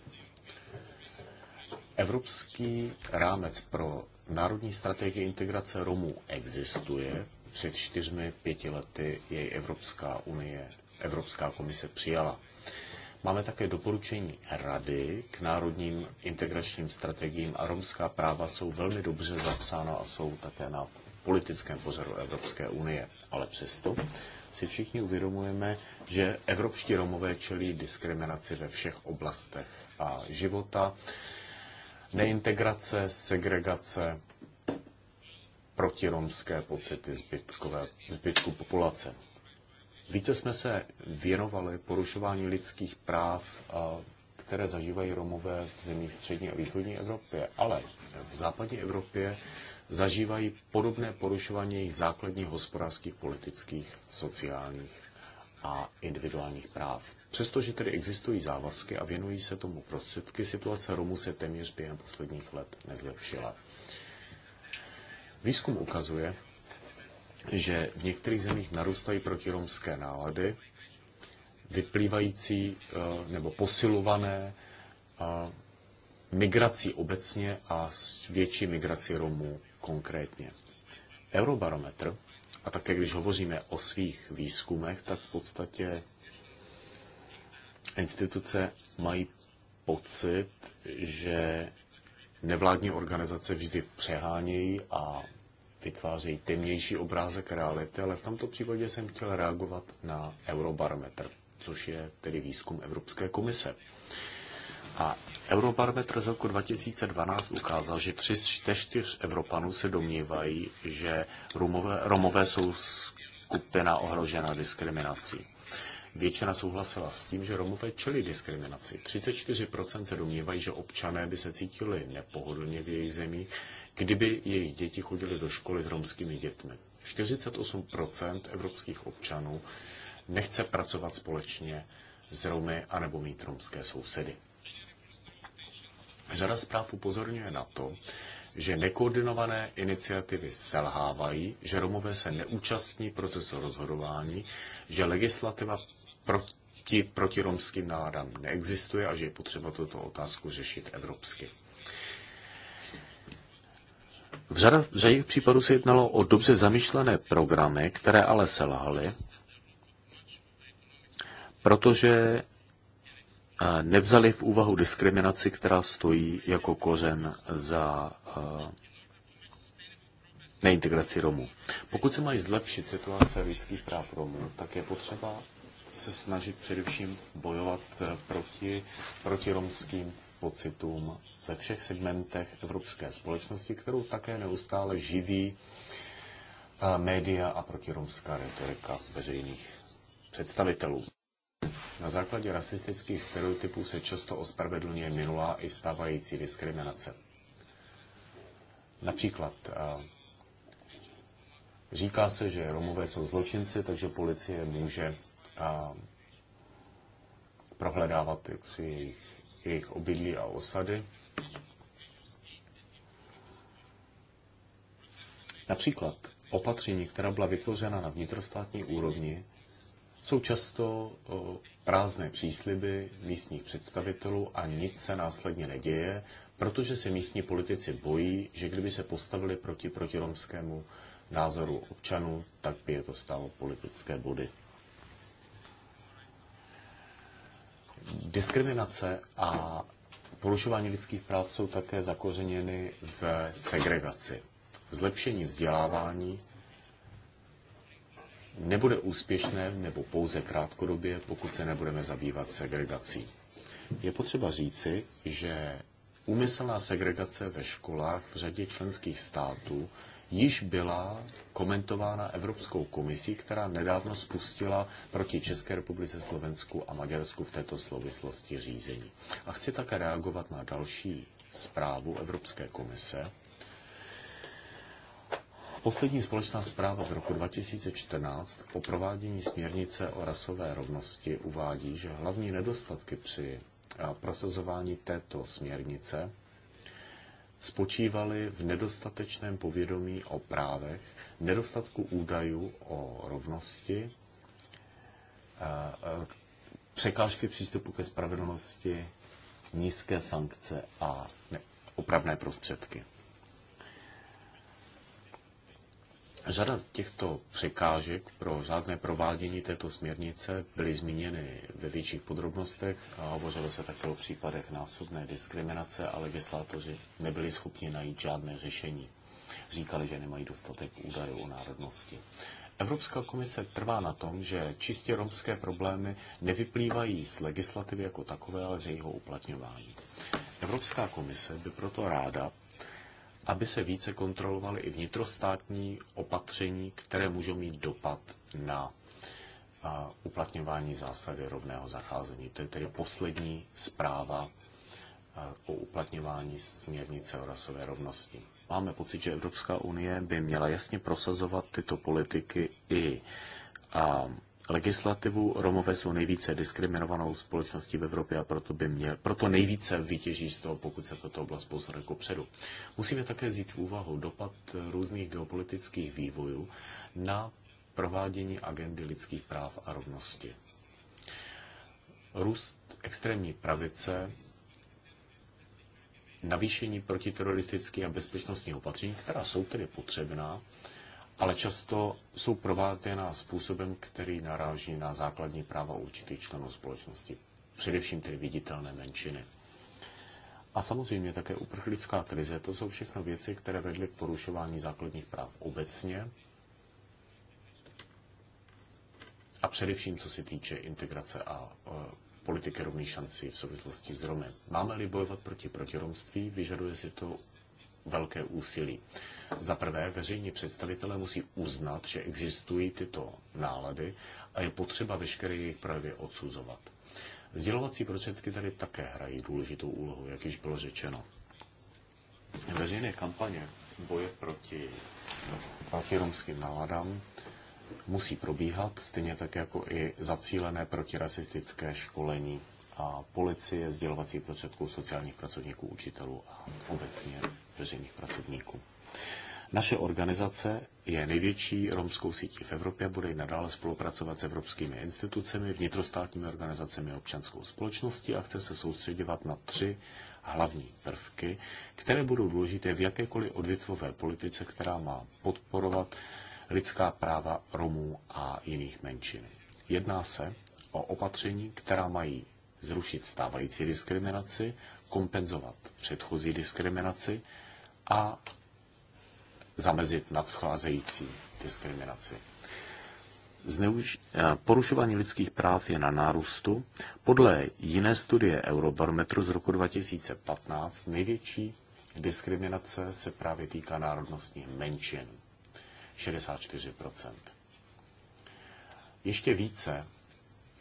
Evropský rámec pro národní strategii integrace Romů existuje. Před čtyřmi, pěti lety jej Evropská unie, Evropská komise přijala. Máme také doporučení rady k národním integračním strategiím a romská práva jsou velmi dobře zapsána a jsou také na politickém pozoru Evropské unie. Ale přesto si všichni uvědomujeme, že evropští Romové čelí diskriminaci ve všech oblastech a života, neintegrace, segregace, protiromské pocity zbytkové, zbytku populace. Více jsme se věnovali porušování lidských práv, které zažívají Romové v zemích střední a východní Evropy, ale v západní Evropě zažívají podobné porušování jejich základních hospodářských, politických, sociálních a individuálních práv. Přestože tedy existují závazky a věnují se tomu prostředky, situace Romů se téměř během posledních let nezlepšila. Výzkum ukazuje, že v některých zemích narůstají protiromské nálady, vyplývající eh, nebo posilované eh, migrací obecně a větší migrací Romů konkrétně. Eurobarometr, a také když hovoříme o svých výzkumech, tak v podstatě instituce mají pocit, že nevládní organizace vždy přehánějí a vytvářejí temnější obrázek reality, ale v tomto případě jsem chtěl reagovat na Eurobarometr, což je tedy výzkum Evropské komise. A Eurobarometr z roku 2012 ukázal, že tři ze čtyř Evropanů se domnívají, že Rumové, Romové jsou skupina ohrožena diskriminací. Většina souhlasila s tím, že Romové čelí diskriminaci. 34% se domnívají, že občané by se cítili nepohodlně v jejich zemí, kdyby jejich děti chodili do školy s romskými dětmi. 48% evropských občanů nechce pracovat společně s Romy anebo mít romské sousedy. Řada zpráv upozorňuje na to, že nekoordinované iniciativy selhávají, že Romové se neúčastní procesu rozhodování, že legislativa proti, proti romským náladám neexistuje a že je potřeba tuto otázku řešit evropsky. V v řadě případů se jednalo o dobře zamýšlené programy, které ale selhaly, protože nevzali v úvahu diskriminaci, která stojí jako kořen za eh, neintegraci Romů. Pokud se mají zlepšit situace lidských práv Romů, tak je potřeba se snažit především bojovat eh, proti, proti romským pocitům ve všech segmentech evropské společnosti, kterou také neustále živí eh, média a protiromská retorika veřejných představitelů. Na základě rasistických stereotypů se často ospravedlňuje minulá i stávající diskriminace. Například říká se, že Romové jsou zločinci, takže policie může prohledávat jaksi jejich, jejich obydlí a osady. Například opatření, která byla vytvořena na vnitrostátní úrovni, jsou často prázdné přísliby místních představitelů a nic se následně neděje, protože se místní politici bojí, že kdyby se postavili proti protiromskému názoru občanů, tak by je to stalo politické body. Diskriminace a porušování lidských práv jsou také zakořeněny v segregaci. Zlepšení vzdělávání nebude úspěšné nebo pouze krátkodobě, pokud se nebudeme zabývat segregací. Je potřeba říci, že úmyslná segregace ve školách v řadě členských států již byla komentována Evropskou komisí, která nedávno spustila proti České republice, Slovensku a Maďarsku v této souvislosti řízení. A chci také reagovat na další zprávu Evropské komise, Poslední společná zpráva z roku 2014 o provádění směrnice o rasové rovnosti uvádí, že hlavní nedostatky při eh, prosazování této směrnice spočívaly v nedostatečném povědomí o právech, nedostatku údajů o rovnosti, eh, eh, překážky přístupu ke spravedlnosti, nízké sankce a opravné prostředky. Řada těchto překážek pro řádné provádění této směrnice byly zmíněny ve větších podrobnostech a hovořilo se také o případech násobné diskriminace a legislátoři nebyli schopni najít žádné řešení. Říkali, že nemají dostatek údajů o národnosti. Evropská komise trvá na tom, že čistě romské problémy nevyplývají z legislativy jako takové, ale z jejího uplatňování. Evropská komise by proto ráda aby se více kontrolovaly i vnitrostátní opatření, které můžou mít dopad na uplatňování zásady rovného zacházení. To je tedy poslední zpráva o uplatňování směrnice o rasové rovnosti. Máme pocit, že Evropská unie by měla jasně prosazovat tyto politiky i a, legislativu. Romové jsou nejvíce diskriminovanou společností v Evropě a proto, by měl, proto nejvíce vytěží z toho, pokud se tato oblast pozorne kopředu. předu. Musíme také vzít v úvahu dopad různých geopolitických vývojů na provádění agendy lidských práv a rovnosti. Růst extrémní pravice navýšení protiteroristických a bezpečnostních opatření, která jsou tedy potřebná, ale často jsou prováděna způsobem, který naráží na základní práva určitých členů společnosti, především tedy viditelné menšiny. A samozřejmě také uprchlická krize, to jsou všechno věci, které vedly k porušování základních práv obecně a především co se týče integrace a e, politiky rovných šancí v souvislosti s Romy. Máme-li bojovat proti protiromství, vyžaduje si to velké úsilí. Za prvé, veřejní představitelé musí uznat, že existují tyto nálady a je potřeba veškeré jejich projevy odsuzovat. Sdělovací prostředky tady také hrají důležitou úlohu, jak již bylo řečeno. Veřejné kampaně boje proti antiromským náladám musí probíhat, stejně tak jako i zacílené protirasistické školení a policie, sdělovací prostředků sociálních pracovníků, učitelů a obecně veřejných pracovníků. Naše organizace je největší romskou sítí v Evropě, bude i nadále spolupracovat s evropskými institucemi, vnitrostátními organizacemi a občanskou společností a chce se soustředovat na tři hlavní prvky, které budou důležité v jakékoliv odvětvové politice, která má podporovat lidská práva Romů a jiných menšin. Jedná se o opatření, která mají zrušit stávající diskriminaci, kompenzovat předchozí diskriminaci, a zamezit nadcházející diskriminaci. Zneuž... Eh, porušování lidských práv je na nárůstu. Podle jiné studie Eurobarometru z roku 2015 největší diskriminace se právě týká národnostních menšin. 64 Ještě více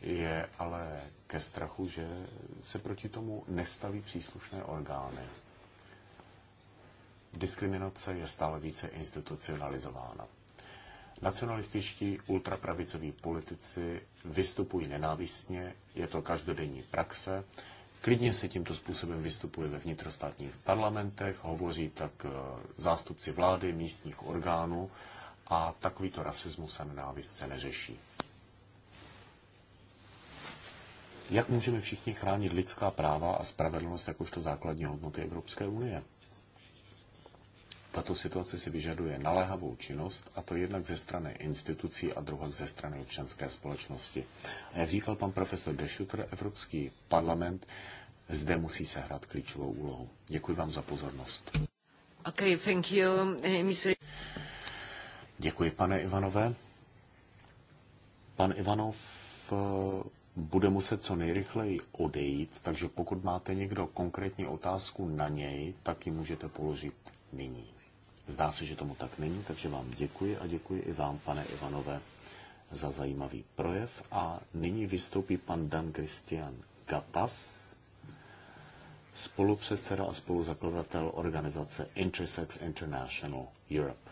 je ale ke strachu, že se proti tomu nestaví příslušné orgány. Diskriminace je stále více institucionalizována. Nacionalističtí ultrapravicoví politici vystupují nenávistně, je to každodenní praxe. Klidně se tímto způsobem vystupuje ve vnitrostátních parlamentech, hovoří tak eh, zástupci vlády, místních orgánů a takovýto rasismus a nenávist se neřeší. Jak můžeme všichni chránit lidská práva a spravedlnost jakožto základní hodnoty Evropské unie? Tato situace si vyžaduje naléhavou činnost, a to jednak ze strany institucí a druhak ze strany občanské společnosti. A jak říkal pan profesor Dešuter, Evropský parlament zde musí sehrát klíčovou úlohu. Děkuji vám za pozornost. Okay, thank you, eh, Děkuji, pane Ivanové. Pan Ivanov eh, bude muset co nejrychleji odejít, takže pokud máte někdo konkrétní otázku na něj, tak ji můžete položit nyní. Zdá se, že tomu tak není, takže vám děkuji a děkuji i vám, pane Ivanové, za zajímavý projev. A nyní vystoupí pan Dan Christian Gatas, spolupředseda a spoluzakladatel organizace Intersex International Europe.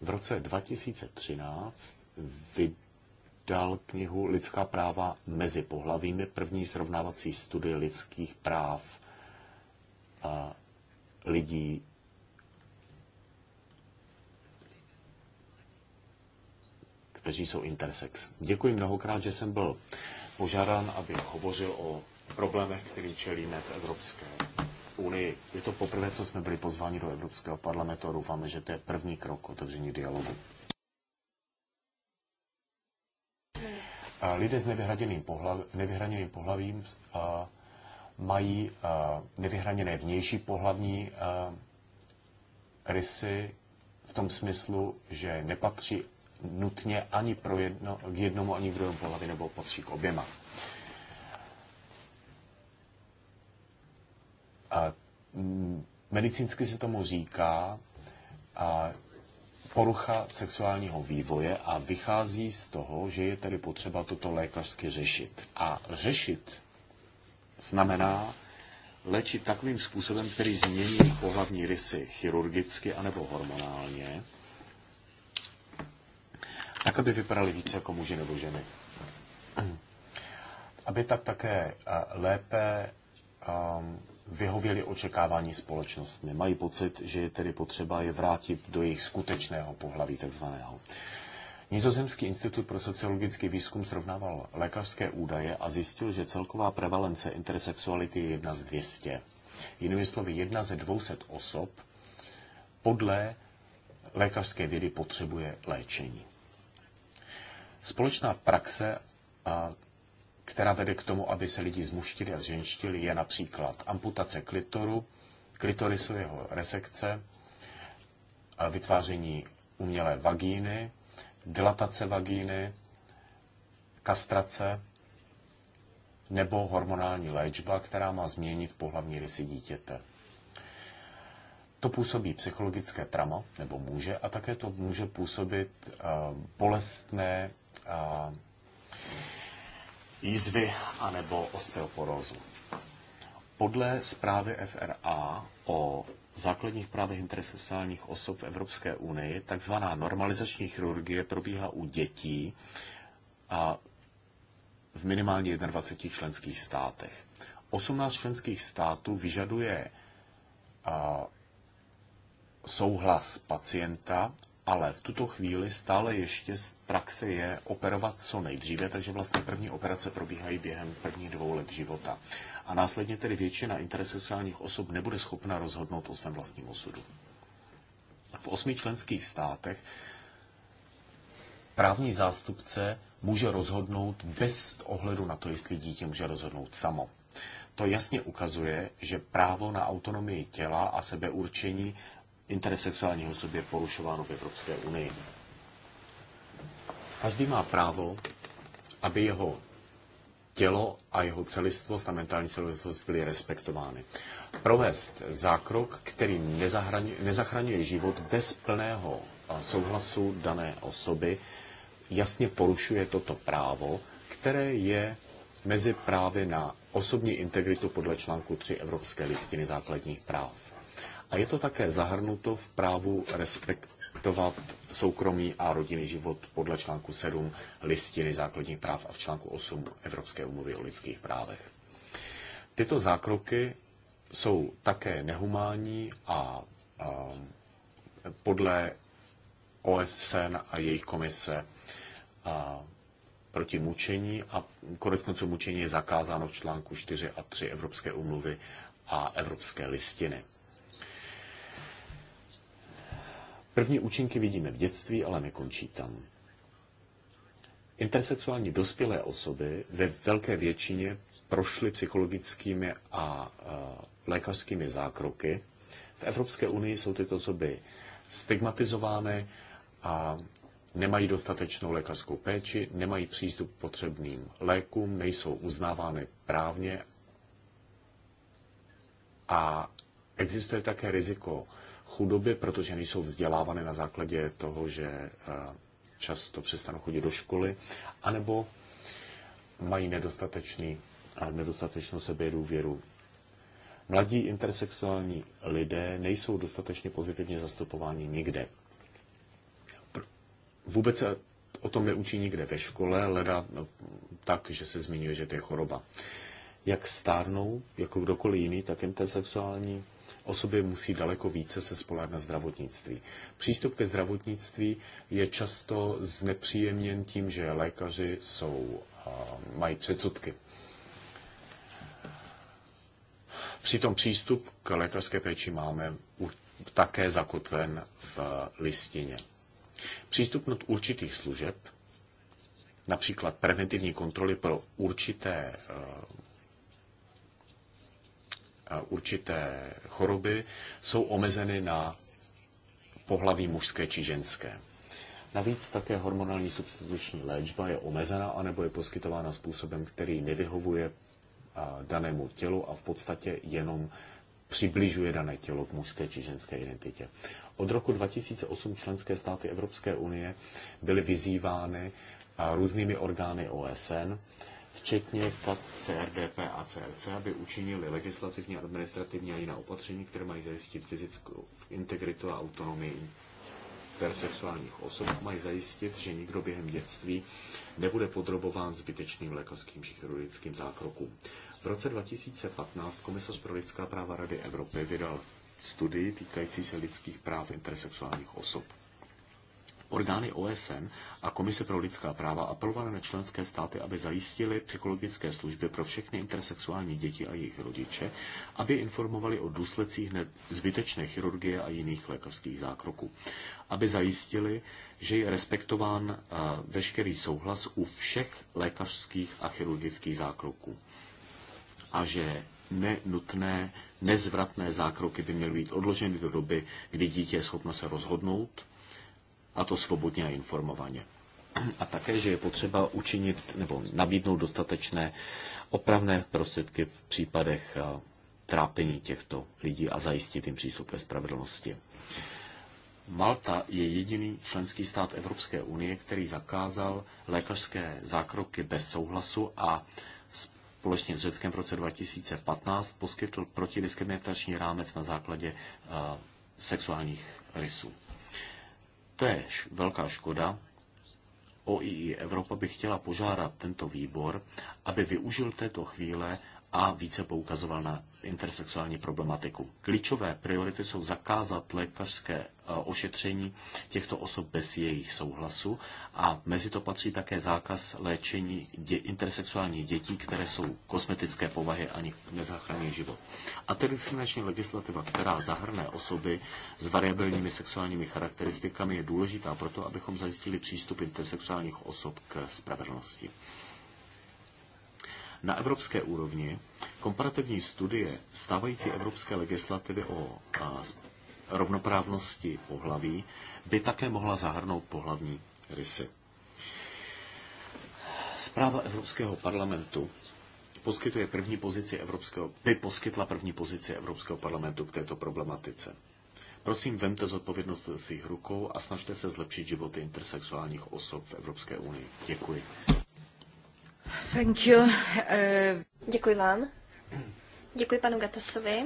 V roce 2013 vydal knihu Lidská práva mezi pohlavími, první srovnávací studie lidských práv lidí kteří jsou intersex. Děkuji mnohokrát, že jsem byl požádán, abych hovořil o problémech, který čelíme v Evropské unii. Je to poprvé, co jsme byli pozváni do Evropského parlamentu a doufáme, že to je první krok otevření dialogu. lidé s nevyhraněným, pohla- nevyhraněným pohlavím a, mají a, nevyhraněné vnější pohlavní rysy v tom smyslu, že nepatří nutně ani pro jedno, k jednomu, ani k druhému pohlaví nebo patří k oběma. A mm, medicínsky se tomu říká a porucha sexuálního vývoje a vychází z toho, že je tedy potřeba toto lékařsky řešit. A řešit znamená léčit takovým způsobem, který změní pohlavní rysy chirurgicky anebo hormonálně, tak aby vypadali více jako muži nebo ženy. Aby tak také eh, lépe ehm, vyhověli očekávání společnosti. Mají pocit, že je tedy potřeba je vrátit do jejich skutečného pohlaví takzvaného. Nizozemský institut pro sociologický výzkum srovnával lékařské údaje a zjistil, že celková prevalence intersexuality je jedna z 200. Jinými slovy, jedna ze 200 osob podle lékařské vědy potřebuje léčení. Společná praxe, která vede k tomu, aby se lidi zmuštili a zženštili, je například amputace klitoru, klitorisu jeho resekce, vytváření umělé vagíny, dilatace vagíny, kastrace nebo hormonální léčba, která má změnit pohlavní rysy dítěte. To působí psychologické trauma, nebo může, a také to může působit bolestné jízvy anebo osteoporózu. Podle zprávy FRA o základních právech intersexuálních osob v Evropské unii, takzvaná normalizační chirurgie probíhá u dětí a v minimálně 21 členských státech. 18 členských států vyžaduje souhlas pacienta ale v tuto chvíli stále ještě z praxe je operovat co nejdříve, takže vlastně první operace probíhají během prvních dvou let života. A následně tedy většina intersexuálních osob nebude schopna rozhodnout o svém vlastním osudu. V osmi členských státech právní zástupce může rozhodnout bez ohledu na to, jestli dítě může rozhodnout samo. To jasně ukazuje, že právo na autonomii těla a sebeurčení intersexuálních osob je porušováno v Evropské unii. Každý má právo, aby jeho tělo a jeho celistvost a mentální celistvost byly respektovány. Provést zákrok, který nezachraňuje život bez plného eh, souhlasu dané osoby, jasně porušuje toto právo, které je mezi právy na osobní integritu podle článku 3 Evropské listiny základních práv. A je to také zahrnuto v právu respektovat soukromý a rodinný život podle článku 7 listiny základních práv a v článku 8 Evropské umluvy o lidských právech. Tyto zákroky jsou také nehumánní a, a eh, podle OSN a jejich komise a, eh, proti mučení a konec konců mučení je zakázáno v článku 4 a 3 Evropské umluvy a Evropské listiny. První účinky vidíme v dětství, ale nekončí tam. Intersexuální dospělé osoby ve velké většině prošly psychologickými a e, lékařskými zákroky. V Evropské unii jsou tyto osoby stigmatizovány a nemají dostatečnou lékařskou péči, nemají přístup k potřebným lékům, nejsou uznávány právně a existuje také riziko chudobě, protože nejsou vzdělávány na základě toho, že eh, často přestanou chodit do školy, anebo mají nedostatečný, eh, nedostatečnou sebedůvěru. Mladí intersexuální lidé nejsou dostatečně pozitivně zastupováni nikde. Vůbec se o tom neučí nikde ve škole, leda no, tak, že se zmiňuje, že to je choroba. Jak stárnou, jako kdokoliv jiný, tak intersexuální osoby musí daleko více se spolehat na zdravotnictví. Přístup ke zdravotnictví je často znepříjemněn tím, že lékaři jsou, mají předsudky. Přitom přístup k lékařské péči máme také zakotven v listině. Přístup od určitých služeb, například preventivní kontroly pro určité e, určité choroby, jsou omezeny na pohlaví mužské či ženské. Navíc také hormonální substituční léčba je omezena anebo je poskytována způsobem, který nevyhovuje danému tělu a v podstatě jenom přibližuje dané tělo k mužské či ženské identitě. Od roku 2008 členské státy Evropské unie byly vyzývány různými orgány OSN, včetně CRDP a CRC, aby učinili legislativní, administrativní a jiná opatření, které mají zajistit fyzickou integritu a autonomii intersexuálních osob, mají zajistit, že nikdo během dětství nebude podrobován zbytečným lékařským či chirurgickým zákrokům. V roce 2015 Komisař pro lidská práva Rady Evropy vydal studii týkající se lidských práv intersexuálních osob. Orgány OSN a Komise pro lidská práva apelovaly na členské státy, aby zajistili psychologické služby pro všechny intersexuální děti a jejich rodiče, aby informovali o důsledcích zbytečné chirurgie a jiných lékařských zákroků, aby zajistili, že je respektován eh, veškerý souhlas u všech lékařských a chirurgických zákroků a že nenutné nezvratné zákroky by měly být odloženy do doby, kdy dítě je schopno se rozhodnout a to svobodně a informovaně. A také, že je potřeba učinit nebo nabídnout dostatečné opravné prostředky v případech eh, trápení těchto lidí a zajistit jim přístup ke spravedlnosti. Malta je jediný členský stát Evropské unie, který zakázal lékařské zákroky bez souhlasu a společně s Řeckem v roce 2015 poskytl protidiskriminační rámec na základě eh, sexuálních rysů. To je velká škoda. OII Evropa by chtěla požádat tento výbor, aby využil této chvíle a více poukazoval na intersexuální problematiku. Klíčové priority jsou zakázat lékařské eh, ošetření těchto osob bez jejich souhlasu a mezi to patří také zákaz léčení dě- intersexuálních dětí, které jsou kosmetické povahy ani nezachrání život. A tedy diskriminační legislativa, která zahrne osoby s variabilními sexuálními charakteristikami, je důležitá proto, abychom zajistili přístup intersexuálních osob k spravedlnosti. Na evropské úrovni komparativní studie stávající evropské legislativy o rovnoprávnosti pohlaví by také mohla zahrnout pohlavní rysy. Zpráva Evropského parlamentu poskytuje první pozici Evropského, by poskytla první pozici Evropského parlamentu k této problematice. Prosím, vemte zodpovědnost do svých rukou a snažte se zlepšit životy intersexuálních osob v Evropské unii. Děkuji. Thank you. Uh... Děkuji vám. Děkuji panu Gatasovi.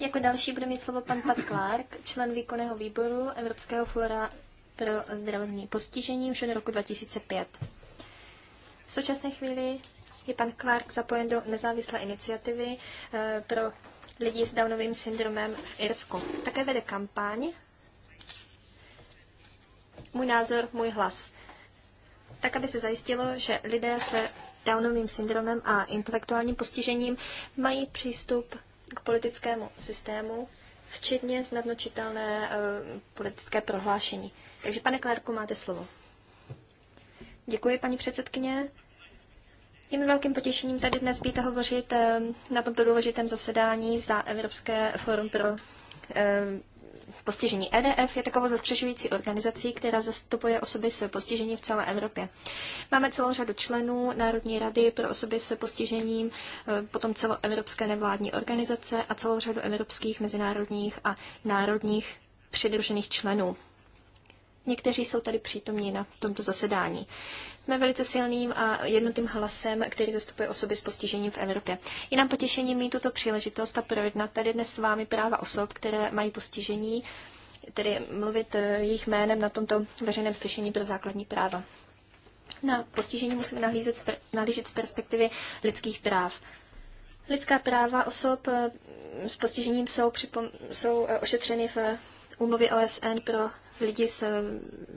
Jako další bude mít slovo pan Pat Clark, člen výkonného výboru Evropského fóra pro zdravotní postižení už od roku 2005. V současné chvíli je pan Clark zapojen do nezávislé iniciativy eh, pro lidi s Downovým syndromem v Irsku. Také vede kampaň Můj názor, můj hlas tak aby se zajistilo, že lidé se Downovým syndromem a intelektuálním postižením mají přístup k politickému systému, včetně snadnočitelné eh, politické prohlášení. Takže, pane Klárku, máte slovo. Děkuji, paní předsedkyně. Je mi velkým potěšením tady dnes být a hovořit eh, na tomto důležitém zasedání za Evropské fórum pro eh, postižení. EDF je takovou zastřešující organizací, která zastupuje osoby s postižením v celé Evropě. Máme celou řadu členů Národní rady pro osoby s postižením, eh, potom celoevropské nevládní organizace a celou řadu evropských, mezinárodních a národních přidružených členů. Někteří jsou tady přítomní na tomto zasedání. Jsme velice silným a jednotým hlasem, který zastupuje osoby s postižením v Evropě. Je nám potěšením mít tuto příležitost a projednat tady dnes s vámi práva osob, které mají postižení, tedy mluvit eh, jejich jménem na tomto veřejném slyšení pro základní práva. Na postižení musíme nahlížet, z perspektivy lidských práv. Lidská práva osob eh, s postižením jsou, připom- jsou eh, ošetřeny v úmluvě OSN pro lidi s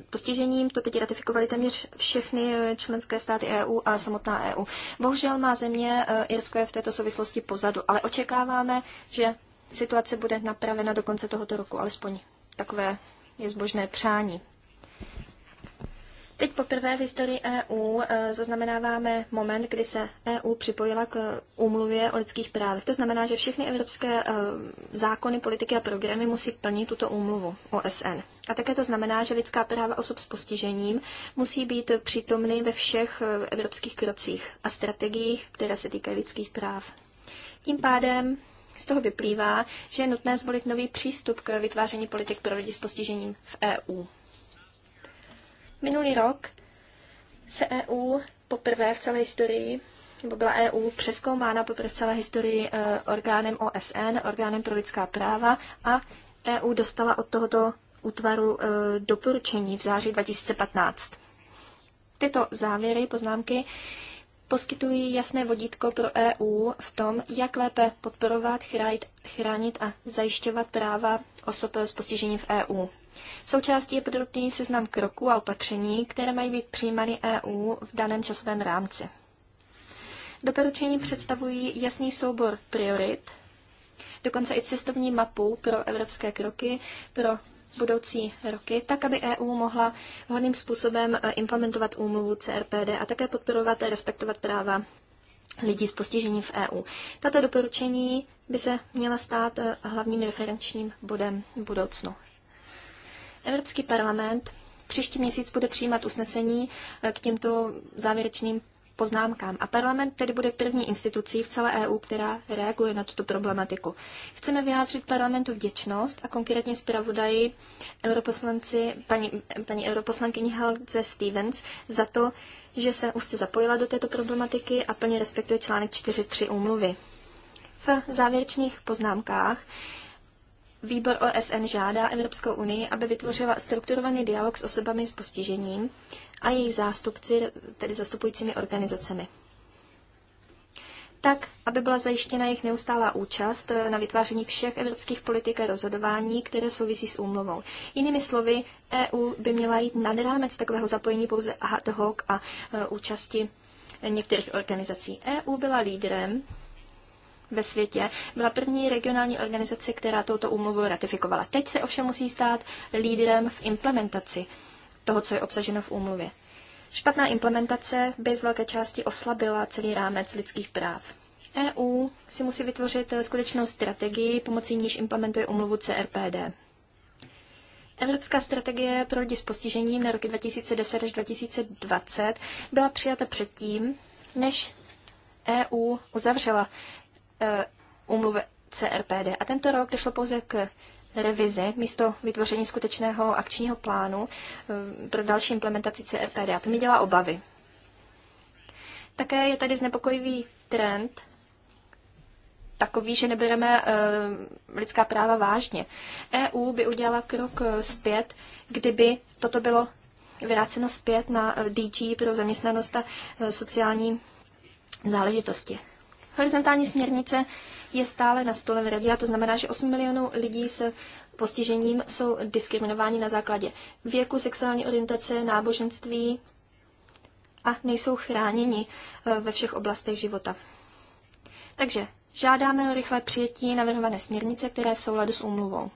postižením. To teď ratifikovali téměř všechny eh, členské státy EU a samotná EU. Bohužel má země eh, Irsko je v této souvislosti pozadu, ale očekáváme, že situace bude napravena do konce tohoto roku, alespoň takové je zbožné přání. Teď poprvé v historii EU e, zaznamenáváme moment, kdy se EU připojila k úmluvě o lidských právech. To znamená, že všechny evropské e, zákony, politiky a programy musí plnit tuto úmluvu OSN. A také to znamená, že lidská práva osob s postižením musí být přítomny ve všech e, evropských krocích a strategiích, které se týkají lidských práv. Tím pádem z toho vyplývá, že je nutné zvolit nový přístup k vytváření politik pro lidi s postižením v EU. Minulý rok se EU poprvé v celé historii, nebo byla EU přeskoumána poprvé v celé historii eh, orgánem OSN, orgánem pro lidská práva a EU dostala od tohoto útvaru eh, doporučení v září 2015. Tyto závěry, poznámky, poskytují jasné vodítko pro EU v tom, jak lépe podporovat, chránit a zajišťovat práva osob s postižením v EU. Součástí je podrobný seznam kroků a opatření, které mají být přijímány EU v daném časovém rámci. Doporučení představují jasný soubor priorit, dokonce i cestovní mapu pro evropské kroky, pro budoucí roky, tak aby EU mohla vhodným způsobem eh, implementovat úmluvu CRPD a také podporovat a respektovat práva lidí s postižením v EU. Tato doporučení by se měla stát eh, hlavním referenčním bodem v budoucnu. Evropský parlament příští měsíc bude přijímat usnesení eh, k těmto závěrečným poznámkám. A parlament tedy bude první institucí v celé EU, která reaguje na tuto problematiku. Chceme vyjádřit parlamentu vděčnost a konkrétně zpravodaji europoslanci, paní, paní europoslankyni Helze Stevens za to, že se se zapojila do této problematiky a plně respektuje článek 4.3 úmluvy. V závěrečných poznámkách Výbor OSN žádá Evropskou unii, aby vytvořila strukturovaný dialog s osobami s postižením a jejich zástupci, tedy zastupujícími organizacemi. Tak, aby byla zajištěna jejich neustálá účast na vytváření všech evropských politik a rozhodování, které souvisí s úmluvou. Jinými slovy, EU by měla jít nad rámec takového zapojení pouze ad hoc a e, účasti některých organizací. EU byla lídrem ve světě byla první regionální organizace, která touto úmluvu ratifikovala. Teď se ovšem musí stát lídrem v implementaci toho, co je obsaženo v úmluvě. Špatná implementace by z velké části oslabila celý rámec lidských práv. EU si musí vytvořit skutečnou strategii, pomocí níž implementuje umluvu CRPD. Evropská strategie pro lidi s postižením na roky 2010 až 2020 byla přijata předtím, než EU uzavřela umluvy eh, CRPD. A tento rok došlo pouze k revizi místo vytvoření skutečného akčního plánu eh, pro další implementaci CRPD. A to mi dělá obavy. Také je tady znepokojivý trend takový, že nebereme e, lidská práva vážně. EU by udělala krok zpět, kdyby toto bylo vráceno zpět na DG pro zaměstnanost a sociální záležitosti. Horizontální směrnice je stále na stole v radě a to znamená, že 8 milionů lidí s postižením jsou diskriminováni na základě věku, sexuální orientace, náboženství a nejsou chráněni eh, ve všech oblastech života. Takže žádáme o rychlé přijetí navrhované směrnice, které je v souladu s úmluvou.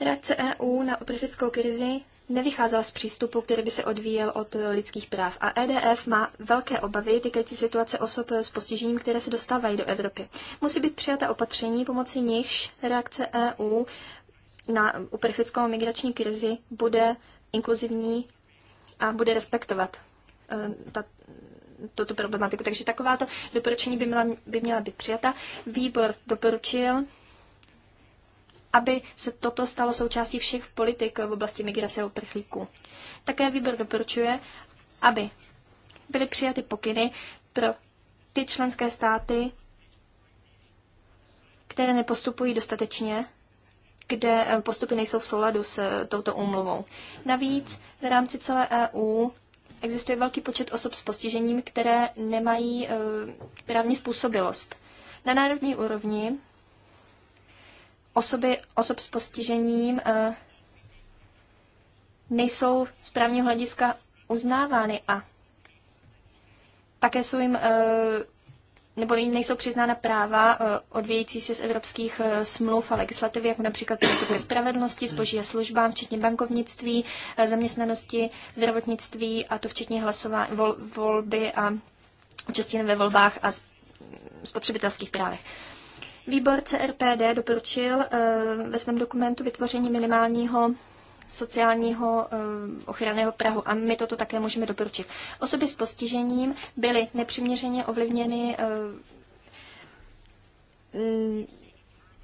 Radce EU na uprchlickou krizi nevycházel z přístupu, který by se odvíjel od lidských práv. A EDF má velké obavy týkající situace osob s postižením, které se dostávají do Evropy. Musí být přijata opatření, pomocí nichž reakce EU na uprchlickou migrační krizi bude inkluzivní a bude respektovat eh, ta, tuto problematiku. Takže takováto doporučení by měla, by měla být přijata. Výbor doporučil aby se toto stalo součástí všech politik v oblasti migrace a uprchlíků. Také výbor doporučuje, aby byly přijaty pokyny pro ty členské státy, které nepostupují dostatečně, kde eh, postupy nejsou v souladu s eh, touto úmluvou. Navíc v rámci celé EU existuje velký počet osob s postižením, které nemají eh, právní způsobilost. Na národní úrovni osoby, osob s postižením eh, nejsou z právního hlediska uznávány a také jsou jim, eh, nebo jim nejsou přiznána práva eh, odvějící se z evropských smluv a legislativy, jako například přístup ke spravedlnosti, zboží a službám, včetně bankovnictví, zaměstnanosti, zdravotnictví a to včetně hlasování, vol, volby a účastí ve volbách a spotřebitelských právech. Výbor CRPD doporučil eh, ve svém dokumentu vytvoření minimálního sociálního eh, ochranného prahu a my toto také můžeme doporučit. Osoby s postižením byly nepřiměřeně ovlivněny eh, mm,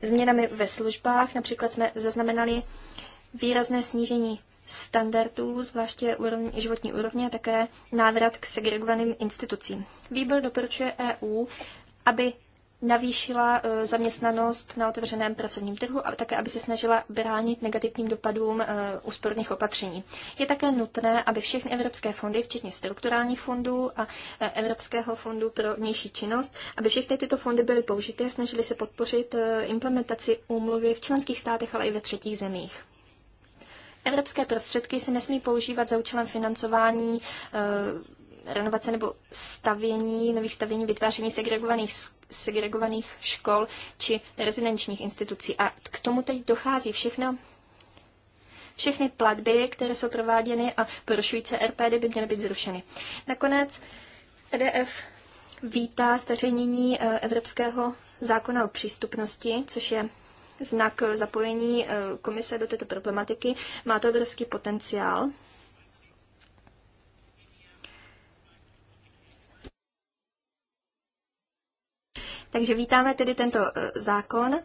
změnami ve službách. Například jsme zaznamenali výrazné snížení standardů, zvláště úrovni, životní úrovně a také návrat k segregovaným institucím. Výbor doporučuje EU, aby navýšila eh, zaměstnanost na otevřeném pracovním trhu a také, aby se snažila bránit negativním dopadům úsporných eh, opatření. Je také nutné, aby všechny evropské fondy, včetně strukturálních fondů a eh, Evropského fondu pro vnější činnost, aby všechny tyto fondy byly použité, snažili se podpořit implementaci úmluvy v členských státech, ale i ve třetích zemích. Evropské prostředky se nesmí používat za účelem financování renovace nebo stavění, nových stavění, vytváření segregovaných segregovaných škol či rezidenčních institucí. A k tomu teď dochází všechno. všechny platby, které jsou prováděny a porušující CRPD, by měly být zrušeny. Nakonec EDF vítá zveřejnění e, Evropského zákona o přístupnosti, což je znak zapojení e, komise do této problematiky. Má to obrovský potenciál Takže vítáme tedy tento e, zákon,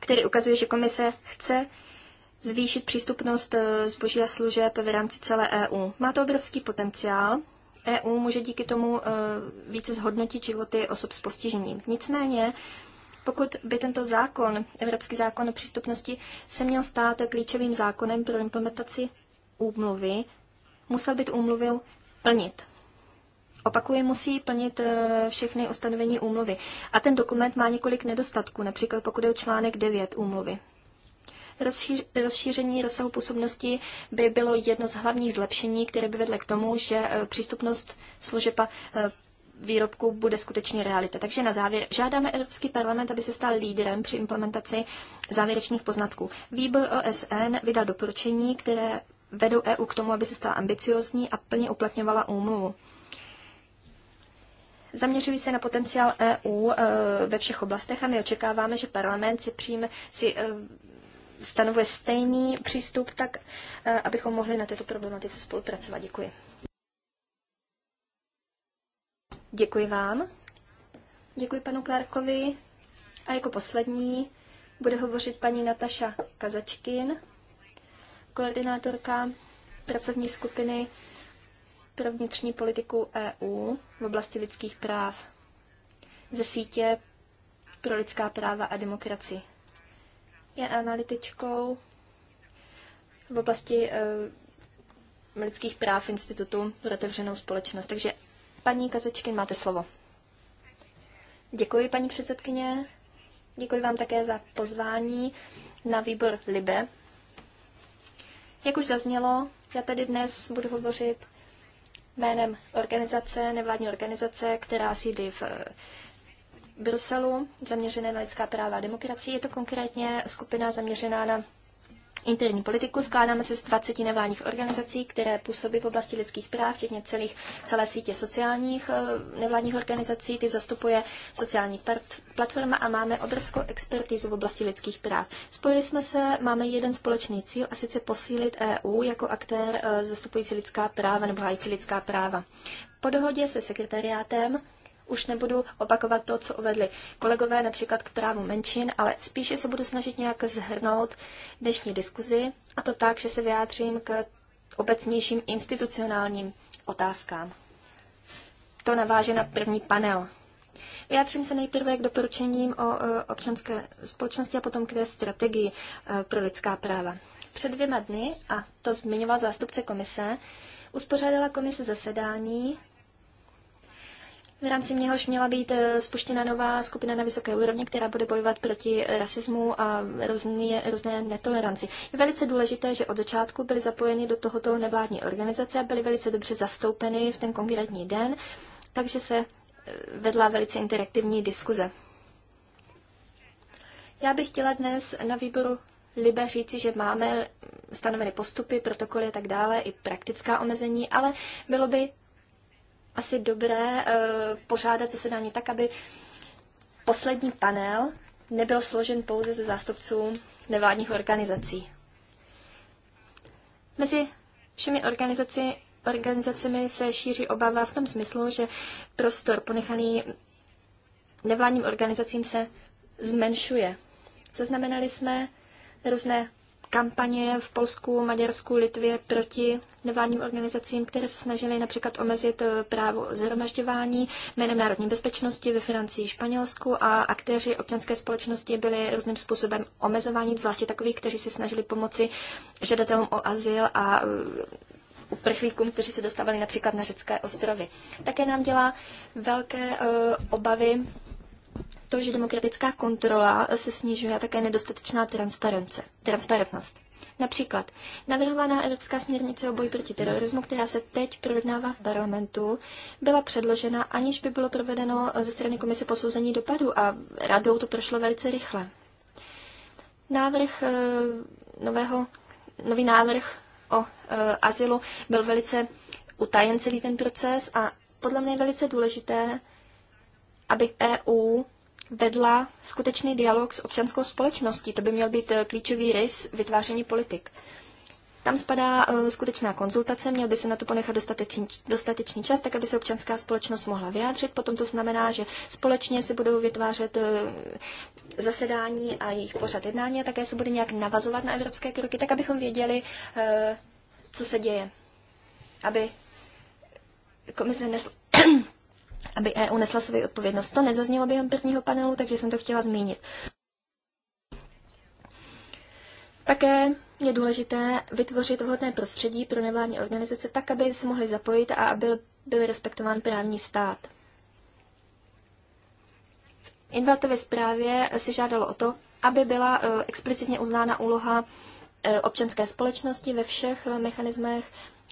který ukazuje, že komise chce zvýšit přístupnost e, zboží a služeb v rámci celé EU. Má to obrovský potenciál. EU může díky tomu e, více zhodnotit životy osob s postižením. Nicméně, pokud by tento zákon, Evropský zákon o přístupnosti, se měl stát klíčovým zákonem pro implementaci úmluvy, musel být úmluvil plnit. Opakuje, musí plnit eh, všechny ustanovení úmluvy. A ten dokument má několik nedostatků, například pokud je o článek 9 úmluvy. rozšíření rozsahu působnosti by bylo jedno z hlavních zlepšení, které by vedlo k tomu, že eh, přístupnost služeba a eh, výrobků bude skutečně realita. Takže na závěr žádáme Evropský parlament, aby se stal lídrem při implementaci závěrečných poznatků. Výbor OSN vydal doporučení, které vedou EU k tomu, aby se stala ambiciozní a plně uplatňovala úmluvu. Zaměřují se na potenciál EU e, ve všech oblastech a my očekáváme, že parlament si přijme, si e, stanovuje stejný přístup, tak e, abychom mohli na této problematice spolupracovat. Děkuji. Děkuji vám. Děkuji panu Klárkovi. A jako poslední bude hovořit paní Nataša Kazačkin, koordinátorka pracovní skupiny pro vnitřní politiku EU v oblasti lidských práv ze sítě pro lidská práva a demokracii. Je analytičkou v oblasti e, lidských práv Institutu pro otevřenou společnost. Takže paní Kazečky, máte slovo. Děkuji, paní předsedkyně. Děkuji vám také za pozvání na výbor LIBE. Jak už zaznělo, já tady dnes budu hovořit jménem organizace, nevládní organizace, která sídlí v eh, Bruselu, zaměřené na lidská práva a demokracii. Je to konkrétně skupina zaměřená na interní politiku. Skládáme se z 20 nevládních organizací, které působí v oblasti lidských práv, včetně celých, celé sítě sociálních eh, nevládních organizací. Ty zastupuje sociální platforma a máme obrovskou expertizu v oblasti lidských práv. Spojili jsme se, máme jeden společný cíl a sice posílit EU jako aktér eh, zastupující lidská práva nebo hájící lidská práva. Po dohodě se sekretariátem už nebudu opakovat to, co uvedli kolegové například k právu menšin, ale spíše se budu snažit nějak zhrnout dnešní diskuzi a to tak, že se vyjádřím k obecnějším institucionálním otázkám. To naváže na první panel. Vyjádřím se nejprve k doporučením o e, občanské společnosti a potom k té strategii e, pro lidská práva. Před dvěma dny, a to zmiňoval zástupce komise, uspořádala komise zasedání v rámci něhož měla být eh, spuštěna nová skupina na vysoké úrovni, která bude bojovat proti eh, rasismu a různé, různé netoleranci. Je velice důležité, že od začátku byly zapojeny do tohoto nevládní organizace a byly velice dobře zastoupeny v ten konkrétní den, takže se eh, vedla velice interaktivní diskuze. Já bych chtěla dnes na výboru Libe říci, že máme stanoveny postupy, protokoly a tak dále, i praktická omezení, ale bylo by asi dobré eh, pořádat zasedání tak, aby poslední panel nebyl složen pouze ze zástupců nevládních organizací. Mezi všemi organizaci, organizacemi se šíří obava v tom smyslu, že prostor ponechaný nevládním organizacím se zmenšuje. Zaznamenali jsme různé kampaně v Polsku, Maďarsku, Litvě proti nevládním organizacím, které se snažily například omezit eh, právo zhromažďování jménem národní bezpečnosti ve Francii, Španělsku a aktéři občanské společnosti byli různým způsobem omezováni, zvláště takoví, kteří se snažili pomoci žadatelům o azyl a eh, uprchlíkům, kteří se dostávali například na řecké ostrovy. Také nám dělá velké eh, obavy to, že demokratická kontrola se snižuje a také nedostatečná transparence, transparentnost. Například navrhovaná Evropská směrnice o boji proti terorismu, která se teď projednává v parlamentu, byla předložena, aniž by bylo provedeno ze strany Komise posouzení dopadu a radou to prošlo velice rychle. Návrh eh, nového, nový návrh o e, azylu byl velice utajen celý ten proces a podle mě je velice důležité, aby EU vedla skutečný dialog s občanskou společností. To by měl být eh, klíčový rys vytváření politik. Tam spadá eh, skutečná konzultace, měl by se na to ponechat dostatečný, dostatečný čas, tak aby se občanská společnost mohla vyjádřit. Potom to znamená, že společně se budou vytvářet eh, zasedání a jejich pořad jednání a také se bude nějak navazovat na evropské kroky, tak abychom věděli, co se děje. Aby komise nes aby EU nesla svoji odpovědnost. To nezaznělo během prvního panelu, takže jsem to chtěla zmínit. Také je důležité vytvořit vhodné prostředí pro nevládní organizace tak, aby se mohly zapojit a aby byl respektován právní stát. V Invaltově zprávě se žádalo o to, aby byla e, explicitně uznána úloha e, občanské společnosti ve všech e, mechanismech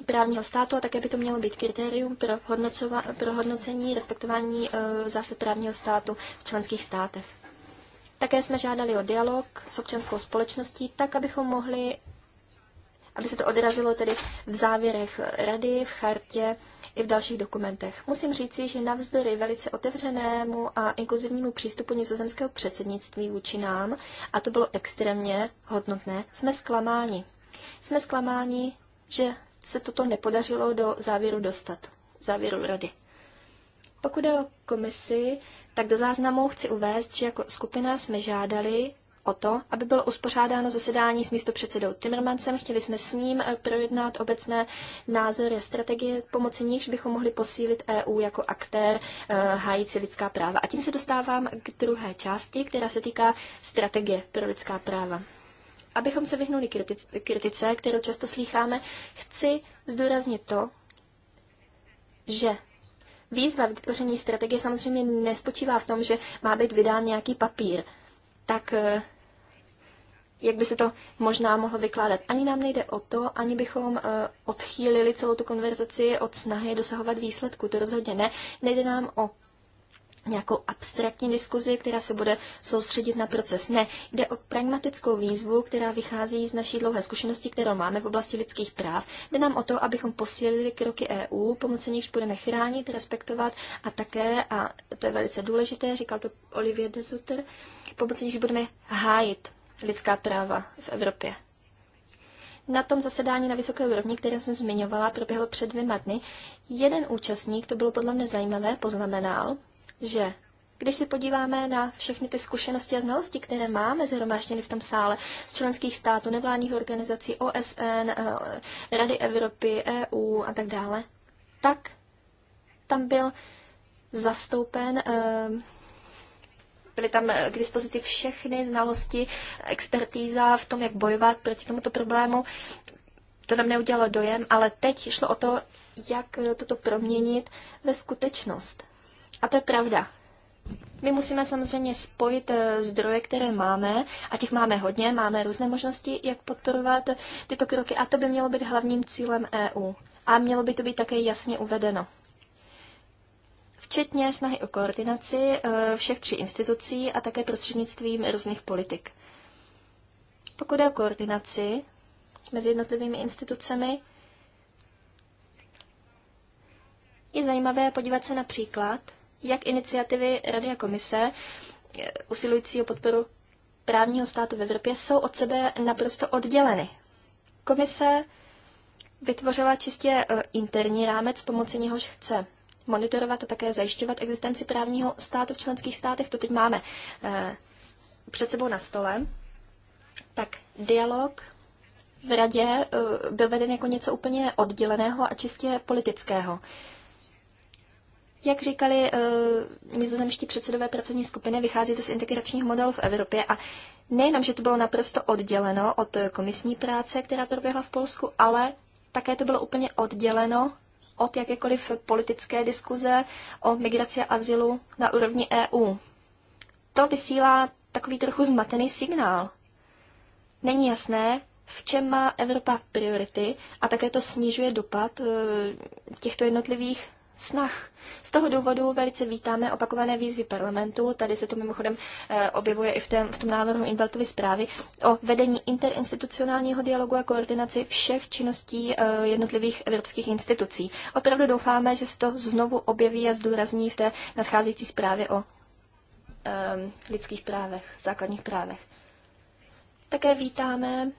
právního státu a také by to mělo být kritérium pro, pro hodnocení respektování e, zásad právního státu v členských státech. Také jsme žádali o dialog s občanskou společností, tak abychom mohli, aby se to odrazilo tedy v závěrech rady, v chartě i v dalších dokumentech. Musím říci, že navzdory velice otevřenému a inkluzivnímu přístupu nizozemského předsednictví vůči nám, a to bylo extrémně hodnotné, jsme zklamáni. Jsme zklamáni, že se toto nepodařilo do závěru dostat, závěru rady. Pokud je o komisi, tak do záznamu chci uvést, že jako skupina jsme žádali o to, aby bylo uspořádáno zasedání s místopředsedou Timmermansem. Chtěli jsme s ním eh, projednat obecné názory a strategie, pomocí nichž bychom mohli posílit EU jako aktér eh, hájící lidská práva. A tím se dostávám k druhé části, která se týká strategie pro lidská práva. Abychom se vyhnuli kritice, kterou často slýcháme, chci zdůraznit to, že výzva vytvoření strategie samozřejmě nespočívá v tom, že má být vydán nějaký papír. Tak eh, jak by se to možná mohlo vykládat. Ani nám nejde o to, ani bychom eh, odchýlili celou tu konverzaci od snahy dosahovat výsledku. To rozhodně ne. Nejde nám o nějakou abstraktní diskuzi, která se bude soustředit na proces. Ne, jde o pragmatickou výzvu, která vychází z naší dlouhé zkušenosti, kterou máme v oblasti lidských práv. Jde nám o to, abychom posílili kroky EU, pomocí nichž budeme chránit, respektovat a také, a to je velice důležité, říkal to Olivier de Sutter, pomocí nichž budeme hájit lidská práva v Evropě. Na tom zasedání na vysoké úrovni, které jsem zmiňovala, proběhlo před dvěma dny, jeden účastník, to bylo podle mě zajímavé, poznamenal, že když se podíváme na všechny ty zkušenosti a znalosti, které máme zhromážděny v tom sále z členských států, nevládních organizací, OSN, eh, Rady Evropy, EU a tak dále, tak tam byl zastoupen, eh, byly tam eh, k dispozici všechny znalosti, expertíza v tom, jak bojovat proti tomuto problému. To nám neudělalo dojem, ale teď šlo o to, jak toto proměnit ve skutečnost. A to je pravda. My musíme samozřejmě spojit eh, zdroje, které máme, a těch máme hodně, máme různé možnosti, jak podporovat tyto kroky, a to by mělo být hlavním cílem EU. A mělo by to být také jasně uvedeno. Včetně snahy o koordinaci eh, všech tří institucí a také prostřednictvím různých politik. Pokud je o koordinaci mezi jednotlivými institucemi, je zajímavé podívat se například, jak iniciativy Rady a komise eh, usilující o podporu právního státu v Evropě jsou od sebe naprosto odděleny. Komise vytvořila čistě eh, interní rámec, pomocí něhož chce monitorovat a také zajišťovat existenci právního státu v členských státech. To teď máme eh, před sebou na stole. Tak dialog v radě byl veden jako něco úplně odděleného a čistě politického. Jak říkali uh, nizozemští předsedové pracovní skupiny, vychází to z integračních modelů v Evropě a nejenom, že to bylo naprosto odděleno od komisní práce, která proběhla v Polsku, ale také to bylo úplně odděleno od jakékoliv politické diskuze o migraci a azylu na úrovni EU. To vysílá takový trochu zmatený signál. Není jasné, v čem má Evropa priority a také to snižuje dopad eh, těchto jednotlivých snah. Z toho důvodu velice vítáme opakované výzvy parlamentu, tady se to mimochodem eh, objevuje i v, v tom návrhu Inbeltovy zprávy, o vedení interinstitucionálního dialogu a koordinaci všech činností eh, jednotlivých evropských institucí. Opravdu doufáme, že se to znovu objeví a zdůrazní v té nadcházející zprávě o ehm, lidských právech, základních právech. Také vítáme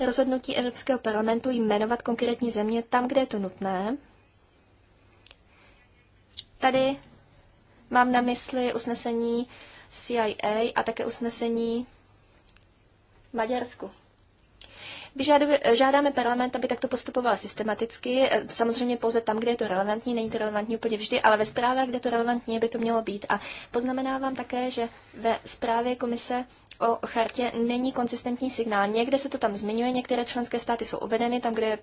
rozhodnutí Evropského parlamentu jmenovat konkrétní země tam, kde je to nutné, Tady mám na mysli usnesení CIA a také usnesení Maďarsku. Žádáme parlament, aby takto postupoval systematicky, eh, samozřejmě pouze tam, kde je to relevantní, není to relevantní úplně vždy, ale ve zprávách, kde to relevantní by to mělo být. A poznamenávám také, že ve zprávě komise o chartě není konsistentní signál. Někde se to tam zmiňuje, některé členské státy jsou uvedeny, tam, kde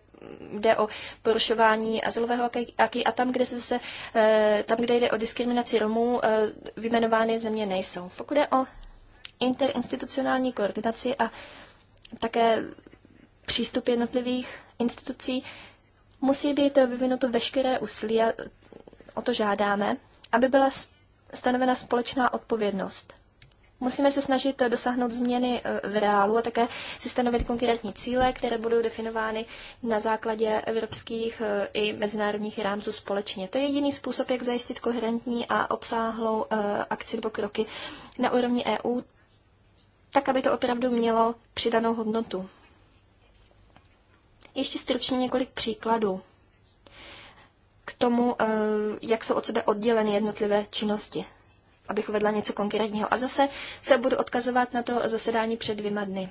jde o porušování azylového aky a tam, kde, se zase, eh, tam, kde jde o diskriminaci Romů, eh, vyjmenovány země nejsou. Pokud je o interinstitucionální koordinaci a také přístup jednotlivých institucí, musí být vyvinuto veškeré úsilí a o to žádáme, aby byla stanovena společná odpovědnost. Musíme se snažit dosáhnout změny eh, v reálu a také si stanovit konkrétní cíle, které budou definovány na základě evropských eh, i mezinárodních rámců společně. To je jediný způsob, jak zajistit koherentní a obsáhlou eh, akci nebo kroky na úrovni EU, tak aby to opravdu mělo přidanou hodnotu. Ještě stručně několik příkladů k tomu, jak jsou od sebe odděleny jednotlivé činnosti abych uvedla něco konkrétního. A zase se budu odkazovat na to zasedání před dvěma dny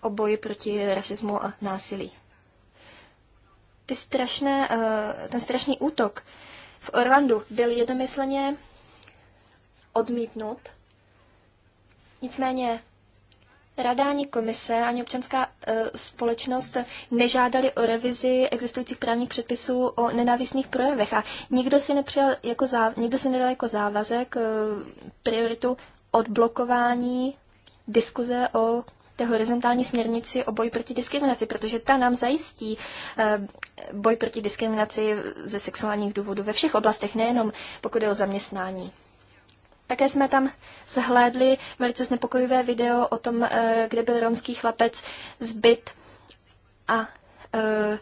o boji proti rasismu a násilí. Ty strašné, eh, ten strašný útok v Orlandu byl jednomyslně odmítnut. Nicméně Rada ani komise, ani občanská e, společnost nežádali o revizi existujících právních předpisů o nenávistných projevech a nikdo si, nepřijal jako záv- nikdo si nedal jako závazek e, prioritu odblokování diskuze o té horizontální směrnici o boji proti diskriminaci, protože ta nám zajistí e, boj proti diskriminaci ze sexuálních důvodů ve všech oblastech, nejenom pokud je o zaměstnání. Také jsme tam zhlédli velice znepokojivé video o tom, eh, kde byl romský chlapec zbyt a e,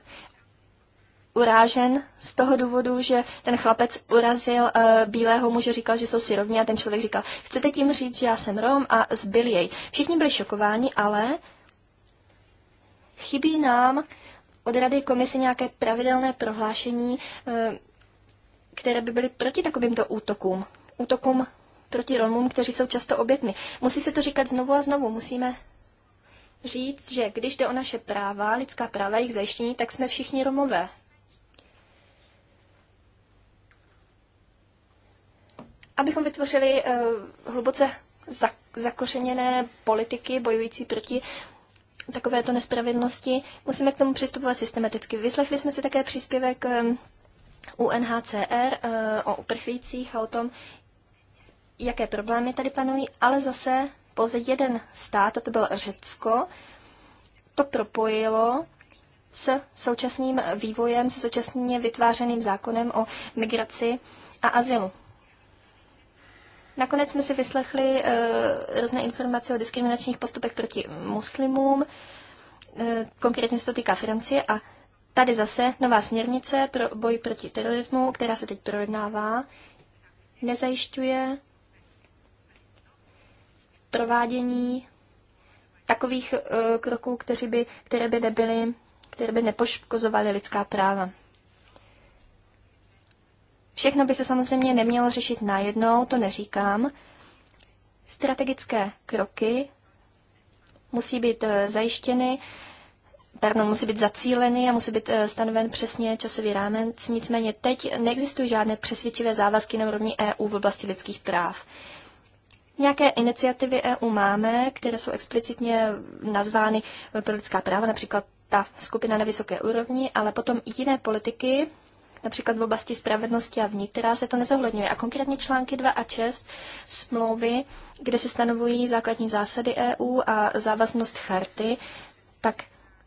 urážen z toho důvodu, že ten chlapec urazil uh, bílého muže, říkal, že jsou si rovní a ten člověk říkal, chcete tím říct, že já jsem Rom a zbyl jej. Všichni byli šokováni, ale chybí nám od Rady komise nějaké pravidelné prohlášení, uh, které by byly proti takovýmto útokům. Útokům proti Romům, kteří jsou často obětmi. Musí se to říkat znovu a znovu. Musíme říct, že když jde o naše práva, lidská práva, jejich zajištění, tak jsme všichni Romové. Abychom vytvořili uh, hluboce zakořeněné politiky bojující proti takovéto nespravedlnosti, musíme k tomu přistupovat systematicky. Vyslechli jsme si také příspěvek eh, UNHCR eh, o uprchlících a o tom, jaké problémy tady panují, ale zase pouze jeden stát, a to bylo Řecko, to propojilo s současným vývojem, se současně vytvářeným zákonem o migraci a azylu. Nakonec jsme si vyslechli e, různé informace o diskriminačních postupech proti muslimům, e, konkrétně se to týká Francie a tady zase nová směrnice pro boj proti terorismu, která se teď projednává, nezajišťuje provádění takových eh, kroků, které by, které by nebyly, které by nepoškozovaly lidská práva. Všechno by se samozřejmě nemělo řešit najednou, to neříkám. Strategické kroky musí být eh, zajištěny, pardon, musí být zacíleny a musí být eh, stanoven přesně časový rámec. Nicméně teď neexistují žádné přesvědčivé závazky na úrovni EU v oblasti lidských práv. Nějaké iniciativy EU máme, které jsou explicitně nazvány pro lidská práva, například ta skupina na vysoké úrovni, ale potom i jiné politiky, například v oblasti spravedlnosti a vnitra, se to nezohledňuje. A konkrétně články 2 a 6 smlouvy, kde se stanovují základní zásady EU a závaznost charty, tak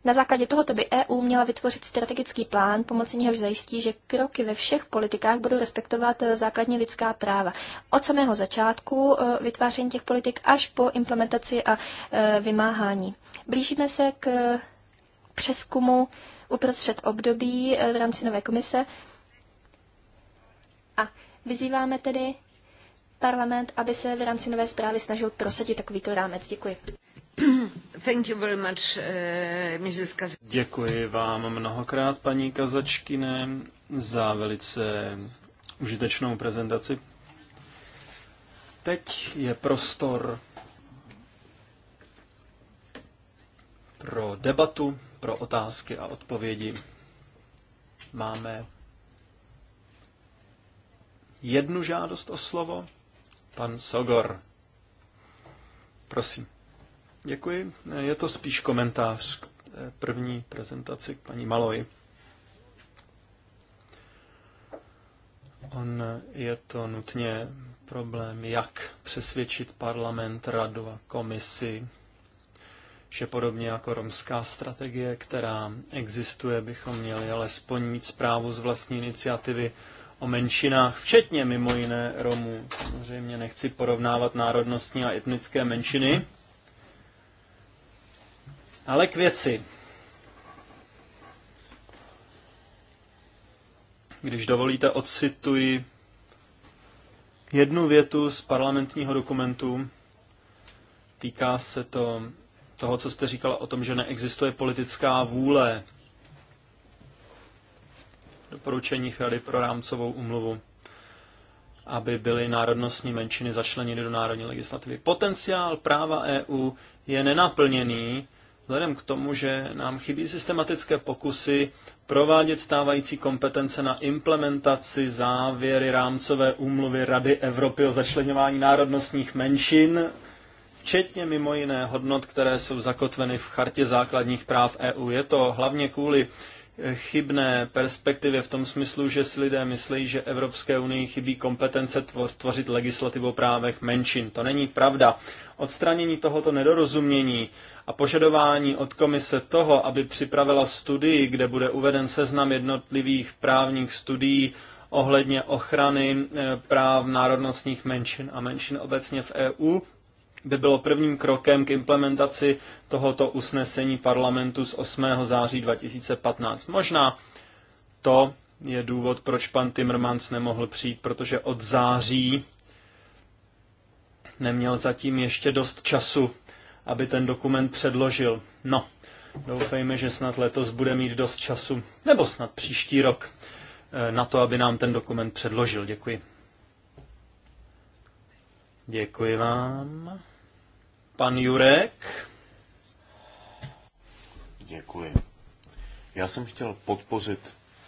na základě tohoto by EU měla vytvořit strategický plán, pomocí něhož zajistí, že kroky ve všech politikách budou respektovat eh, základní lidská práva. Od samého začátku eh, vytváření těch politik až po implementaci a eh, vymáhání. Blížíme se k přeskumu uprostřed období v rámci nové komise a vyzýváme tedy parlament, aby se v rámci nové zprávy snažil prosadit takovýto rámec. Děkuji. Uh, Děkuji vám mnohokrát, paní Kazačkine, za velice užitečnou prezentaci. Teď je prostor pro debatu, pro otázky a odpovědi. Máme jednu žádost o slovo. Pan Sogor. Prosím. Děkuji. Je to spíš komentář k první prezentaci k paní Maloji. On je to nutně problém, jak přesvědčit parlament, radu a komisi, že podobně jako romská strategie, která existuje, bychom měli alespoň mít zprávu z vlastní iniciativy o menšinách, včetně mimo jiné Romů. Samozřejmě nechci porovnávat národnostní a etnické menšiny, ale k věci. Když dovolíte, odcituji jednu větu z parlamentního dokumentu. Týká se to toho, co jste říkala o tom, že neexistuje politická vůle. Doporučení Rady pro rámcovou umluvu, aby byly národnostní menšiny začleněny do národní legislativy. Potenciál práva EU je nenaplněný Vzhledem k tomu, že nám chybí systematické pokusy provádět stávající kompetence na implementaci závěry rámcové úmluvy Rady Evropy o začlenování národnostních menšin, včetně mimo jiné hodnot, které jsou zakotveny v Chartě základních práv EU. Je to hlavně kvůli chybné perspektivě v tom smyslu, že si lidé myslí, že Evropské unii chybí kompetence tvořit legislativu o právech menšin. To není pravda. Odstranění tohoto nedorozumění a požadování od komise toho, aby připravila studii, kde bude uveden seznam jednotlivých právních studií ohledně ochrany eh, práv národnostních menšin a menšin obecně v EU, by bylo prvním krokem k implementaci tohoto usnesení parlamentu z 8. září 2015. Možná to je důvod, proč pan Timmermans nemohl přijít, protože od září neměl zatím ještě dost času, aby ten dokument předložil. No, doufejme, že snad letos bude mít dost času, nebo snad příští rok, eh, na to, aby nám ten dokument předložil. Děkuji. Děkuji vám. Pan Jurek. Děkuji. Já jsem chtěl podpořit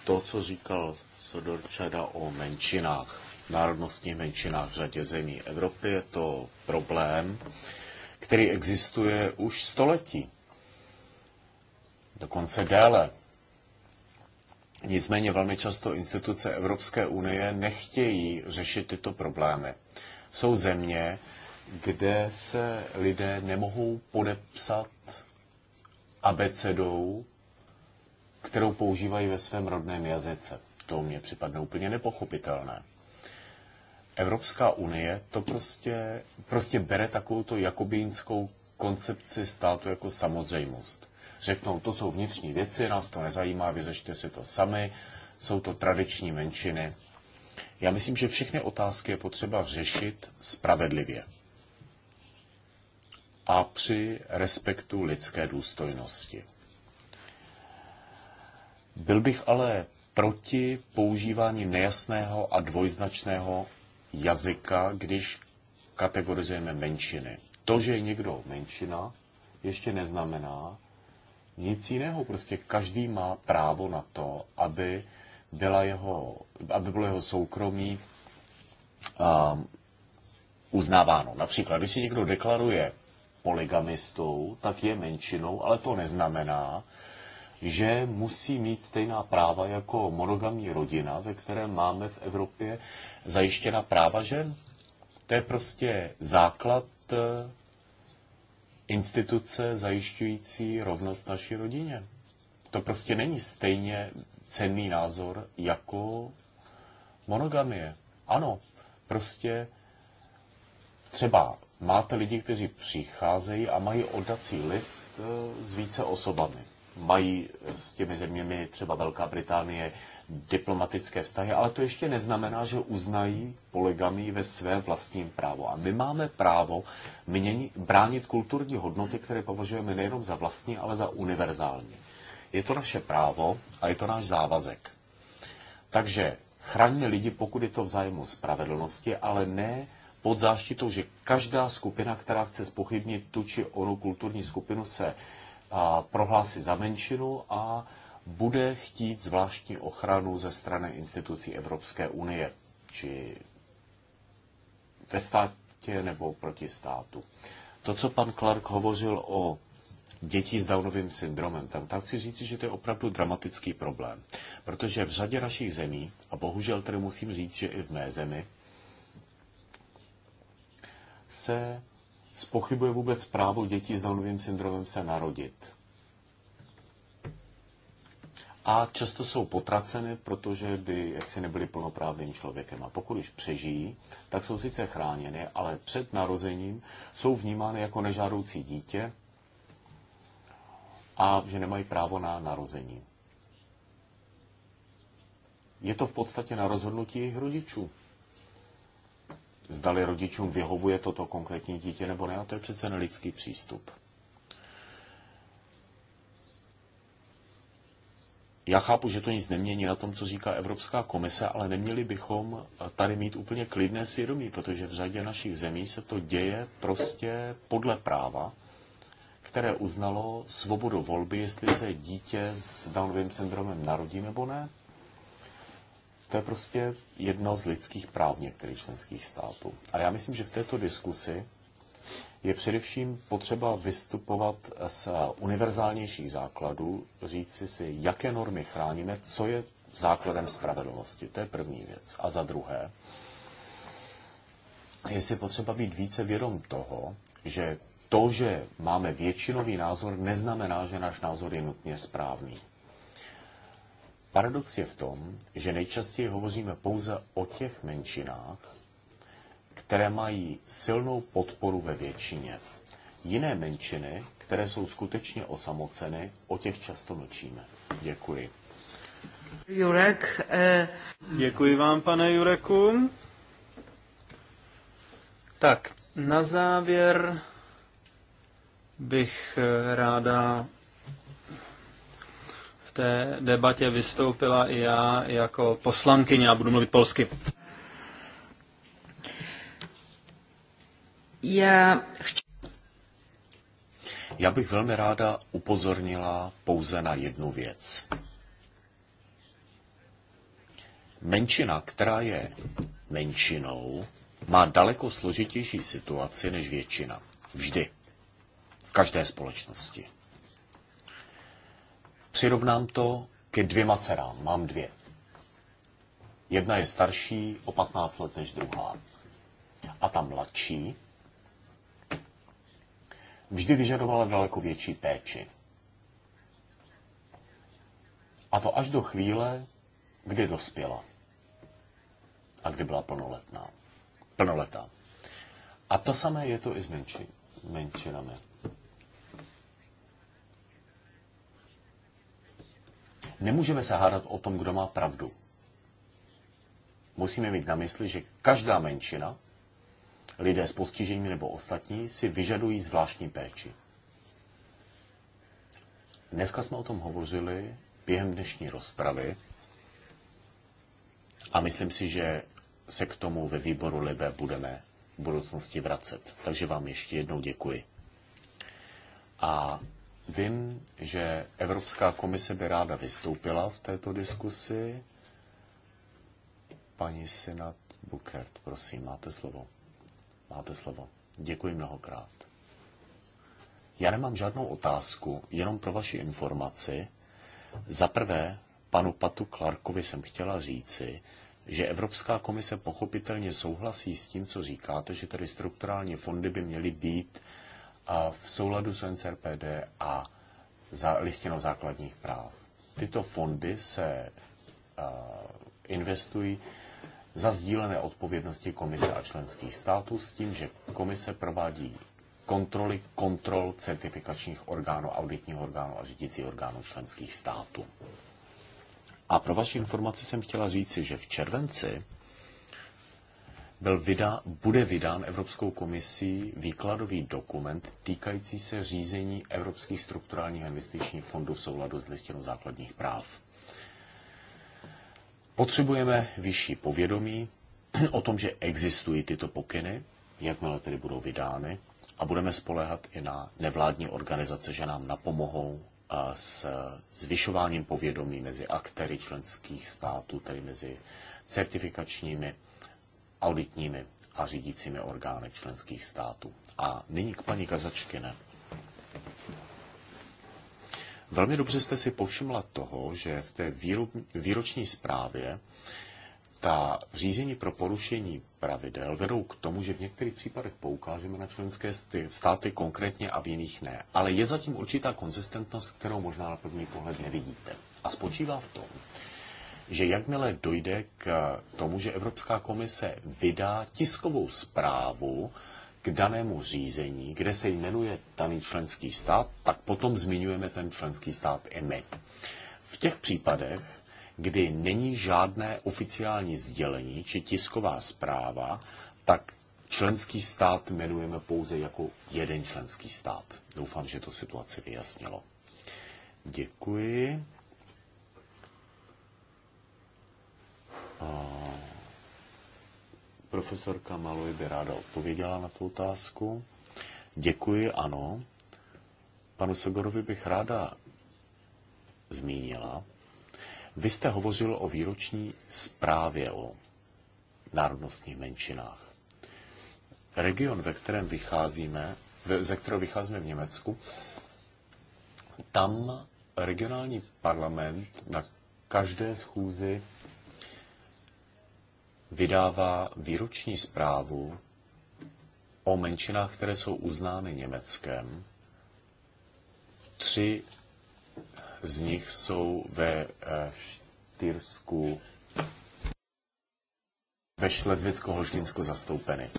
to, co říkal Sodor Čada o menšinách, národnostních menšinách v řadě zemí Evropy. Je to problém, který existuje už století, dokonce déle. Nicméně velmi často instituce Evropské unie nechtějí řešit tyto problémy. Jsou země, kde se lidé nemohou podepsat abecedou, kterou používají ve svém rodném jazyce. To mně připadne úplně nepochopitelné. Evropská unie to prostě, prostě bere takovouto jakobínskou koncepci státu jako samozřejmost. Řeknou, to jsou vnitřní věci, nás to nezajímá, vyřešte si to sami, jsou to tradiční menšiny. Já myslím, že všechny otázky je potřeba řešit spravedlivě a při respektu lidské důstojnosti. Byl bych ale proti používání nejasného a dvojznačného jazyka, když kategorizujeme menšiny. To, že je někdo menšina, ještě neznamená nic jiného. Prostě každý má právo na to, aby, byla jeho, aby bylo jeho soukromí um, uznáváno. Například, když si někdo deklaruje polygamistou, tak je menšinou, ale to neznamená, že musí mít stejná práva jako monogamní rodina, ve které máme v Evropě zajištěna práva žen. To je prostě základ eh, instituce zajišťující rovnost naší rodině. To prostě není stejně cenný názor jako monogamie. Ano, prostě třeba máte lidi, kteří přicházejí a mají oddací list eh, s více osobami. Mají eh, s těmi zeměmi třeba Velká Británie diplomatické vztahy, ale to ještě neznamená, že uznají polegami ve svém vlastním právu. A my máme právo měnit, bránit kulturní hodnoty, které považujeme nejenom za vlastní, ale za univerzální. Je to naše právo a je to náš závazek. Takže chraňme lidi, pokud je to v zájmu spravedlnosti, ale ne pod záštitou, že každá skupina, která chce spochybnit tu či onu kulturní skupinu, se a, prohlásí za menšinu a bude chtít zvláštní ochranu ze strany institucí Evropské unie, či ve státě nebo proti státu. To, co pan Clark hovořil o dětí s Downovým syndromem, tam tak chci říci, že to je opravdu dramatický problém. Protože v řadě našich zemí, a bohužel tedy musím říct, že i v mé zemi, se spochybuje vůbec právo dětí s Downovým syndromem se narodit. A často jsou potraceny, protože by jaksi nebyly plnoprávným člověkem. A pokud už přežijí, tak jsou sice chráněny, ale před narozením jsou vnímány jako nežádoucí dítě a že nemají právo na narození. Je to v podstatě na rozhodnutí jejich rodičů zdali rodičům vyhovuje toto konkrétní dítě nebo ne, a to je přece nelidský přístup. Já chápu, že to nic nemění na tom, co říká Evropská komise, ale neměli bychom tady mít úplně klidné svědomí, protože v řadě našich zemí se to děje prostě podle práva, které uznalo svobodu volby, jestli se dítě s Downovým syndromem narodí nebo ne, to je prostě jedno z lidských práv některých členských států. A já myslím, že v této diskusi je především potřeba vystupovat z univerzálnějších základů, říci si, jaké normy chráníme, co je základem spravedlnosti. To je první věc. A za druhé, je si potřeba být více vědom toho, že to, že máme většinový názor, neznamená, že náš názor je nutně správný. Paradox je v tom, že nejčastěji hovoříme pouze o těch menšinách, které mají silnou podporu ve většině. Jiné menšiny, které jsou skutečně osamoceny, o těch často mlčíme. Děkuji. Jurek. Eh... Děkuji vám, pane Jureku. Tak, na závěr bych eh, ráda té debatě vystoupila i já jako poslankyně a budu mluvit polsky. Já, já bych velmi ráda upozornila pouze na jednu věc. Menšina, která je menšinou, má daleko složitější situaci než většina. Vždy. V každé společnosti. Přirovnám to ke dvěma dcerám. Mám dvě. Jedna je starší o 15 let než druhá. A ta mladší vždy vyžadovala daleko větší péči. A to až do chvíle, kdy dospěla. A kdy byla plnoletná. Plnoletá. A to samé je to i s menši, menšinami. Nemůžeme se hádat o tom, kdo má pravdu. Musíme mít na mysli, že každá menšina, lidé s postižením nebo ostatní, si vyžadují zvláštní péči. Dneska jsme o tom hovořili během dnešní rozpravy a myslím si, že se k tomu ve výboru Libe budeme v budoucnosti vracet. Takže vám ještě jednou děkuji. A Vím, že Evropská komise by ráda vystoupila v této diskusi. Paní Sinat Bukert, prosím, máte slovo. Máte slovo. Děkuji mnohokrát. Já nemám žádnou otázku, jenom pro vaši informaci. Za prvé, panu Patu Clarkovi jsem chtěla říci, že Evropská komise pochopitelně souhlasí s tím, co říkáte, že tedy strukturální fondy by měly být v souladu s NCRPD a za listinou základních práv. Tyto fondy se eh, investují za sdílené odpovědnosti komise a členských států s tím, že komise provádí kontroly kontrol certifikačních orgánů, auditních orgánů a řídících orgánů členských států. A pro vaši informaci jsem chtěla říci, že v červenci byl vydá, bude vydán Evropskou komisí výkladový dokument týkající se řízení evropských strukturálních investičních fondů v souladu s listinou základních práv. Potřebujeme vyšší povědomí o tom, že existují tyto pokyny, jakmile tedy budou vydány, a budeme spolehat i na nevládní organizace, že nám napomohou s zvyšováním povědomí mezi aktéry členských států, tedy mezi certifikačními auditními a řídícími orgány členských států. A nyní k paní Kazačkine. Velmi dobře jste si povšimla toho, že v té výroční zprávě ta řízení pro porušení pravidel vedou k tomu, že v některých případech poukážeme na členské státy konkrétně a v jiných ne. Ale je zatím určitá konzistentnost, kterou možná na první pohled nevidíte. A spočívá v tom, že jakmile dojde k tomu, že Evropská komise vydá tiskovou zprávu k danému řízení, kde se jmenuje daný členský stát, tak potom zmiňujeme ten členský stát i my. V těch případech, kdy není žádné oficiální sdělení či tisková zpráva, tak členský stát jmenujeme pouze jako jeden členský stát. Doufám, že to situaci vyjasnilo. Děkuji. Profesorka Maloj by ráda odpověděla na tu otázku. Děkuji, ano. Panu Segorovi bych ráda zmínila. Vy jste hovořil o výroční zprávě o národnostních menšinách. Region, ve kterém vycházíme, ze kterého vycházíme v Německu, tam regionální parlament na každé schůzi vydává výroční zprávu o menšinách, které jsou uznány Německem. Tři z nich jsou ve eh, Štyrsku, ve Šlezvěcko-Holštinsku zastoupeny.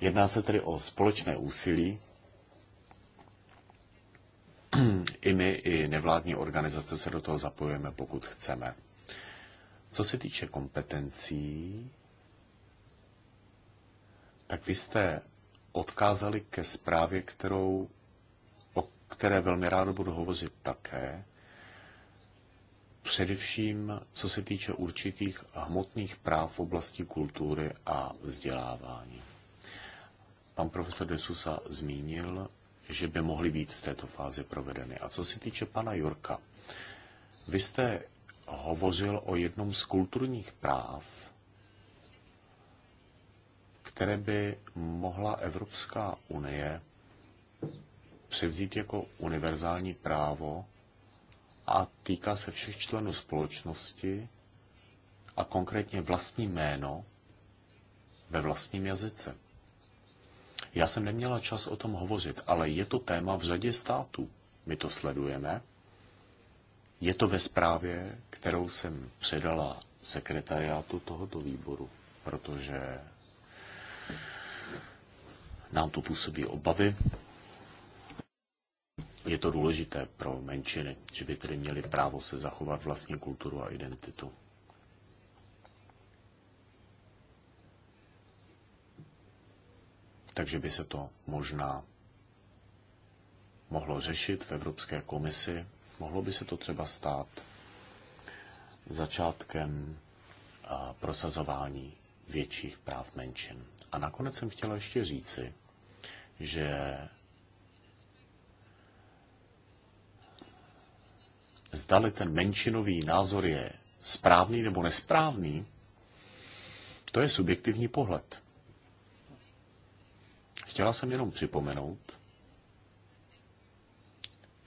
Jedná se tedy o společné úsilí. I my, i nevládní organizace se do toho zapojujeme, pokud chceme. Co se týče kompetencí, tak vy jste odkázali ke zprávě, kterou, o které velmi rád budu hovořit také, především co se týče určitých hmotných práv v oblasti kultury a vzdělávání. Pan profesor Desusa zmínil, že by mohly být v této fázi provedeny. A co se týče pana Jurka, vy jste hovořil o jednom z kulturních práv, které by mohla Evropská unie převzít jako univerzální právo a týká se všech členů společnosti a konkrétně vlastní jméno ve vlastním jazyce. Já jsem neměla čas o tom hovořit, ale je to téma v řadě států. My to sledujeme je to ve zprávě, kterou jsem předala sekretariátu tohoto výboru, protože nám to působí obavy. Je to důležité pro menšiny, že by tedy měli právo se zachovat vlastní kulturu a identitu. Takže by se to možná mohlo řešit v Evropské komisi Mohlo by se to třeba stát začátkem eh, prosazování větších práv menšin. A nakonec jsem chtěla ještě říci, že zdali ten menšinový názor je správný nebo nesprávný, to je subjektivní pohled. Chtěla jsem jenom připomenout,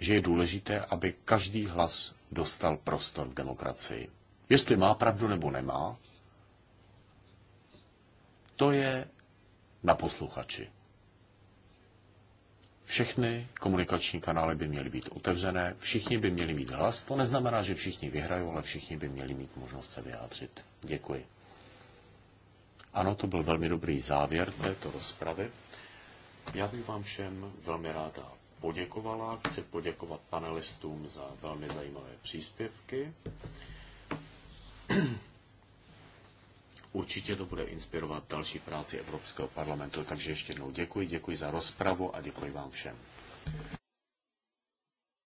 že je důležité, aby každý hlas dostal prostor v demokracii. Jestli má pravdu nebo nemá, to je na posluchači. Všechny komunikační kanály by měly být otevřené, všichni by měli mít hlas. To neznamená, že všichni vyhrají, ale všichni by měli mít možnost se vyjádřit. Děkuji. Ano, to byl velmi dobrý závěr této rozpravy. Já bych vám všem velmi rád dal poděkovala. Chci poděkovat panelistům za velmi zajímavé příspěvky. Určitě to bude inspirovat další práci Evropského parlamentu, takže ještě jednou děkuji, děkuji za rozpravu a děkuji vám všem.